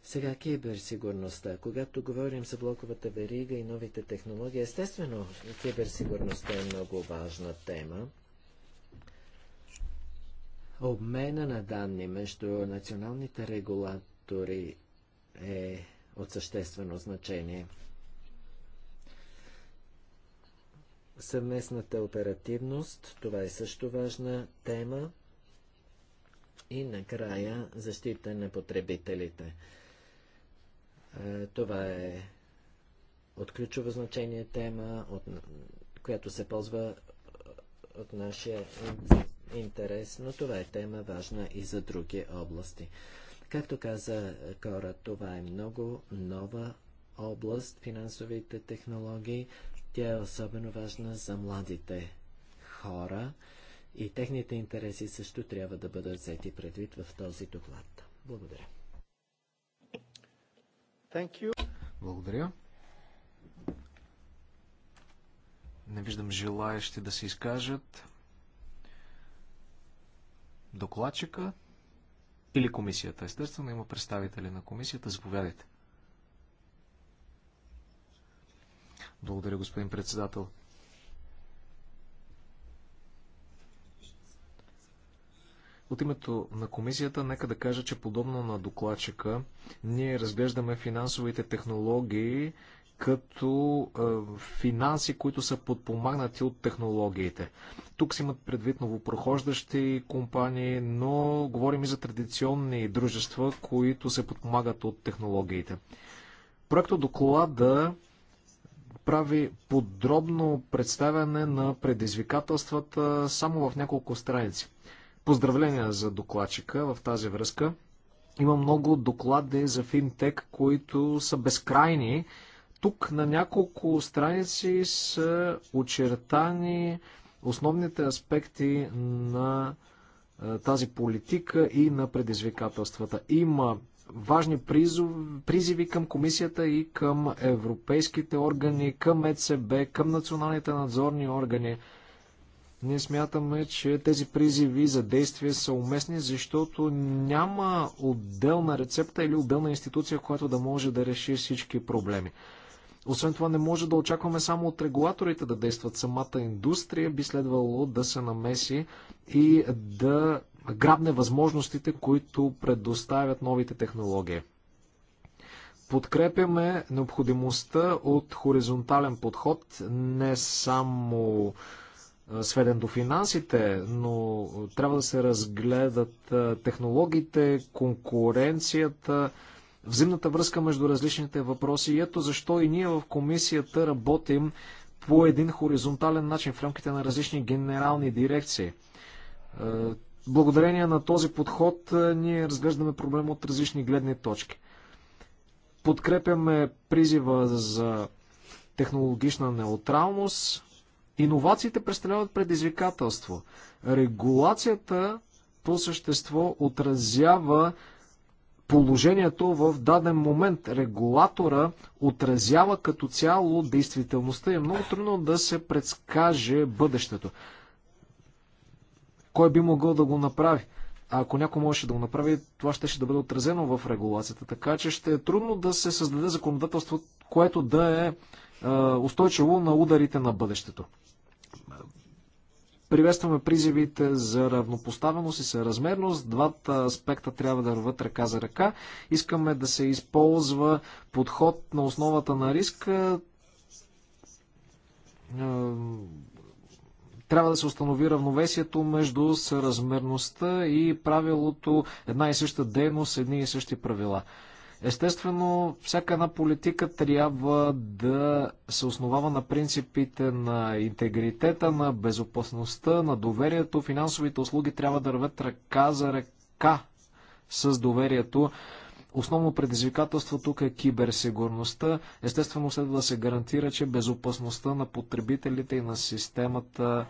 Сега киберсигурността. Когато говорим за блоковата верига и новите технологии, естествено киберсигурността е много важна тема. Обмена на данни между националните регулатори е от съществено значение. Съвместната оперативност, това е също важна тема. И накрая защита на потребителите. Е, това е от ключово значение тема, от, която се ползва от нашия интерес, но това е тема важна и за други области. Както каза Кора, това е много нова област, финансовите технологии. Тя е особено важна за младите хора и техните интереси също трябва да бъдат взети предвид в този доклад. Благодаря. Thank you. Благодаря. Не виждам желаящи да се изкажат. Докладчика или комисията. Естествено има представители на комисията. Заповядайте. Благодаря, господин председател. От името на комисията, нека да кажа, че подобно на докладчика, ние разглеждаме финансовите технологии като е, финанси, които са подпомагнати от технологиите. Тук си имат предвид новопрохождащи компании, но говорим и за традиционни дружества, които се подпомагат от технологиите. Проектът доклада прави подробно представяне на предизвикателствата само в няколко страници. Поздравления за докладчика в тази връзка. Има много доклади за финтек, които са безкрайни. Тук на няколко страници са очертани основните аспекти на е, тази политика и на предизвикателствата. Има важни призови, призиви към комисията и към европейските органи, към ЕЦБ, към националните надзорни органи. Ние смятаме, че тези призиви за действие са уместни, защото няма отделна рецепта или отделна институция, която да може да реши всички проблеми. Освен това, не може да очакваме само от регулаторите да действат. Самата индустрия би следвало да се намеси и да грабне възможностите, които предоставят новите технологии. Подкрепяме необходимостта от хоризонтален подход, не само е, сведен до финансите, но трябва да се разгледат е, технологиите, конкуренцията, взаимната връзка между различните въпроси. И ето защо и ние в комисията работим по един хоризонтален начин в рамките на различни генерални дирекции. Е, благодарение на този подход ние разглеждаме проблема от различни гледни точки. Подкрепяме призива за технологична неутралност, Иновациите представляват предизвикателство. Регулацията по същество отразява положението в даден момент. Регулатора отразява като цяло действителността и е много трудно да се предскаже бъдещето. Кой би могъл да го направи? А ако някой можеше да го направи, това ще, ще бъде отразено в регулацията. Така че ще е трудно да се създаде законодателство, което да е, е устойчиво на ударите на бъдещето. Приветстваме призивите за равнопоставеност и съразмерност. Двата аспекта трябва да рват ръка за ръка. Искаме да се използва подход на основата на риска. Е, трябва да се установи равновесието между съразмерността и правилото една и съща дейност, едни и същи правила. Естествено, всяка една политика трябва да се основава на принципите на интегритета, на безопасността, на доверието. Финансовите услуги трябва да рват ръка за ръка с доверието. Основно предизвикателство тук е киберсигурността. Естествено следва да се гарантира, че безопасността на потребителите и на системата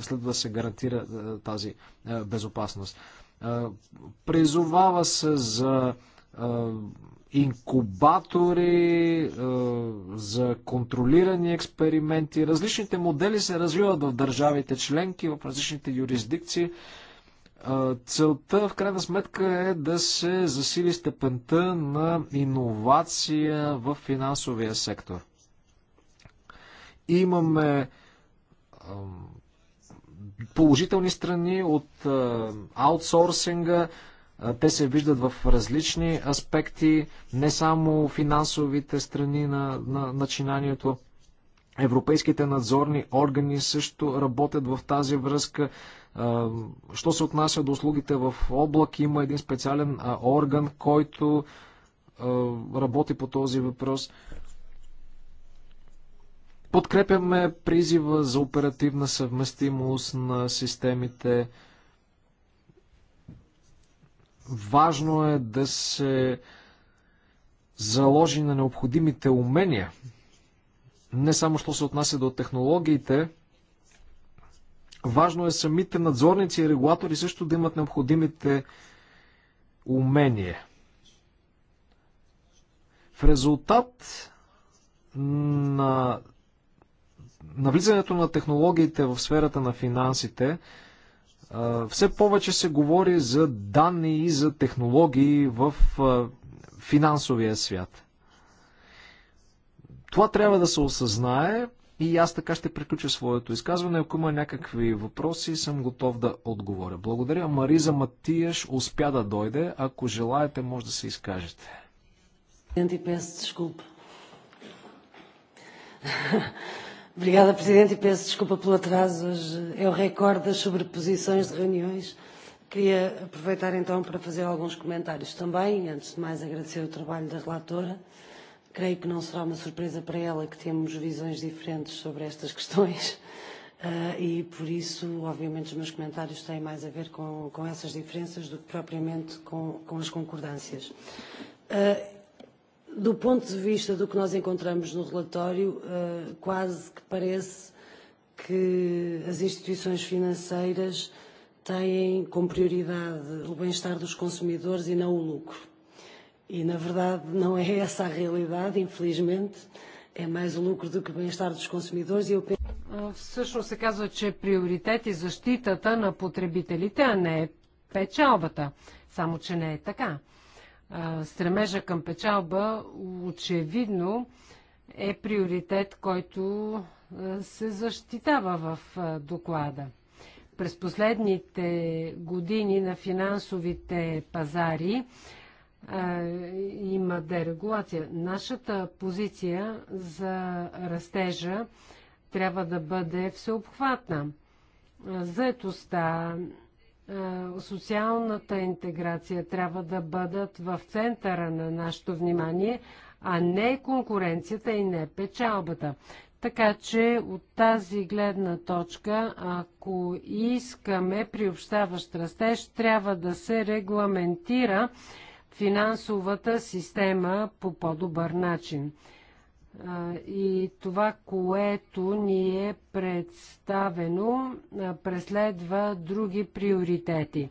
следва да се гарантира тази безопасност. Призовава се за инкубатори, за контролирани експерименти. Различните модели се развиват в държавите членки, в различните юрисдикции. Целта, в крайна сметка, е да се засили степента на иновация в финансовия сектор. Имаме положителни страни от аутсорсинга, те се виждат в различни аспекти, не само финансовите страни на, на начинанието. Европейските надзорни органи също работят в тази връзка. Що се отнася до услугите в облак, има един специален орган, който работи по този въпрос. Подкрепяме призива за оперативна съвместимост на системите. Важно е да се заложи на необходимите умения, не само що се отнася до технологиите, важно е самите надзорници и регулатори също да имат необходимите умения. В резултат на навлизането на технологиите в сферата на финансите, все повече се говори за данни и за технологии в финансовия свят. Това трябва да се осъзнае и аз така ще приключа своето изказване. Ако има някакви въпроси, съм готов да отговоря. Благодаря. Мариза Матияш успя да дойде. Ако желаете, може да се изкажете. Obrigada, Presidente, e peço desculpa pelo atraso. Hoje é o recorde das sobreposições de reuniões. Queria aproveitar então para fazer alguns comentários também. Antes de mais, agradecer o trabalho da relatora. Creio que não será uma surpresa para ela que temos visões diferentes sobre estas questões uh, e, por isso, obviamente, os meus comentários têm mais a ver com, com essas diferenças do que propriamente com, com as concordâncias. Uh, do ponto de vista do que nós encontramos no relatório, quase que parece que as instituições financeiras têm como prioridade o bem-estar dos consumidores e não o lucro. E, na verdade, não é essa a realidade, infelizmente. é mais o lucro do que o bem-estar dos consumidores penso... Всъщност се казва, че приоритет е защитата на потребителите, а не печалбата. Само, че не е така стремежа към печалба очевидно е приоритет, който се защитава в доклада. През последните години на финансовите пазари а, има дерегулация. Нашата позиция за растежа трябва да бъде всеобхватна. Заетостта, е, социалната интеграция трябва да бъдат в центъра на нашето внимание, а не конкуренцията и не печалбата. Така че от тази гледна точка, ако искаме приобщаващ растеж, трябва да се регламентира финансовата система по по-добър начин. И това, което ни е представено, преследва други приоритети.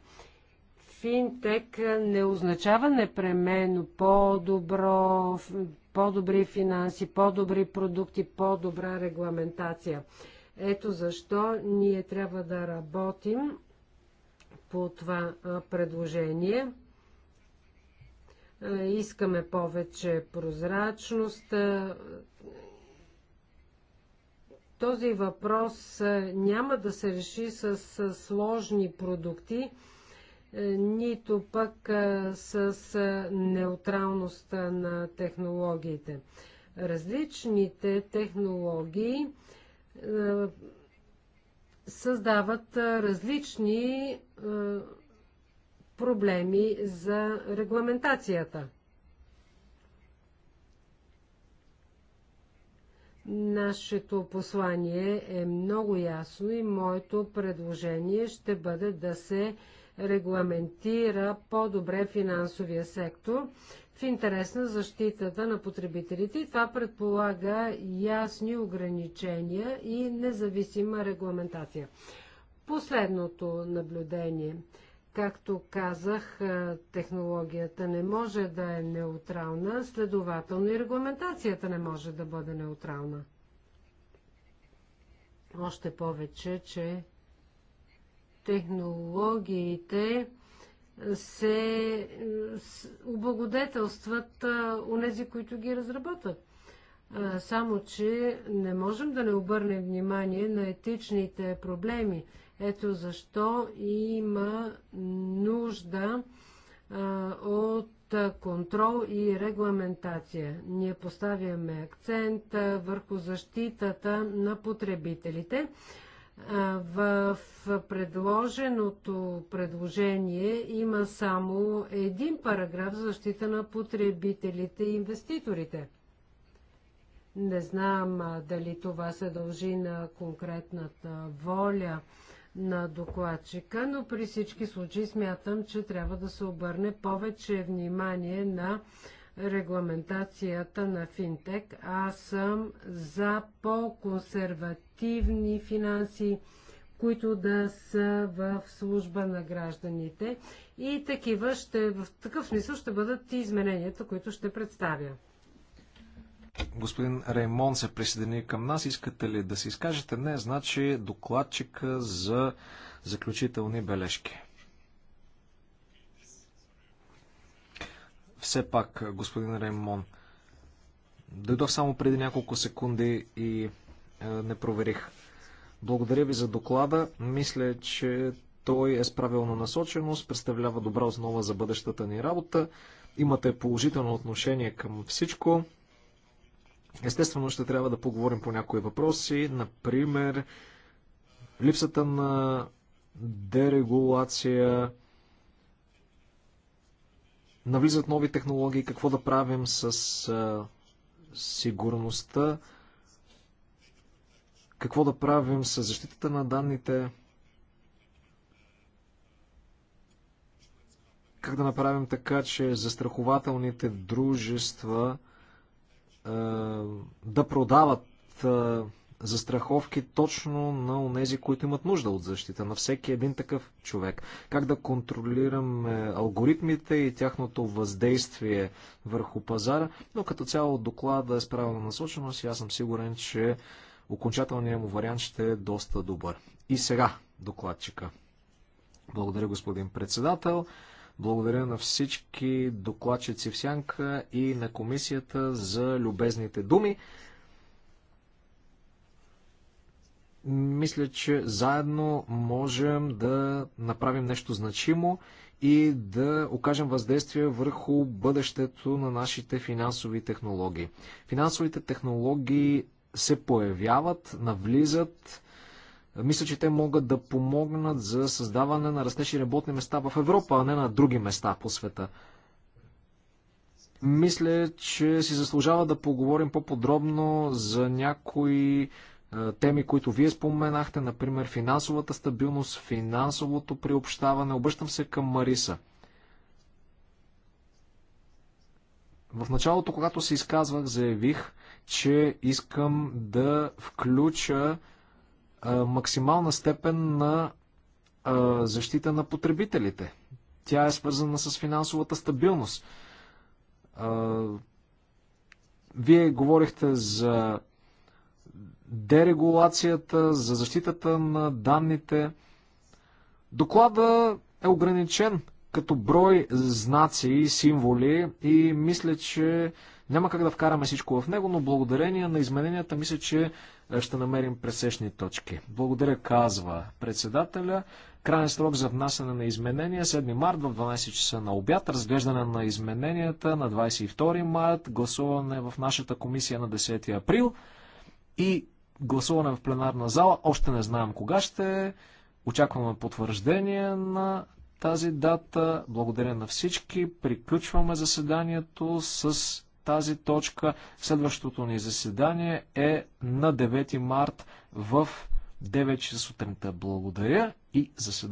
Финтек не означава непременно по-добро, по-добри финанси, по-добри продукти, по-добра регламентация. Ето защо ние трябва да работим по това предложение. Е, искаме повече прозрачност. Е, този въпрос е, няма да се реши с сложни продукти, нито пък с неутралността на технологиите. Различните технологии създават различни проблеми за регламентацията. Нашето послание е много ясно и моето предложение ще бъде да се регламентира по-добре финансовия сектор в интерес на защитата на потребителите. И това предполага ясни ограничения и независима регламентация. Последното наблюдение – Както казах, е, технологията не може да е неутрална, следователно и регламентацията не може да бъде неутрална. Още повече, че технологиите се е, облагодетелстват у е, нези, които ги разработват. Само, че не можем да не обърнем внимание на етичните проблеми – ето защо има нужда от контрол и регламентация. Ние поставяме акцент върху защитата на потребителите. В предложеното предложение има само един параграф за защита на потребителите и инвеститорите. Не знам дали това се дължи на конкретната воля на докладчика, но при всички случаи смятам, че трябва да се обърне повече внимание на регламентацията на финтек. Аз съм за по-консервативни финанси, които да са в служба на гражданите и такива ще, в такъв смисъл ще бъдат и измененията, които ще представя. Господин Реймон се присъедини към нас. Искате ли да се изкажете? Не, значи докладчика за заключителни бележки. Все пак, господин Реймон, дойдох само преди няколко секунди и е, не проверих. Благодаря ви за доклада. Мисля, че той е с правилна насоченост, представлява добра основа за бъдещата ни работа. Имате положително отношение към всичко. Естествено ще трябва да поговорим по някои въпроси, например липсата на дерегулация, навлизат нови технологии, какво да правим с а, сигурността, какво да правим с защитата на данните, как да направим така, че застрахователните дружества да продават застраховки точно на онези, които имат нужда от защита, на всеки един такъв човек. Как да контролираме алгоритмите и тяхното въздействие върху пазара, но като цяло доклада е с правилна насоченост и аз съм сигурен, че окончателният му вариант ще е доста добър. И сега докладчика. Благодаря, господин председател. Благодаря на всички докладчици в Сянка и на комисията за любезните думи. Мисля, че заедно можем да направим нещо значимо и да окажем въздействие върху бъдещето на нашите финансови технологии. Финансовите технологии се появяват, навлизат, мисля, че те могат да помогнат за създаване на растещи работни места в Европа, а не на други места по света. Мисля, че си заслужава да поговорим по-подробно за някои е, теми, които вие споменахте, например финансовата стабилност, финансовото приобщаване. Обръщам се към Мариса. В началото, когато се изказвах, заявих, че искам да включа максимална степен на защита на потребителите. Тя е свързана с финансовата стабилност. Вие говорихте за дерегулацията, за защитата на данните. Доклада е ограничен като брой знаци и символи и мисля, че няма как да вкараме всичко в него, но благодарение на измененията мисля, че е, ще намерим пресечни точки. Благодаря, казва председателя. Крайен срок за внасяне на изменения 7 е март в 12 часа на обяд, разглеждане на измененията на 22 март, гласуване в нашата комисия на 10 април и гласуване в пленарна зала. Още не знаем кога ще е. Очакваме потвърждение на тази дата. Благодаря на всички. Приключваме заседанието с тази точка. Следващото ни заседание е на 9 март в 9 часа сутринта. Благодаря и заседание.